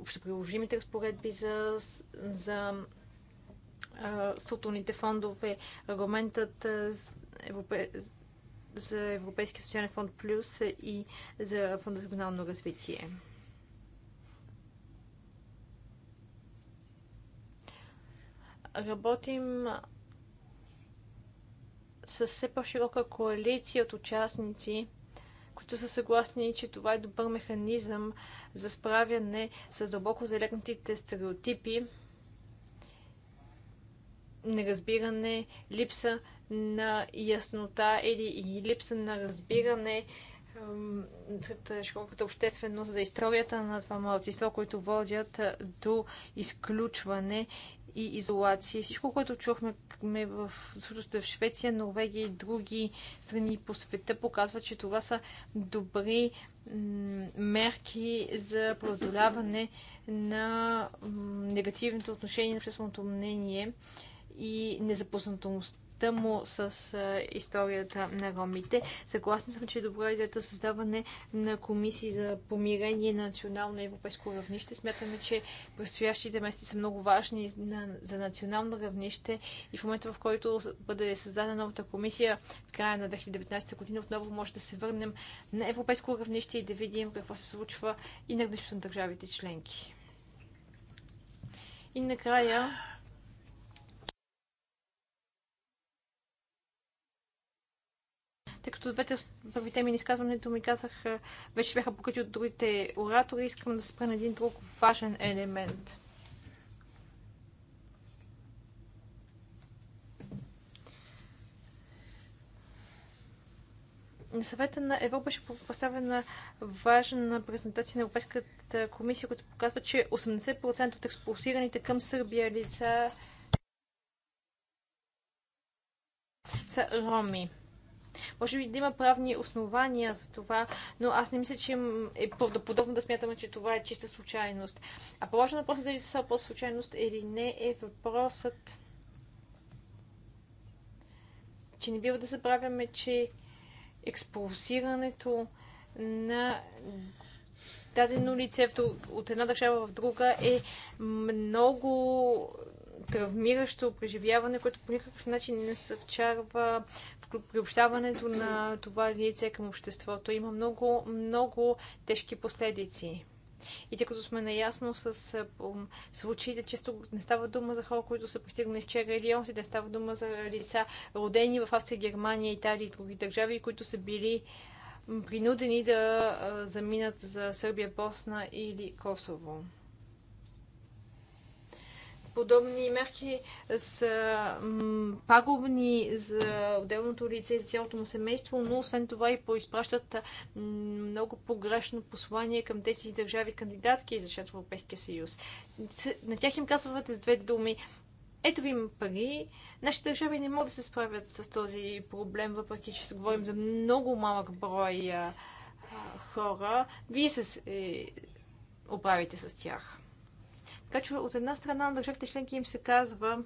общоприложимите разпоредби за, за структурните фондове, регламентът за Европейския социален фонд Плюс и за фонда за регионално развитие. Работим с все по-широка коалиция от участници, които са съгласни, че това е добър механизъм за справяне с дълбоко залегнатите стереотипи неразбиране, липса на яснота или липса на разбиране сред широката общественост за историята на това малцинство, които водят до изключване и изолация. Всичко, което чухме в в Швеция, Норвегия и други страни по света, показва, че това са добри мерки за преодоляване на негативното отношение на общественото мнение и незапознатостта му с а, историята на ромите. Съгласна съм, че е добра идеята създаване на комисии за помирение на национално и европейско равнище. Смятаме, че предстоящите месеци са много важни на, за национално равнище и в момента, в който бъде създадена новата комисия в края на 2019 година, отново може да се върнем на европейско равнище и да видим какво се случва и на държавите членки. И накрая Тъй като двете първи теми на изказването ми казах, е, вече бяха покрити от другите оратори, искам да спра на един друг важен елемент. на съвета на Европа беше представена важна презентация на Европейската комисия, която показва, че 80% от експулсираните към Сърбия лица са роми. Може би да има правни основания за това, но аз не мисля, че е правдоподобно да смятаме, че това е чиста случайност. А по-важно въпросът е дали това е случайност или не е въпросът, че не бива да забравяме, че експулсирането на дадено лице от една държава в друга е много травмиращо преживяване, което по никакъв начин не насърчава приобщаването на това лице към обществото има много, много тежки последици. И тъй като сме наясно с случаите, често не става дума за хора, които са пристигнали вчера или онзи, не става дума за лица, родени в Австрия, Германия, Италия и други държави, които са били принудени да заминат за Сърбия, Босна или Косово подобни мерки са пагубни за отделното лице и за цялото му семейство, но освен това и поизпращат много погрешно послание към тези държави кандидатки за членство в Европейския съюз. На тях им казвате с две думи ето ви има пари. Нашите държави не могат да се справят с този проблем, въпреки че се говорим за много малък брой а, хора. Вие се е, оправите с тях. Така че от една страна на държавите членки им се казва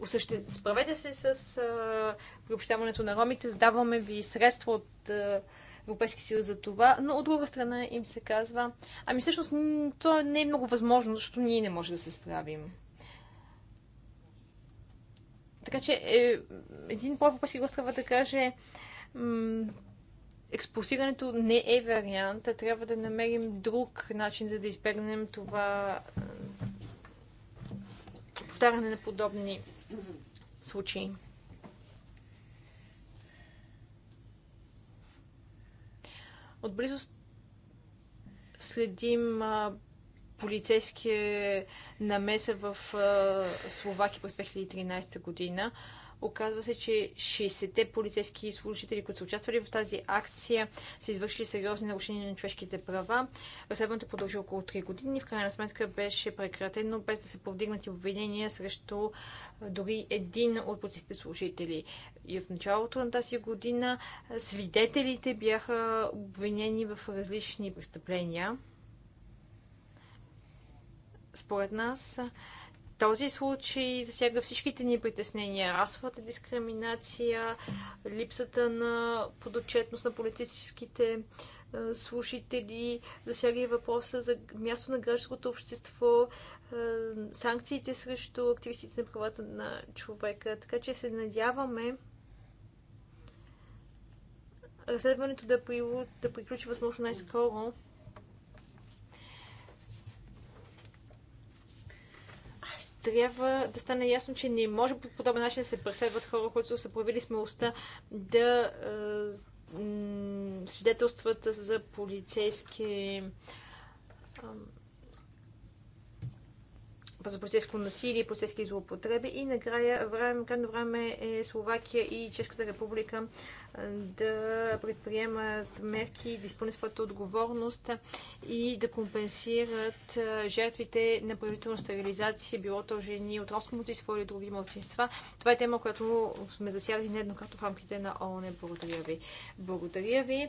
осъще... справете се с а, приобщаването на ромите, даваме ви средства от а, Европейски съюз за това, но от друга страна им се казва, ами всъщност то не е много възможно, защото ние не може да се справим. Така че е, един по-европейски глас трябва да каже, експулсирането не е вариант, а трябва да намерим друг начин, за да избегнем това повтаряне на подобни случаи. Отблизо следим полицейския намеса в Словакия през 2013 година. Оказва се, че 60-те полицейски служители, които са участвали в тази акция, са извършили сериозни нарушения на човешките права. Разследването продължи около 3 години. В крайна сметка беше прекратено, без да се повдигнати обвинения срещу дори един от полицейските служители. И в началото на тази година свидетелите бяха обвинени в различни престъпления. Според нас, този случай засяга всичките ни притеснения. Расовата дискриминация, липсата на подотчетност на политическите е, слушатели, засяга и въпроса за място на гражданското общество, е, санкциите срещу активистите на правата на човека. Така че се надяваме разследването да, при... да приключи възможно най-скоро трябва да стане ясно, че не може по подобен начин да се преследват хора, които са проявили смелостта да свидетелстват за полицейски за полицейско насилие, полицейски злоупотреби и накрая време, крайно време е Словакия и Чешката република да предприемат мерки, да изпълнят своята отговорност и да компенсират жертвите на правителната стерилизация, било то жени от родственото и своите други младсинства. Това е тема, която сме засягали нееднократно в рамките на ООН. Благодаря ви. Благодаря ви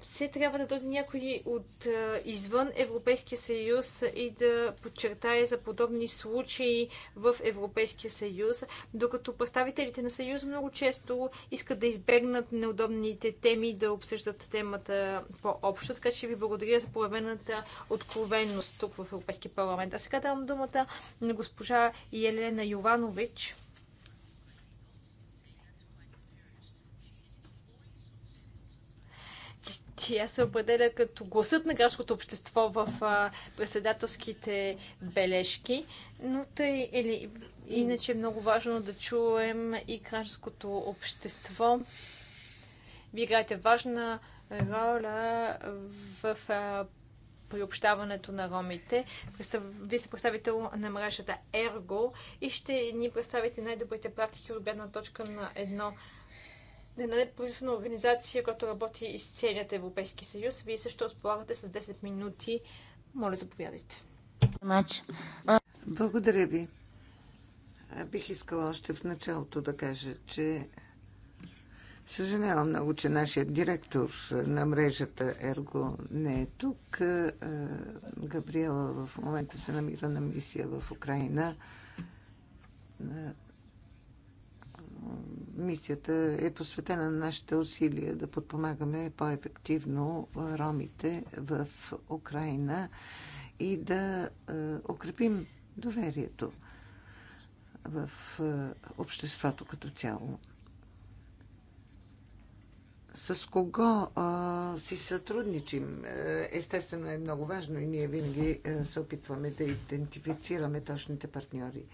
все трябва да дойде някой от извън Европейския съюз и да подчертае за подобни случаи в Европейския съюз, докато представителите на съюза много често искат да избегнат неудобните теми, да обсъждат темата по-общо. Така че ви благодаря за проявената откровенност тук в Европейския парламент. А сега давам думата на госпожа Елена Йованович Тя се определя като гласът на градското общество в председателските бележки, но тъй или иначе е много важно да чуем и гражданското общество. Вие играете важна роля в приобщаването на ромите. Вие сте представител на мрежата Ерго и ще ни представите най-добрите практики от гледна точка на едно да е, една нали, неправителствена организация, която работи из целият Европейски съюз. Вие също разполагате с 10 минути. Моля, заповядайте. Благодаря ви. Бих искала още в началото да кажа, че съжалявам много, че нашият директор на мрежата Ерго не е тук. Габриела в момента се намира на мисия в Украина мисията е посветена на нашите усилия да подпомагаме по-ефективно ромите в Украина и да е, укрепим доверието в е, обществото като цяло. С кого а, е, си сътрудничим? Естествено е много важно и ние винаги се опитваме да идентифицираме точните партньори.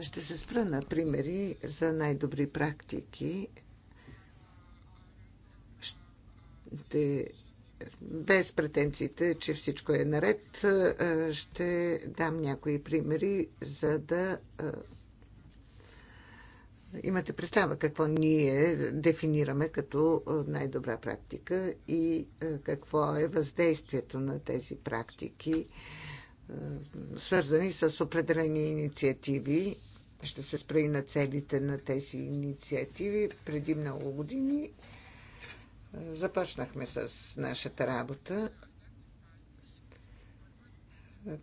Ще се спра на примери за най-добри практики. Ще, без претенциите, че всичко е наред, ще дам някои примери, за да имате представа какво ние дефинираме като най-добра практика и какво е въздействието на тези практики свързани с определени инициативи. Ще се спра и на целите на тези инициативи. Преди много години започнахме с нашата работа,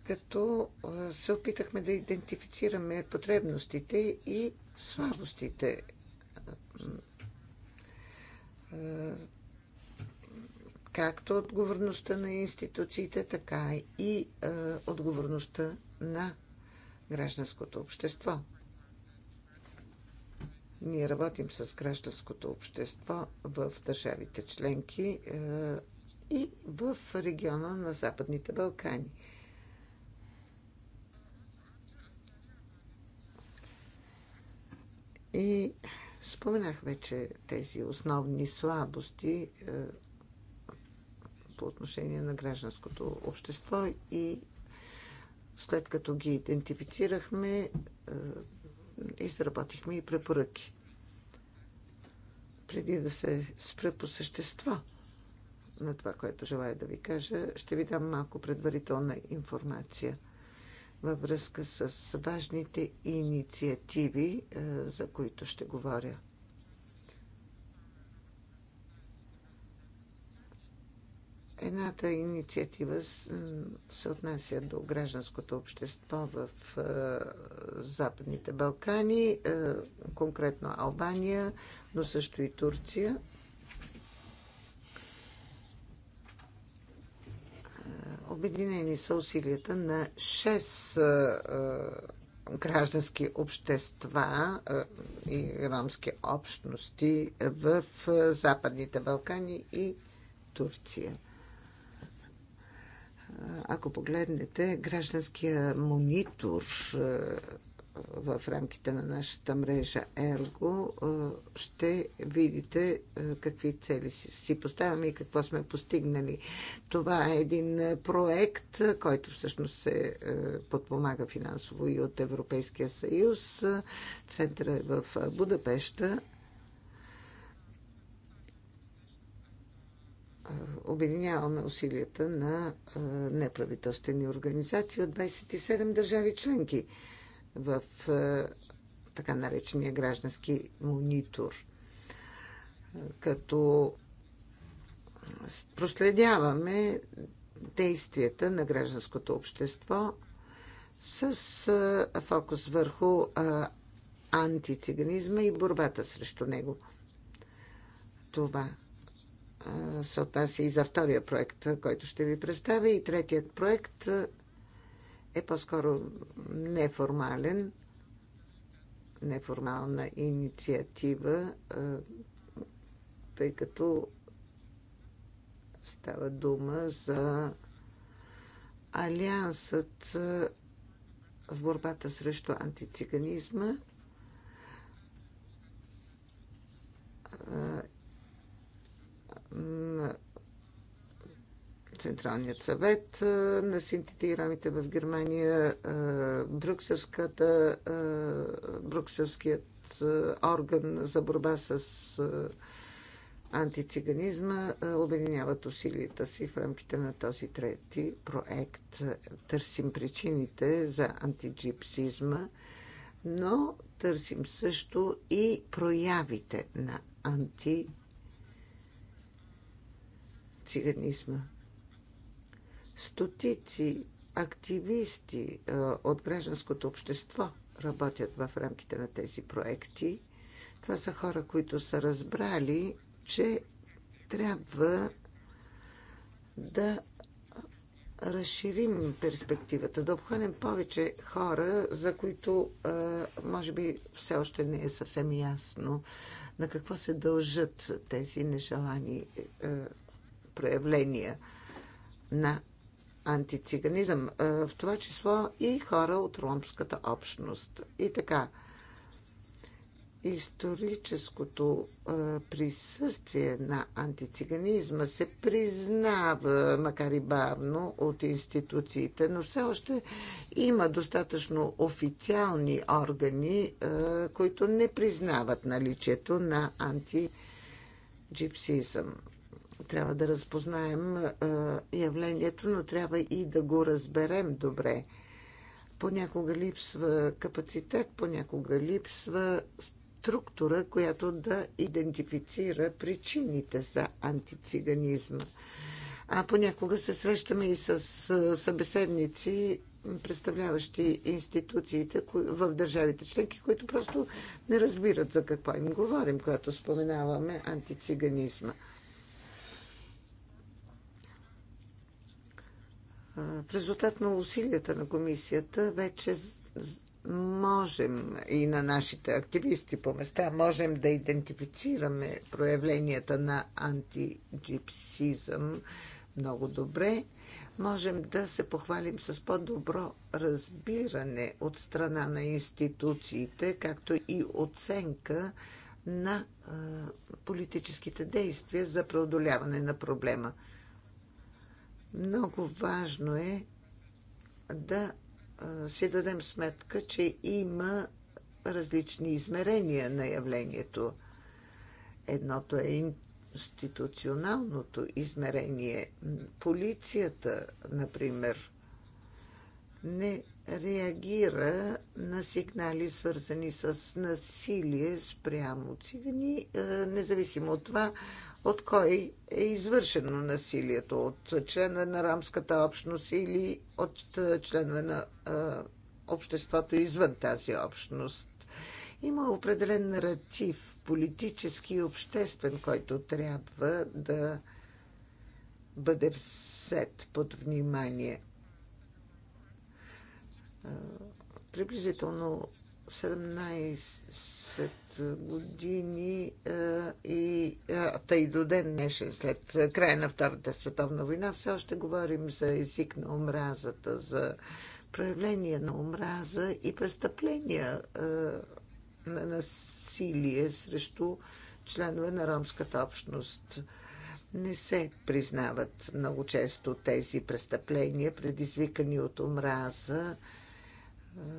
като се опитахме да идентифицираме потребностите и слабостите както отговорността на институциите, така и е, отговорността на гражданското общество. Ние работим с гражданското общество в държавите членки е, и в региона на Западните Балкани. И споменах вече тези основни слабости. Е, по отношение на гражданското общество и след като ги идентифицирахме, е, изработихме и препоръки. Преди да се спра по същества на това, което желая да ви кажа, ще ви дам малко предварителна информация във връзка с важните инициативи, е, за които ще говоря – Едната инициатива се отнася до гражданското общество в е, Западните Балкани, е, конкретно Албания, но също и Турция. Е, обединени са усилията на 6 граждански общества и ромски общности в Западните Балкани и Турция ако погледнете гражданския монитор в рамките на нашата мрежа Ерго, ще видите какви цели си поставяме и какво сме постигнали. Това е един проект, който всъщност се подпомага финансово и от Европейския съюз. Центъра е в Будапешта Е, обединяваме усилията на е, неправителствени организации от 27 държави членки в е, така наречения граждански монитор. Като проследяваме действията на гражданското общество с фокус върху антициганизма и борбата срещу него. Това се отнася и за втория проект, който ще ви представя. И третият проект е по-скоро неформален, неформална инициатива, тъй като става дума за Алиансът в борбата срещу антициганизма Централният съвет на синтите и рамите в Германия, Брюкселската, Брюкселският орган за борба с антициганизма обединяват усилията си в рамките на този трети проект. Търсим причините за антиджипсизма, но търсим също и проявите на антициганизма циганизма. Стотици активисти от гражданското общество работят в рамките на тези проекти. Това са хора, които са разбрали, че трябва да разширим перспективата, да обхванем повече хора, за които може би все още не е съвсем ясно на какво се дължат тези нежелани проявления на антициганизъм, в това число и хора от ромската общност. И така, историческото присъствие на антициганизма се признава, макар и бавно, от институциите, но все още има достатъчно официални органи, които не признават наличието на антициганизъм трябва да разпознаем явлението, но трябва и да го разберем добре. Понякога липсва капацитет, понякога липсва структура, която да идентифицира причините за антициганизма. А понякога се срещаме и с събеседници, представляващи институциите в държавите членки, които просто не разбират за какво им говорим, когато споменаваме антициганизма. В резултат на усилията на комисията вече можем и на нашите активисти по места можем да идентифицираме проявленията на антиджипсизъм много добре. Можем да се похвалим с по-добро разбиране от страна на институциите, както и оценка на политическите действия за преодоляване на проблема. Много важно е да си дадем сметка, че има различни измерения на явлението. Едното е институционалното измерение. Полицията, например, не реагира на сигнали, свързани с насилие спрямо цигани, независимо от това, от кой е извършено насилието от членове на рамската общност или от е, членове на а, е, обществото извън тази общност. Има определен наратив, политически и обществен, който трябва да бъде взет под внимание. А, е, приблизително 17 години е, и е, тъй до ден днешен след края на Втората световна война все още говорим за език на омразата, за проявление на омраза и престъпления е, на насилие срещу членове на ромската общност. Не се признават много често тези престъпления, предизвикани от омраза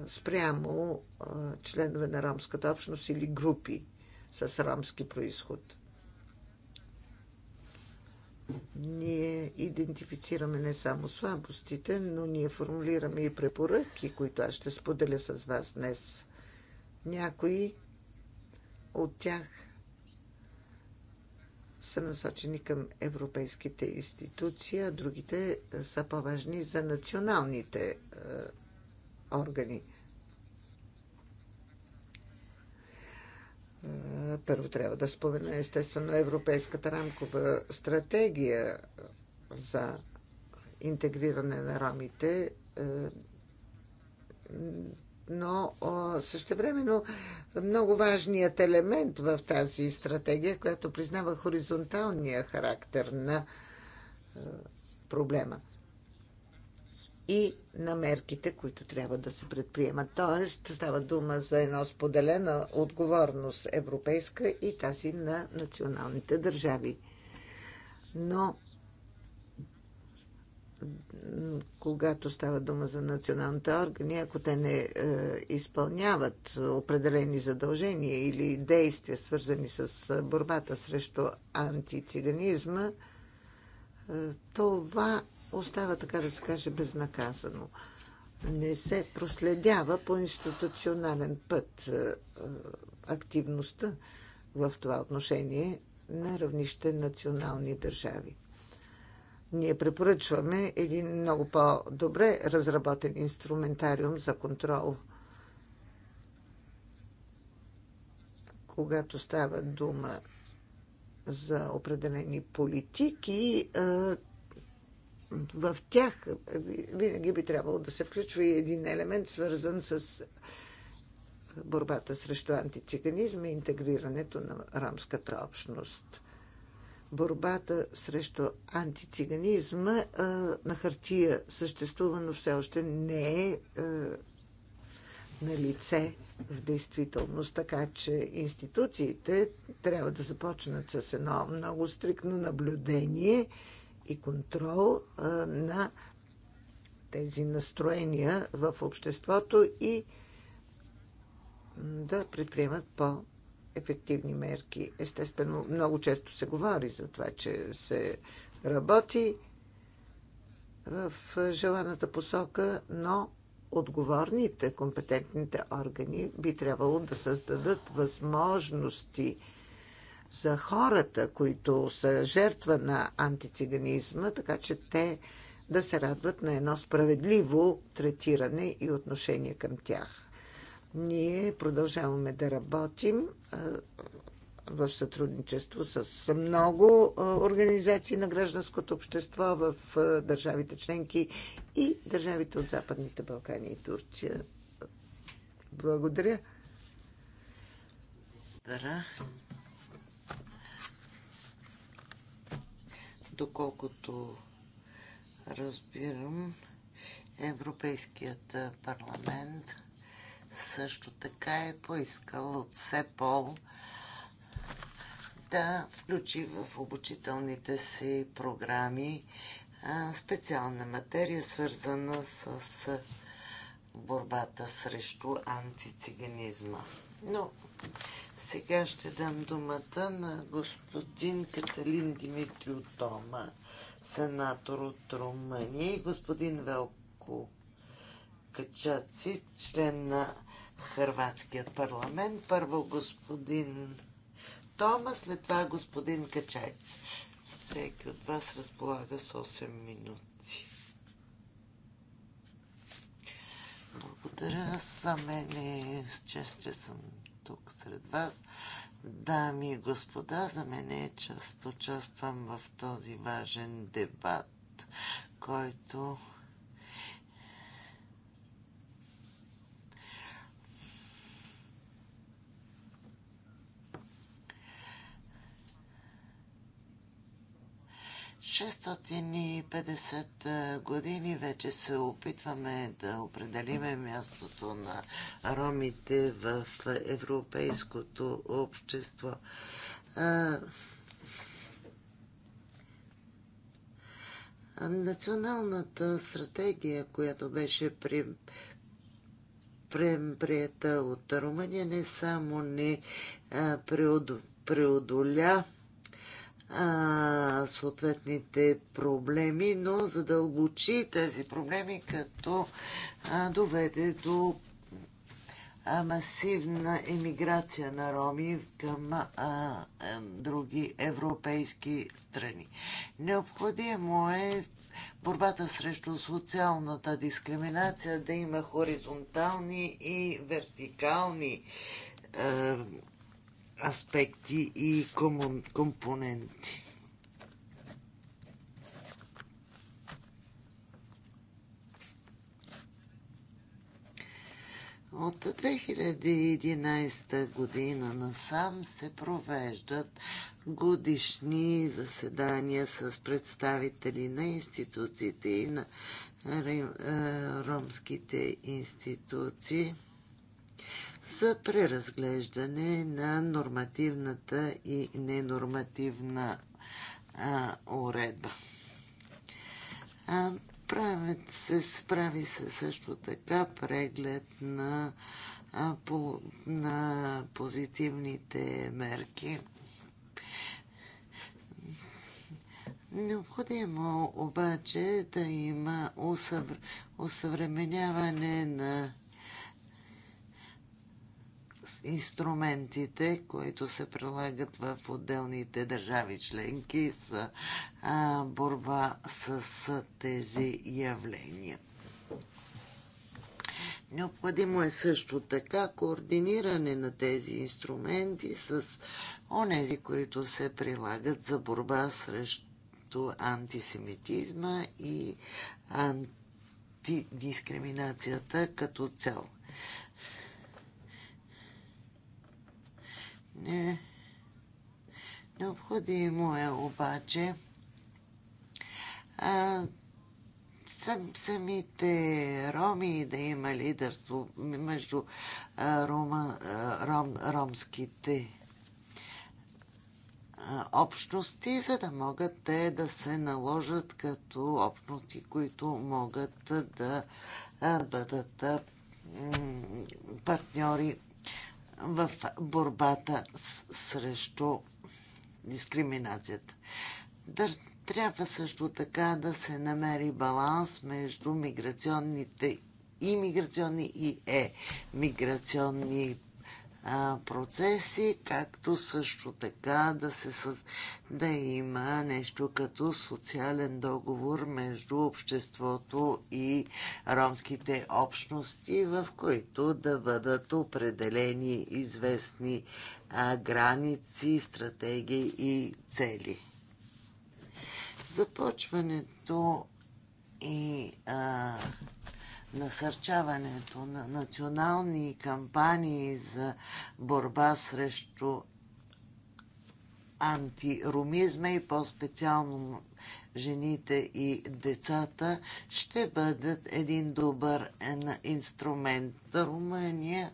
спрямо членове на рамската общност или групи с рамски происход. Ние идентифицираме не само слабостите, но ние формулираме и препоръки, които аз ще споделя с вас днес. Някои от тях са насочени към европейските институции, а другите са по-важни за националните органи. Първо трябва да спомена естествено Европейската рамкова стратегия за интегриране на ромите, но същевременно много важният елемент в тази стратегия, която признава хоризонталния характер на проблема – и на мерките, които трябва да се предприемат. Тоест, става дума за едно споделена отговорност европейска и тази на националните държави. Но когато става дума за националните органи, ако те не е, изпълняват определени задължения или действия, свързани с е, борбата срещу антициганизма, е, това остава, така да се каже, безнаказано. Не се проследява по институционален път е, е, активността в това отношение на равнище национални държави. Ние препоръчваме един много по-добре разработен инструментариум за контрол когато става дума за определени политики, е, в тях е, винаги би трябвало да се включва и един елемент, свързан с е, борбата срещу антициганизма и интегрирането на ромската общност. Борбата срещу антициганизма е, на хартия съществува, но все още не е на лице в действителност, така че институциите трябва да започнат с едно много стрикно наблюдение – и контрол на тези настроения в обществото и да предприемат по- ефективни мерки. Естествено, много често се говори за това, че се работи в желаната посока, но отговорните, компетентните органи би трябвало да създадат възможности за хората, които са жертва на антициганизма, така че те да се радват на едно справедливо третиране и отношение към тях. Ние продължаваме да работим в сътрудничество с много организации на гражданското общество в държавите членки и държавите от Западните Балкани и Турция. Благодаря. Благодаря. Доколкото разбирам, Европейският парламент също така е поискал от СЕПОЛ да включи в обучителните си програми специална материя, свързана с борбата срещу антициганизма. Но сега ще дам думата на господин Каталин Димитрио Тома, сенатор от Румъния и господин Велко Качаци, член на Хрватският парламент. Първо господин Тома, след това господин Качаци. Всеки от вас разполага с 8 минути. Благодаря. За мен и е с чест, че съм тук сред вас. Дами и господа, за мен е част участвам в този важен дебат, който 650 е, години вече се опитваме да определиме мястото на ромите в европейското общество. Е, националната стратегия, която беше при приета от Румъния, не само не преодоля а, съответните проблеми, но задълбочи тези проблеми, като а, доведе до а, масивна емиграция на роми към а, а, други европейски страни. Необходимо е борбата срещу социалната дискриминация да има хоризонтални и вертикални аспекти и компоненти. От 2011 година насам се провеждат годишни заседания с представители на институциите и на е, ромските институции за преразглеждане на нормативната и ненормативна а, уредба. А, правят се справи се също така преглед на, а, по, на позитивните мерки. Необходимо обаче да има усъвременяване на инструментите, които се прилагат в отделните държави членки за борба с тези явления. Необходимо е също така координиране на тези инструменти с онези, които се прилагат за борба срещу антисемитизма и антидискриминацията като цяло. Не. Необходимо е обаче а, самите роми да има лидерство между а, рома, а, ром, ромските общности, за да могат те да се наложат като общности, които могат да бъдат партньори в борбата с, срещу дискриминацията. Дър, трябва също така да се намери баланс между миграционните и миграционни и е миграционни процеси, както също така да, се, да има нещо като социален договор между обществото и ромските общности, в които да бъдат определени известни граници, стратегии и цели. Започването и а, насърчаването на национални кампании за борба срещу антирумизма и по-специално жените и децата ще бъдат един добър е, инструмент. Румъния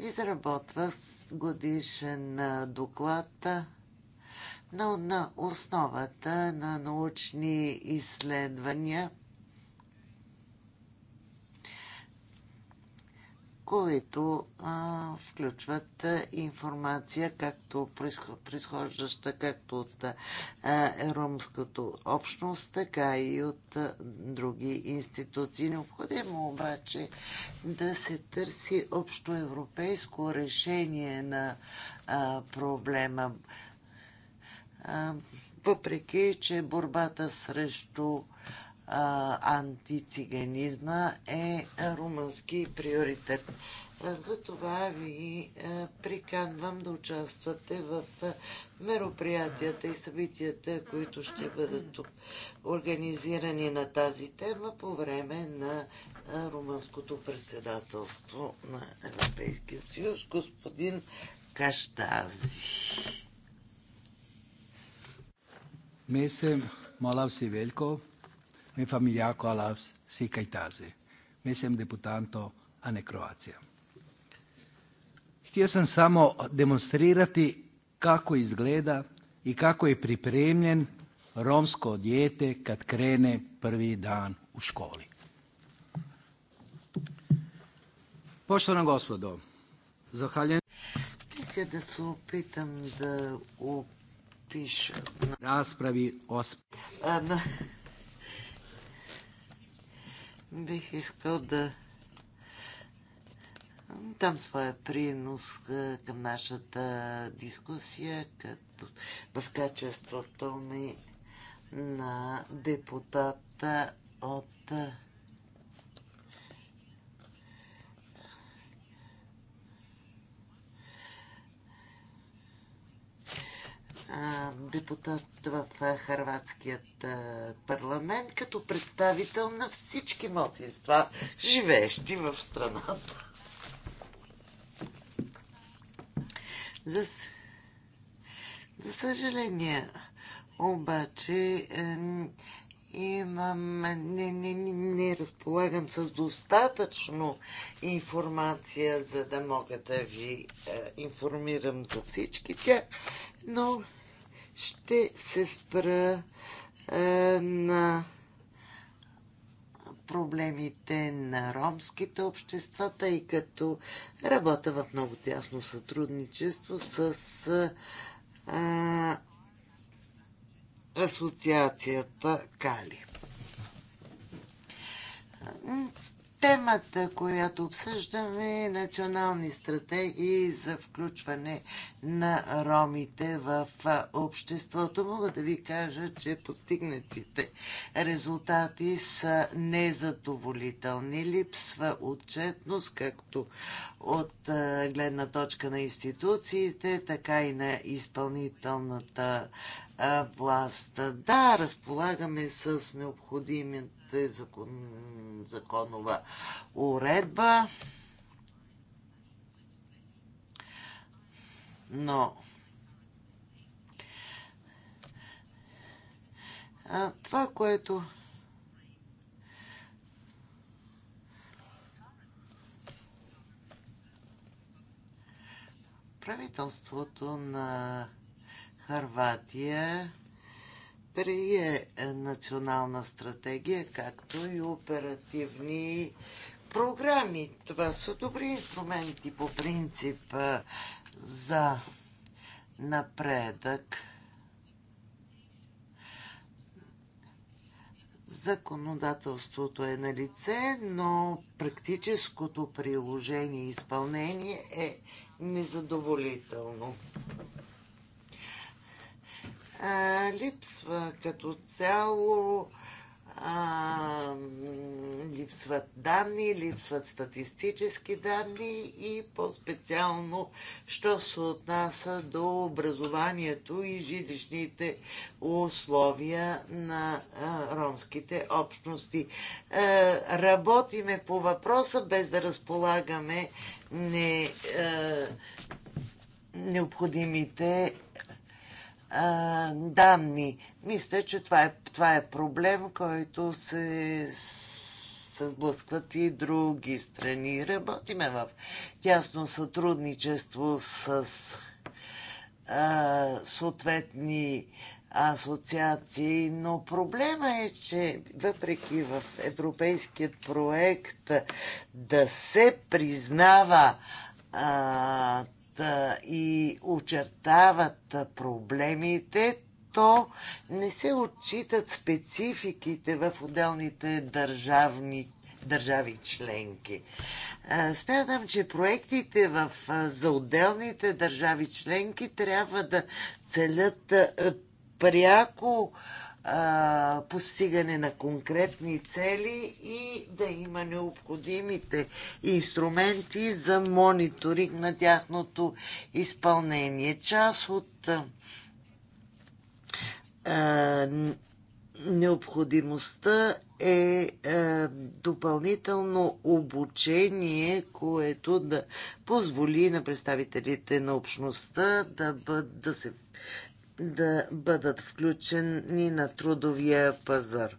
изработва годишен доклад но на основата на научни изследвания, които а, включват а, информация, както произхождаща както от а, ромското общност, така и от а, други институции. Необходимо обаче да се търси общоевропейско решение на а, проблема въпреки че борбата срещу антициганизма е румънски приоритет. Затова ви приканвам да участвате в мероприятията и събитията, които ще бъдат тук организирани на тази тема по време на румънското председателство на Европейския съюз, господин Каштази. Mesem malavsi veliko, me familjako alavs si kajtazi. Mesem deputanto, a ne Kroacija. Htio sam samo demonstrirati kako izgleda i kako je pripremljen romsko dijete kad krene prvi dan u školi. Poštovana gospodo, zahvaljujem. Нека да се Бих искал да дам своя принос към нашата дискусия като в качеството ми на депутата от депутат в Харватският парламент, като представител на всички младсинства, живеещи в страната. За, за съжаление, обаче, имам, не, не, не, не разполагам с достатъчно информация, за да мога да ви е, информирам за всички тях, но ще се спра е, на проблемите на ромските общества, тъй като работя в много тясно сътрудничество с а, е, асоциацията Кали. Темата, която обсъждаме е национални стратегии за включване на ромите в обществото. Мога да ви кажа, че постигнатите резултати са незадоволителни. Липсва отчетност, както от гледна точка на институциите, така и на изпълнителната власт. Да, разполагаме с необходимите бъде закон, законова уредба. Но а, това, което правителството на Харватия прие е национална стратегия, както и оперативни програми. Това са добри инструменти по принцип е, за напредък. Законодателството е на лице, но практическото приложение и изпълнение е незадоволително а, липсва като цяло. А, липсват данни, липсват статистически данни и по-специално, що се отнася до образованието и жилищните условия на а, ромските общности. А, работиме по въпроса, без да разполагаме не, необходимите данни. Мисля, че това е, това е проблем, който се се сблъскват и други страни. Работиме в тясно сътрудничество с а, съответни асоциации, но проблема е, че въпреки в европейският проект да се признава а, и очертават проблемите, то не се отчитат спецификите в отделните държавни държави членки. Смятам, че проектите в, за отделните държави членки трябва да целят пряко а, постигане на конкретни цели и да има необходимите инструменти за мониторинг на тяхното изпълнение. Част от а, необходимостта е, а, допълнително обучение, което да позволи на представителите на общността да, бъд, да се да бъдат включени на трудовия пазар.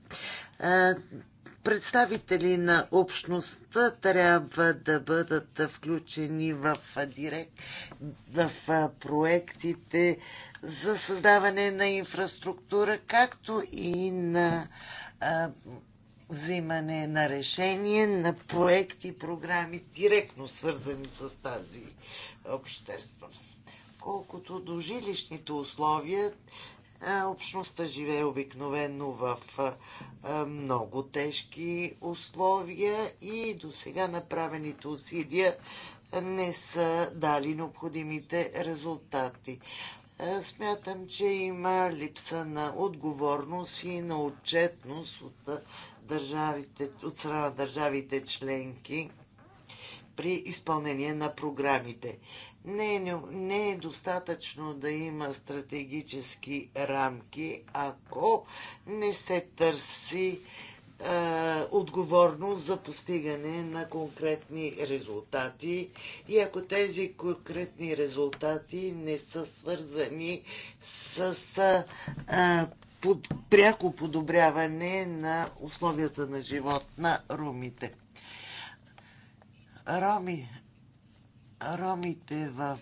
Представители на общността трябва да бъдат включени в, директ, в проектите за създаване на инфраструктура, както и на взимане на решение на проекти и програми, директно свързани с тази общественост. Колкото до жилищните условия, е, общността живее обикновено в е, много тежки условия и до сега направените усилия не са дали необходимите резултати. Е, смятам, че има липса на отговорност и на отчетност от, държавите, от страна на държавите членки при изпълнение на програмите. Не е, не е достатъчно да има стратегически рамки, ако не се търси е, отговорност за постигане на конкретни резултати и ако тези конкретни резултати не са свързани с е, под, пряко подобряване на условията на живот на ромите. Роми, ромите в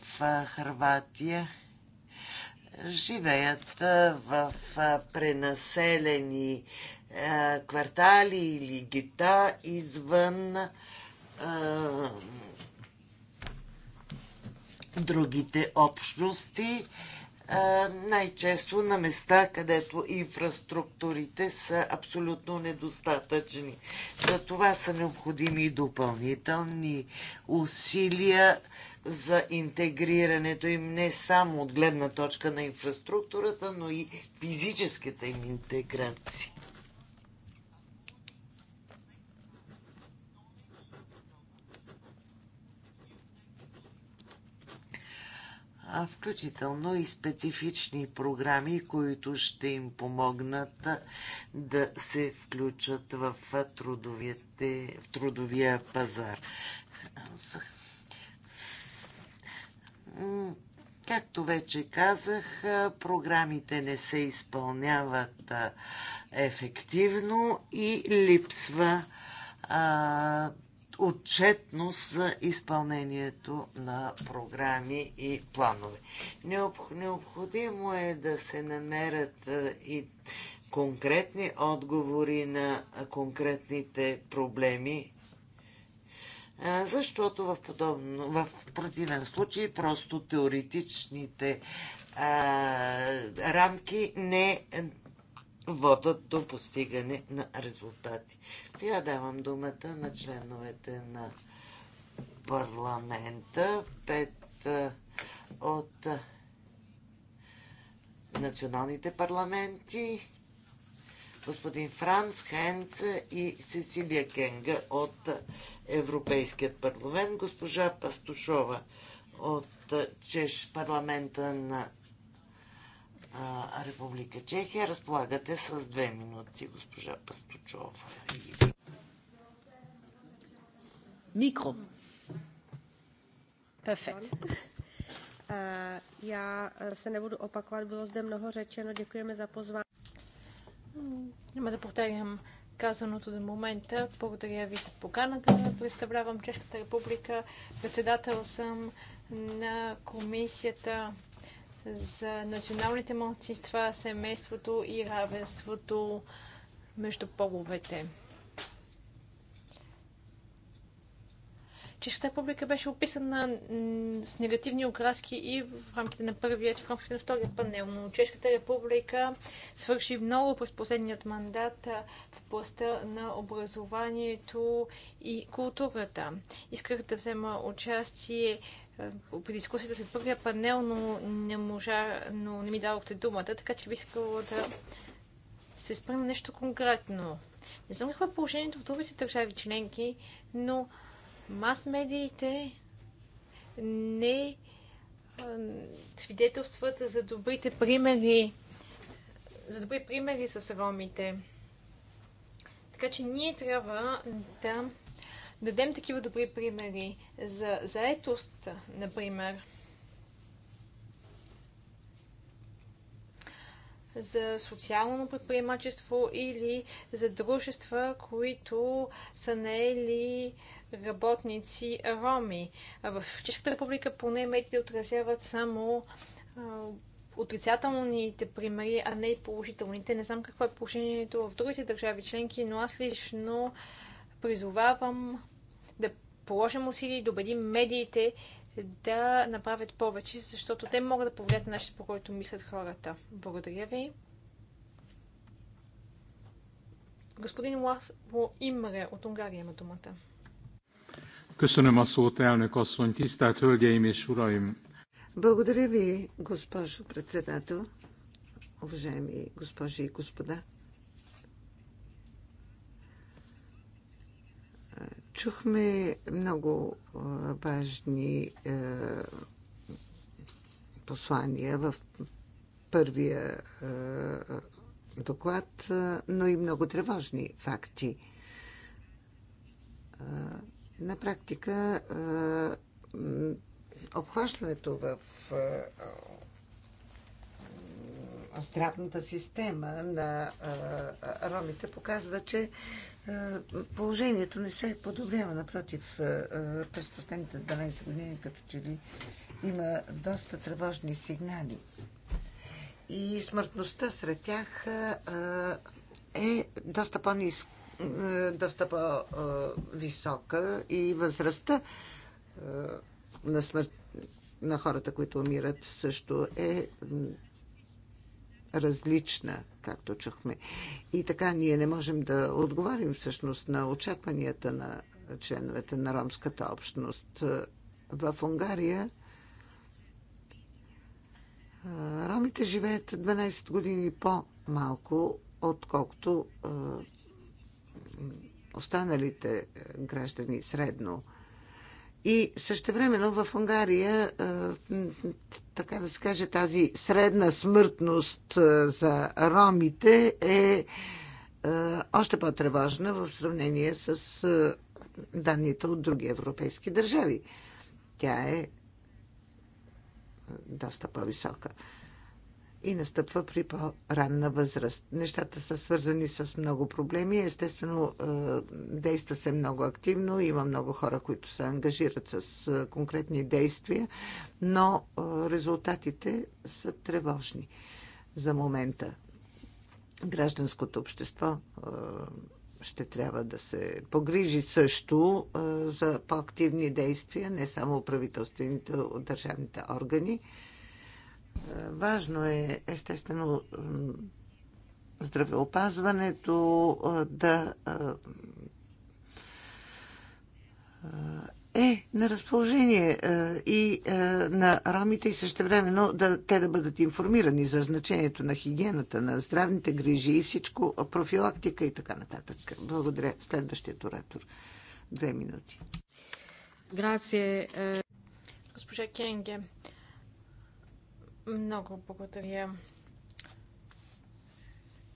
Харватия живеят в пренаселени квартали или гета извън другите общности най-често на места, където инфраструктурите са абсолютно недостатъчни. За това са необходими и допълнителни усилия за интегрирането им не само от гледна точка на инфраструктурата, но и физическата им интеграция. включително и специфични програми, които ще им помогнат да се включат в, трудовите, в трудовия пазар. Както вече казах, програмите не се изпълняват ефективно и липсва отчетност за изпълнението на програми и планове. Необходимо е да се намерят и конкретни отговори на конкретните проблеми, защото в, подобно, в противен случай просто теоретичните а, рамки не водат до постигане на резултати. Сега давам думата на членовете на парламента. Пет от националните парламенти господин Франц Хенц и Сесилия Кенга от Европейският парламент, госпожа Пастушова от Чеш парламента на Република Чехия. Разполагате с две минути, госпожа Пастучова. Микро. Перфект. Já se nebudu opakovat, bylo zde mnoho řečeno. Děkujeme za pozvání. Няма да повтарям казаното до момента. Благодаря ви за поканата. Представлявам Чешката република. Председател съм на комисията за националните младсинства, семейството и равенството между половете. Чешката република беше описана с негативни окраски и в рамките на първият, в рамките на втория панел, но Чешката република свърши много през последният мандат в областта на образованието и културата. Исках да взема участие е, при дискусията се първия панел, но не, можа, но не ми дадохте думата, така че би искала да се спрем на нещо конкретно. Не знам какво е положението в другите държави членки, но мас-медиите не е, свидетелстват за добрите примери, за добри примери с ромите. Така че ние трябва да дадем такива добри примери за заетост, например, за социално предприемачество или за дружества, които са наели работници роми. В Чешката република поне медиите отразяват само отрицателните примери, а не и положителните. Не знам какво е положението в другите държави членки, но аз лично призовавам положим усилия и да убедим медиите да направят повече, защото те могат да повлият на по който мислят хората. Благодаря ви. Господин Ласло Имре от Унгария има думата. Köszönöm a szót, elnök asszony, tisztelt hölgyeim és uraim! Благодаря ви, госпожо председател, уважаеми госпожи и господа. Чухме много важни послания в първия доклад, но и много тревожни факти. На практика обхващането в здравната система на ромите показва, че е, положението не се подобрява. Напротив, е, е, през последните 12 години като че ли има доста тревожни сигнали. И смъртността сред тях е доста по-ниска доста по-висока и възрастта на смърт на хората, които умират, също е различна както чухме. И така ние не можем да отговорим всъщност на очакванията на членовете на ромската общност. В Унгария ромите живеят 12 години по-малко, отколкото останалите граждани средно – и същевременно в Унгария, така да се каже, тази средна смъртност за ромите е още по-тревожна в сравнение с данните от други европейски държави. Тя е доста по-висока и настъпва при по-ранна възраст. Нещата са свързани с много проблеми. Естествено, е, действа се много активно. Има много хора, които се ангажират с е, конкретни действия, но е, резултатите са тревожни за момента. Гражданското общество ще трябва да се погрижи също за по-активни действия, не само правителствените от държавните органи. Важно е, естествено, здравеопазването да е на разположение и на ромите и същевременно да, те да бъдат информирани за значението на хигиената, на здравните грижи и всичко, профилактика и така нататък. Благодаря. Следващият оратор. Две минути. Грация. Е. Госпожа Кенге, много благодаря,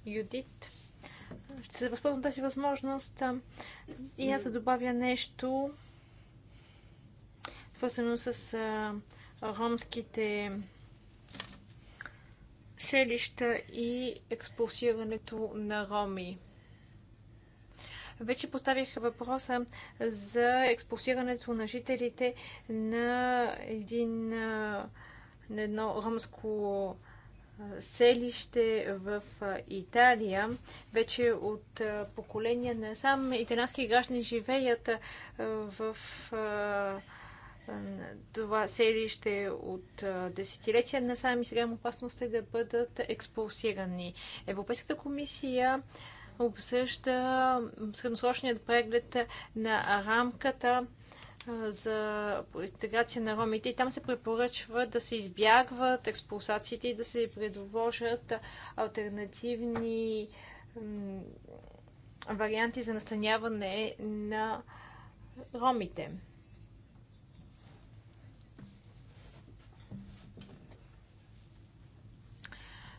Юдит. Ще се възползвам тази възможност и аз да добавя нещо, свързано с ромските селища и експулсирането на роми. Вече поставих въпроса за експулсирането на жителите на един на едно ромско селище в Италия. Вече от поколения на сам италиански граждани живеят в това селище от десетилетия сам и сега им опасност е да бъдат експулсирани. Европейската комисия обсъжда средносрочният преглед на рамката за интеграция на ромите и там се препоръчва да се избягват експулсациите и да се предложат альтернативни варианти за настаняване на ромите.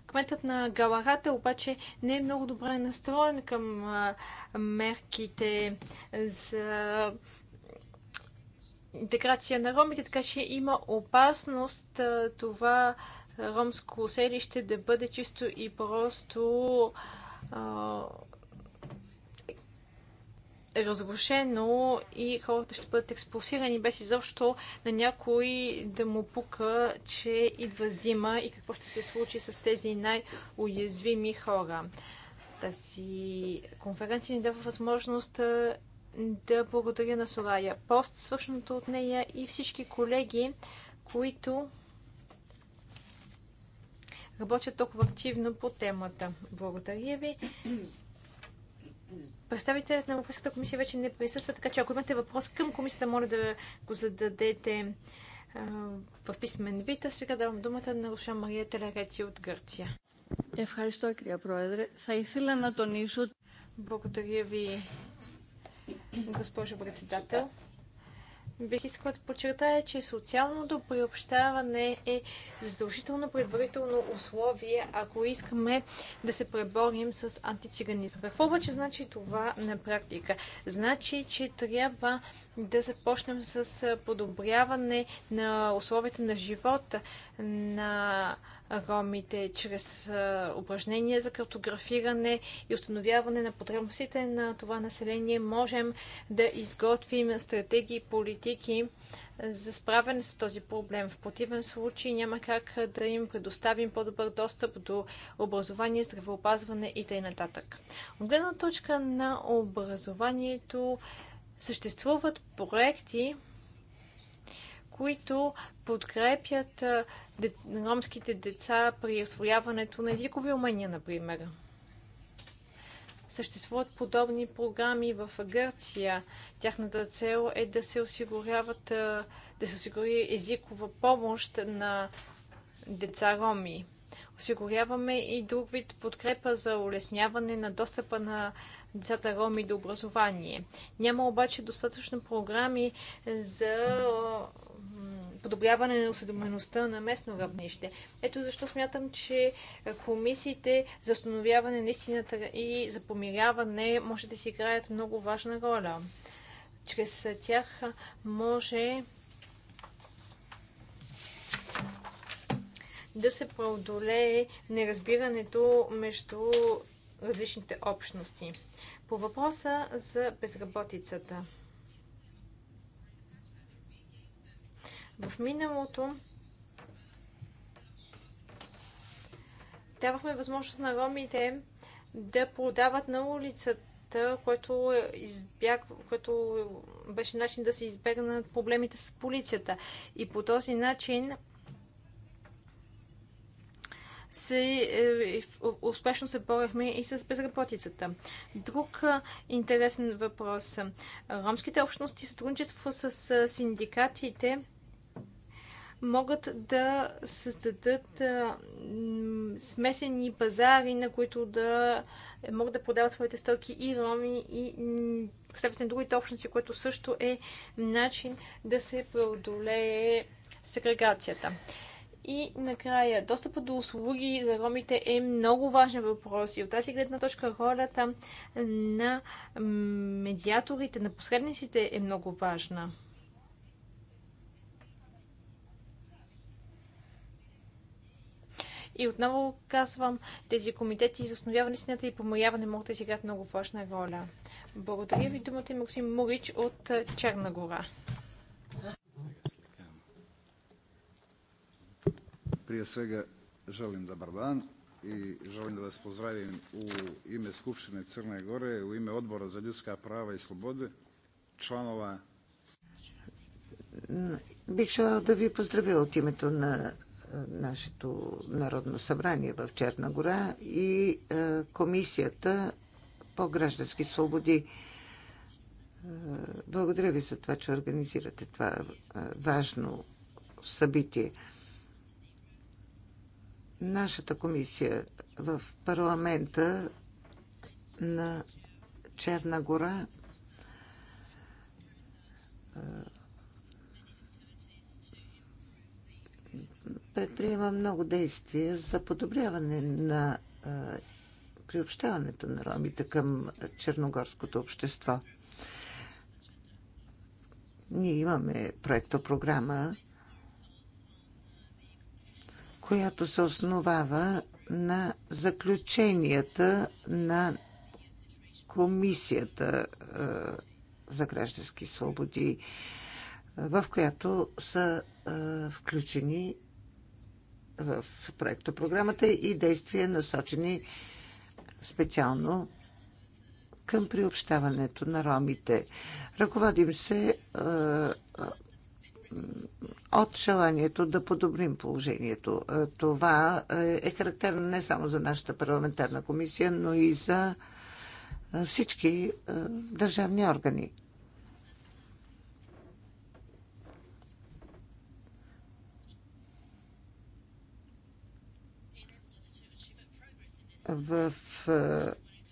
Кметът на Галарата е обаче не е много добре настроен към мерките за интеграция на ромите, така че има опасност това ромско селище да бъде чисто и просто а, разрушено и хората ще бъдат експулсирани без изобщо на някой да му пука, че идва зима и какво ще се случи с тези най-уязвими хора. Тази конференция ни дава възможност да благодаря на Сорая Пост, свършеното от нея и всички колеги, които работят толкова активно по темата. Благодаря ви. Представителят на Европейската комисия вече не присъства, така че ако имате въпрос към комисията, моля да го зададете в писмен вид. А сега давам думата на Руша Мария Телерети от Гърция. Благодаря ви, госпожо председател. Бих искала да подчертая, че социалното приобщаване е задължително предварително условие, ако искаме да се преборим с антициганизма. Какво обаче значи това на практика? Значи, че трябва да започнем с подобряване на условията на живота, на ромите чрез упражнения за картографиране и установяване на потребностите на това население можем да изготвим стратегии и политики за справяне с този проблем. В противен случай няма как да им предоставим по-добър достъп до образование, здравеопазване и т.н. От гледна точка на образованието съществуват проекти, които подкрепят ромските деца при освояването на езикови умения, например. Съществуват подобни програми в Гърция. Тяхната цел е да се осигуряват, да се осигури езикова помощ на деца роми. Осигуряваме и друг вид подкрепа за улесняване на достъпа на децата роми до образование. Няма обаче достатъчно програми за подобряване на осъдомеността на местно равнище. Ето защо смятам, че комисиите за установяване на истината и за помиряване може да си играят много важна роля. Чрез тях може да се преодолее неразбирането между различните общности. По въпроса за безработицата. В миналото давахме възможност на ромите да продават на улицата, което, е избяг, което беше начин да се избегнат проблемите с полицията. И по този начин се, е, успешно се борехме и с безработицата. Друг интересен въпрос. Ромските общности в сътрудничество с синдикатите могат да създадат смесени пазари, на които да е, могат да продават своите стоки и роми, и представители на другите общности, което също е начин да се преодолее сегрегацията. И накрая, достъпа до услуги за ромите е много важен въпрос и от тази гледна точка ролята на медиаторите, на посредниците е много важна. И отново казвам, тези комитети за установяване снята и помояване могат да си играят много важна роля. Благодаря ви. Думата има Максим Мурич от Черна гора. prije svega želim dobar dan i želim da vas pozdravim u ime Skupštine Crne Gore, u ime Odbora za ljudska prava i slobode, članova... Бих желала да ви поздравя от името на е, нашето Народно събрание в Черна гора и е, Комисията по граждански свободи. Е, благодаря ви за това, че организирате това важно събитие нашата комисия в парламента на Черна гора е, предприема много действия за подобряване на е, приобщаването на ромите към черногорското общество. Ние имаме проекта програма която се основава на заключенията на Комисията е, за граждански свободи, е, в която са е, включени в проекта програмата и действия насочени специално към приобщаването на ромите. Ръководим се от желанието да подобрим положението. Е, това е, е характерно не само за нашата парламентарна комисия, но и за е, всички държавни органи. В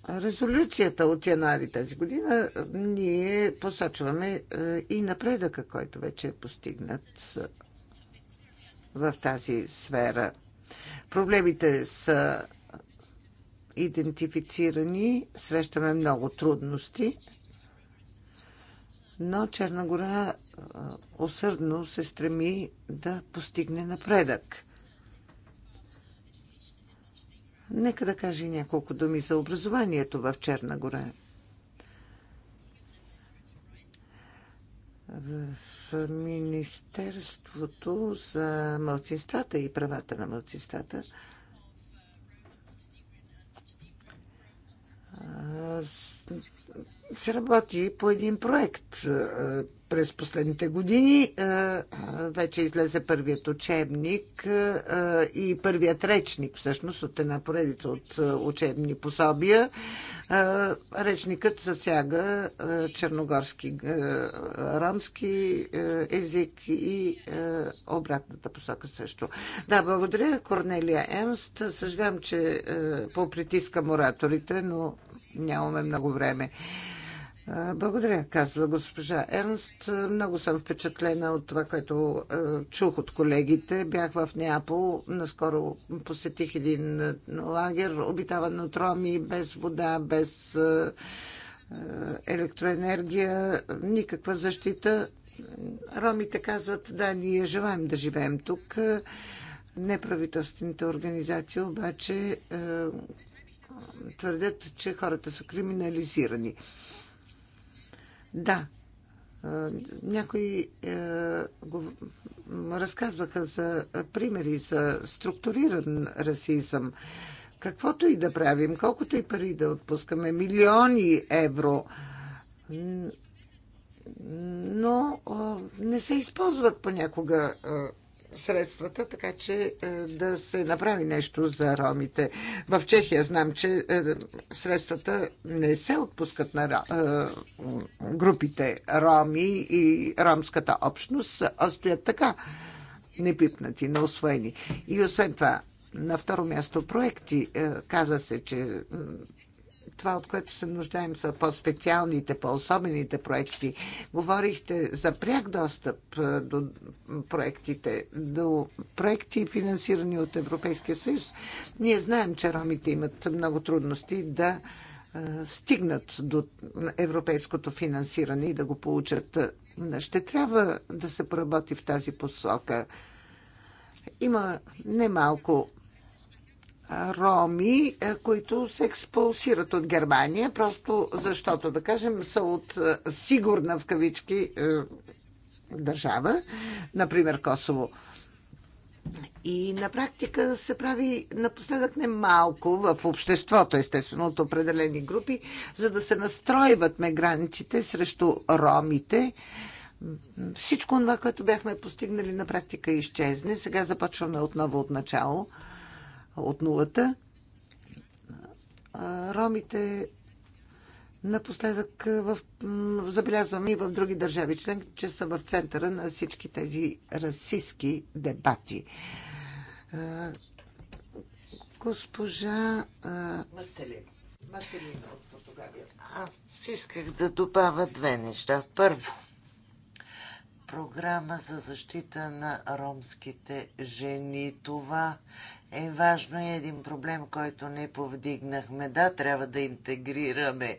резолюцията от януари тази година е, ние посочваме е, и напредъка, който вече е постигнат е, в тази сфера. Проблемите са идентифицирани, срещаме много трудности, но Черна гора усърдно се стреми да постигне напредък – Нека да каже няколко думи за образованието в Черна гора. В Министерството за мълцинствата и правата на мълцинствата се работи по един проект през последните години е, е, вече излезе първият учебник е, и първият речник, всъщност, от една поредица от учебни пособия. Речникът засяга черногорски, ромски език и обратната посока също. Да, благодаря, Корнелия Емст. Съжалявам, че попритискам ораторите, но нямаме много време. Благодаря, казва госпожа Ернст. Много съм впечатлена от това, което чух от колегите. Бях в Неапол, наскоро посетих един лагер, обитаван от роми, без вода, без електроенергия, никаква защита. Ромите казват, да, ние желаем да живеем тук. Неправителствените организации обаче твърдят, че хората са криминализирани. Да, някои е, го, разказваха за примери за структуриран расизъм. Каквото и да правим, колкото и пари да отпускаме, милиони евро, но не се използват понякога средствата, така че е, да се направи нещо за ромите. В Чехия знам, че е, средствата не се отпускат на е, групите роми и ромската общност, а стоят така непипнати, неосвоени. И освен това, на второ място проекти. Каза се, че това, от което се нуждаем, са по-специалните, по-особените проекти. Говорихте за пряк достъп до проектите, до проекти финансирани от Европейския съюз. Ние знаем, че ромите имат много трудности да стигнат до европейското финансиране и да го получат. Ще трябва да се поработи в тази посока. Има немалко роми, е, които се експулсират от Германия, просто защото, да кажем, са от е, сигурна в кавички е, държава, например Косово. И на практика се прави напоследък не малко в обществото, естествено, от определени групи, за да се настройват мигрантите срещу ромите. Всичко това, което бяхме постигнали на практика изчезне. Сега започваме отново от начало от нулата. Ромите напоследък в, забелязвам и в други държави член, че са в центъра на всички тези расистски дебати. Госпожа Марселина. Марселина от Португалия. Аз исках да добавя две неща. Първо, програма за защита на ромските жени. Това е важно и е един проблем, който не повдигнахме. Да, трябва да интегрираме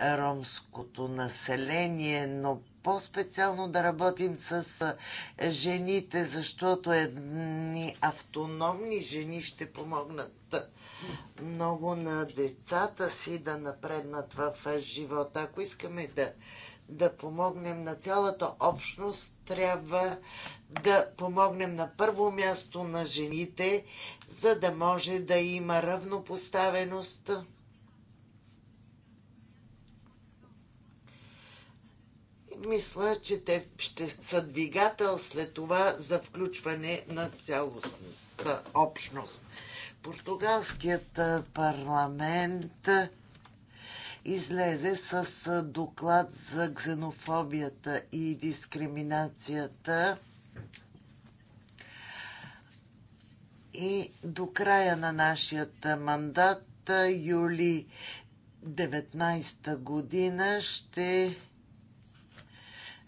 ромското население, но по-специално да работим с жените, защото едни автономни жени ще помогнат много на децата си да напреднат в живота. Ако искаме да, да помогнем на цялата общност, трябва да помогнем на първо място на жените, за да може да има равнопоставеност. Мисля, че те ще са двигател след това за включване на цялостната общност. Португалският парламент излезе с доклад за ксенофобията и дискриминацията и до края на нашият мандат, юли 19 година, ще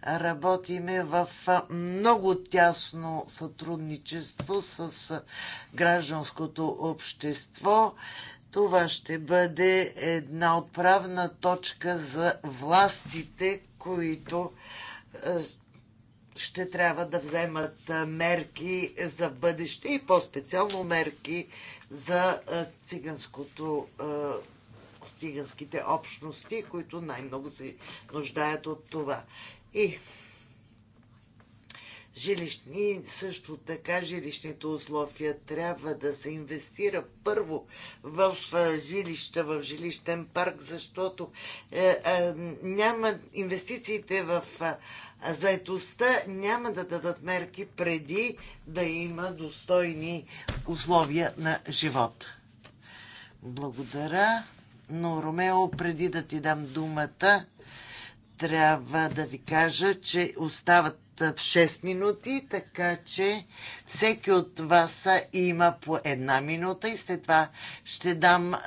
работиме в много тясно сътрудничество с гражданското общество. Това ще бъде една отправна точка за властите, които ще трябва да вземат мерки за бъдеще и по-специално мерки за циганското с циганските общности, които най-много се нуждаят от това. И жилищни, също така жилищните условия трябва да се инвестира първо в жилища, в жилищен парк, защото е, е, няма инвестициите в е, заедостта няма да дадат мерки преди да има достойни условия на живот. Благодаря. Но, Ромео, преди да ти дам думата, трябва да ви кажа, че остават 6 минути, така че всеки от вас има по една минута и след това ще дам е,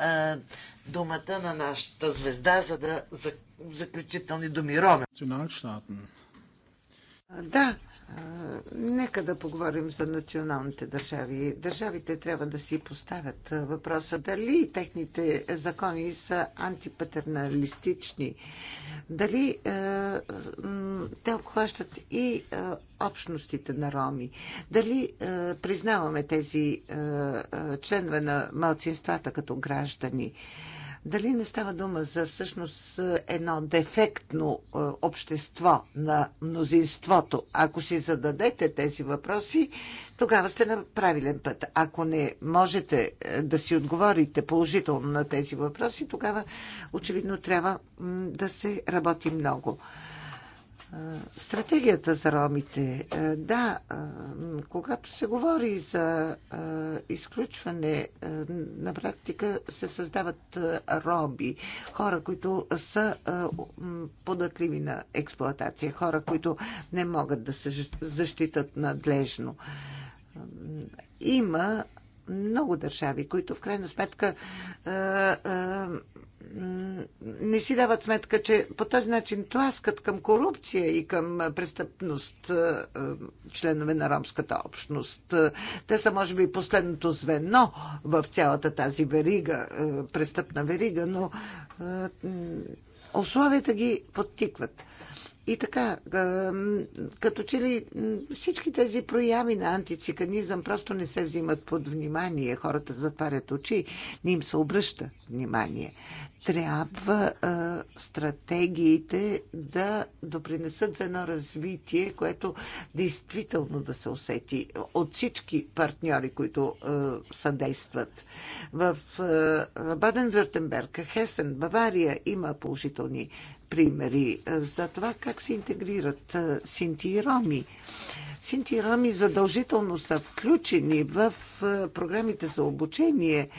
думата на нашата звезда, за да за, заключителни думи. Роме. Да, нека да поговорим за националните държави. Държавите трябва да си поставят въпроса дали техните закони са антипатерналистични, дали те обхващат и общностите на роми, дали признаваме тези членове на малцинствата като граждани. Дали не става дума за всъщност е, едно дефектно е, общество на мнозинството? Ако си зададете тези въпроси, тогава сте на правилен път. Ако не можете е, да си отговорите положително на тези въпроси, тогава очевидно трябва да се работи много. Стратегията за ромите. Да, когато се говори за изключване, на практика се създават роби, хора, които са податливи на експлоатация, хора, които не могат да се защитат надлежно. Има много държави, които в крайна сметка не си дават сметка, че по този начин тласкат към корупция и към престъпност членове на ромската общност. Те са, може би, последното звено в цялата тази верига, престъпна верига, но условията ги подтикват. И така, като че ли всички тези прояви на антициканизъм просто не се взимат под внимание. Хората затварят очи, не им се обръща внимание. Трябва а, стратегиите да допринесат за едно развитие, което действително да се усети от всички партньори, които а, съдействат. В Баден-Вюртенберг, Хесен, Бавария има положителни примери за това как се интегрират синти и роми. Синти и роми задължително са включени в програмите за обучение.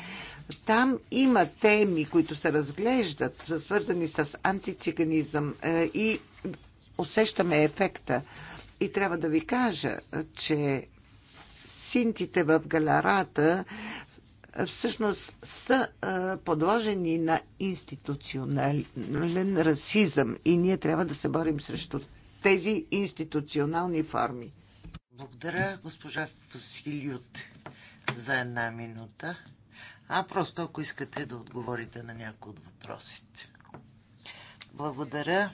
Там има теми, които се разглеждат, свързани с антициганизъм и усещаме ефекта. И трябва да ви кажа, че синтите в галерата всъщност са подложени на институционален расизъм и ние трябва да се борим срещу тези институционални форми. Благодаря, госпожа Фасилиот, за една минута. А просто ако искате да отговорите на някои от въпросите. Благодаря.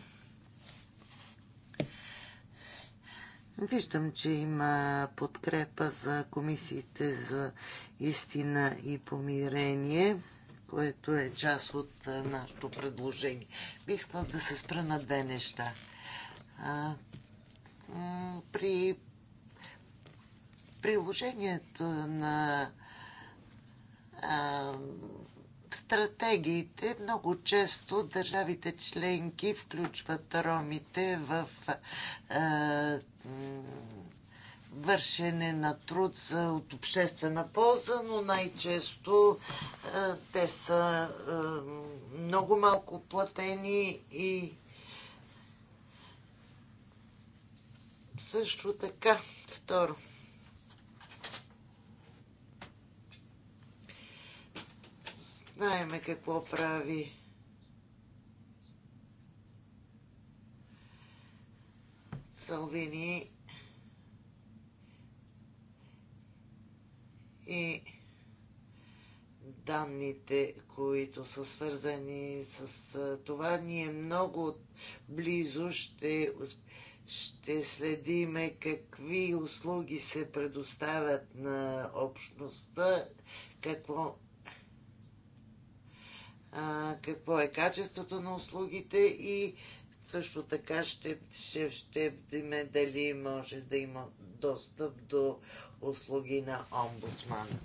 Виждам, че има подкрепа за комисиите за истина и помирение, което е част от нашето предложение. Би искал да се спра на две неща. А, при приложението на а, стратегиите много често държавите членки включват ромите в а, вършене на труд за, от обществена полза, но най-често е, те са е, много малко платени и също така, второ, знаеме какво прави Салвини и данните, които са свързани с това. Ние много близо ще, ще следиме какви услуги се предоставят на общността, какво, а, какво е качеството на услугите и също така ще, ще, ще видим дали може да има достъп до услуги на омбудсмана.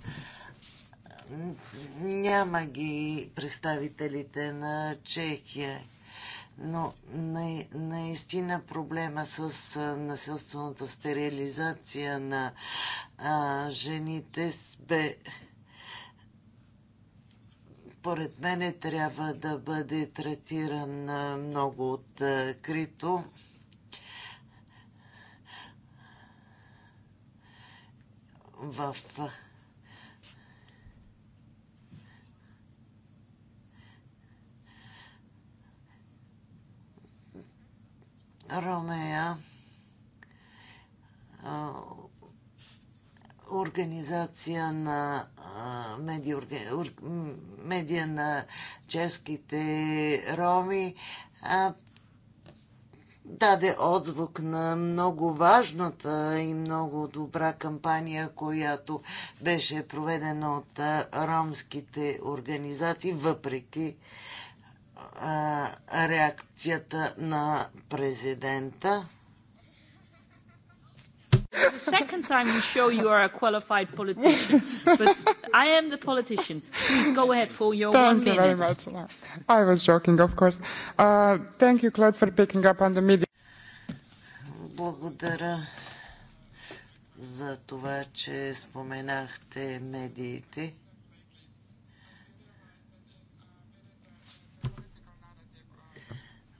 Няма ги представителите на Чехия, но на, наистина проблема с насилствената стерилизация на а, жените бе поред мене трябва да бъде третиран много открито. в Ромея организация на медиа, медиа на чешките роми даде отзвук на много важната и много добра кампания, която беше проведена от ромските организации, въпреки а, реакцията на президента. The second time you show you are a qualified politician, but I am the politician. Please go ahead for your thank one you Very much. I was joking, of course. Uh, thank you, Claude, for picking up on the media. Благодаря за това, че споменахте медиите.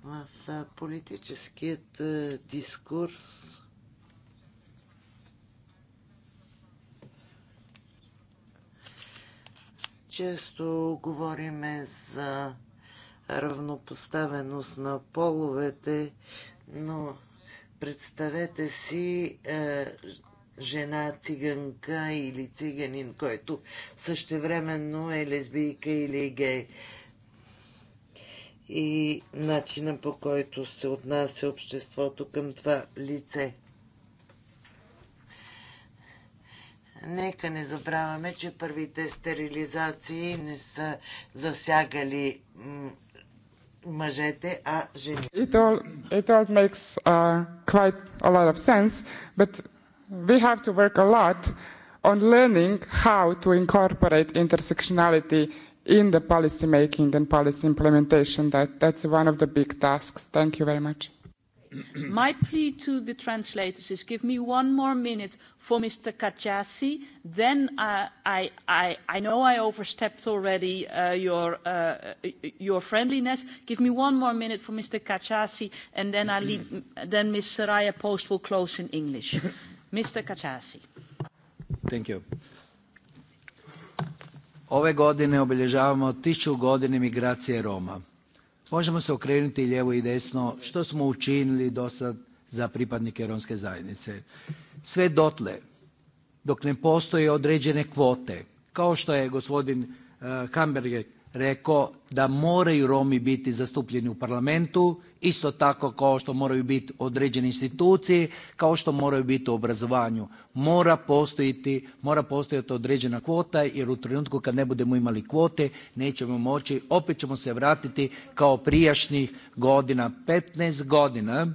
В политическият дискурс често говориме за равнопоставеност на половете, но представете си е, жена циганка или циганин, който същевременно е лесбийка или е гей. И начина по който се отнася обществото към това лице. Нека не забравяме, че първите стерилизации не са засягали мъжете, а жените. It all, it all makes uh, quite a lot of sense, but we have to work a lot on learning how to incorporate intersectionality in the policy making and policy implementation. That, that's one of the big tasks. Thank you very much. My plea to the translators is give me one more minute for Mr. cacciati Then I, I, I know I overstepped already uh, your, uh, your friendliness. Give me one more minute for Mr. cacciati and then, I lead, then Ms. Saraya Post will close in English. Mr. cacciati. Ove godine obilježavamo tisuću godina migracije Roma Možemo se okrenuti lijevo i desno što smo učinili do sad za pripadnike romske zajednice. Sve dotle, dok ne postoje određene kvote, kao što je gospodin Hamberg rekao da moraju Romi biti zastupljeni u parlamentu, isto tako kao što moraju biti određene institucije, kao što moraju biti u obrazovanju. Mora postojiti, mora postojati određena kvota jer u trenutku kad ne budemo imali kvote nećemo moći, opet ćemo se vratiti kao prijašnjih godina. 15 godina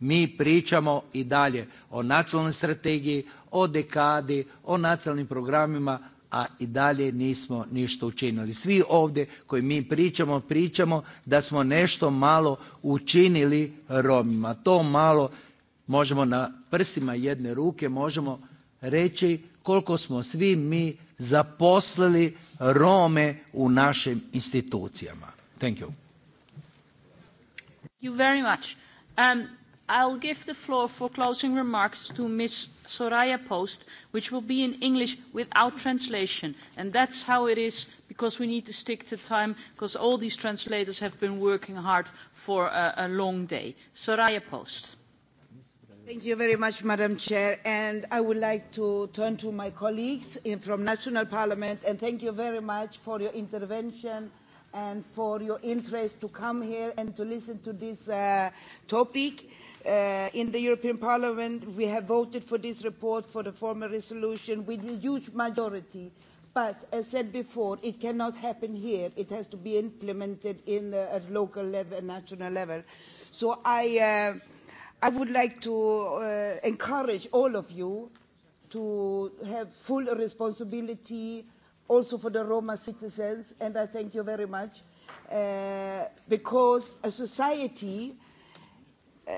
mi pričamo i dalje o nacionalnoj strategiji, o dekadi, o nacionalnim programima, a i dalje nismo ništa učinili. Svi ovdje koji mi pričamo, pričamo da smo nešto malo učinili Romima. To malo možemo na prstima jedne ruke možemo reći koliko smo svi mi zaposlili Rome u našim institucijama. Thank you. You very much. Um, I'll give the floor for closing remarks to Ms. Soraya Post, which will be in English without translation. And that's how it is because we need to stick to time because all these translators have been working hard for a, a long day. Soraya Post. Thank you very much, Madam Chair. And I would like to turn to my colleagues in, from National Parliament and thank you very much for your intervention and for your interest to come here and to listen to this uh, topic in the European Parliament, we have voted for this report, for the former resolution, with a huge majority. But as said before, it cannot happen here. It has to be implemented in the, at local level and national level. So I, uh, I would like to uh, encourage all of you to have full responsibility also for the Roma citizens, and I thank you very much, uh, because a society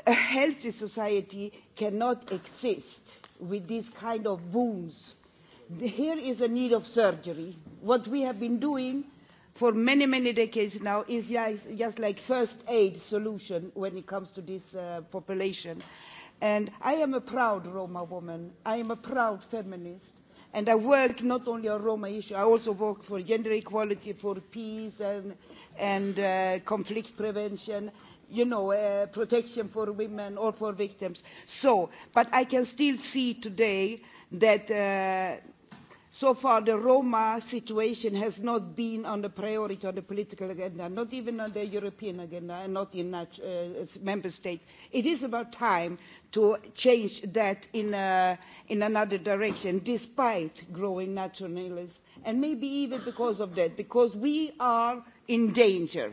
a healthy society cannot exist with these kind of wounds. Here is a need of surgery. What we have been doing for many, many decades now is just like first aid solution when it comes to this uh, population. And I am a proud Roma woman. I am a proud feminist. And I work not only on Roma issue, I also work for gender equality, for peace and, and uh, conflict prevention you know, uh, protection for women or for victims. So, but I can still see today that uh, so far the Roma situation has not been on the priority on the political agenda, not even on the European agenda, and not in uh, member states. It is about time to change that in, uh, in another direction, despite growing nationalism, and maybe even because of that, because we are in danger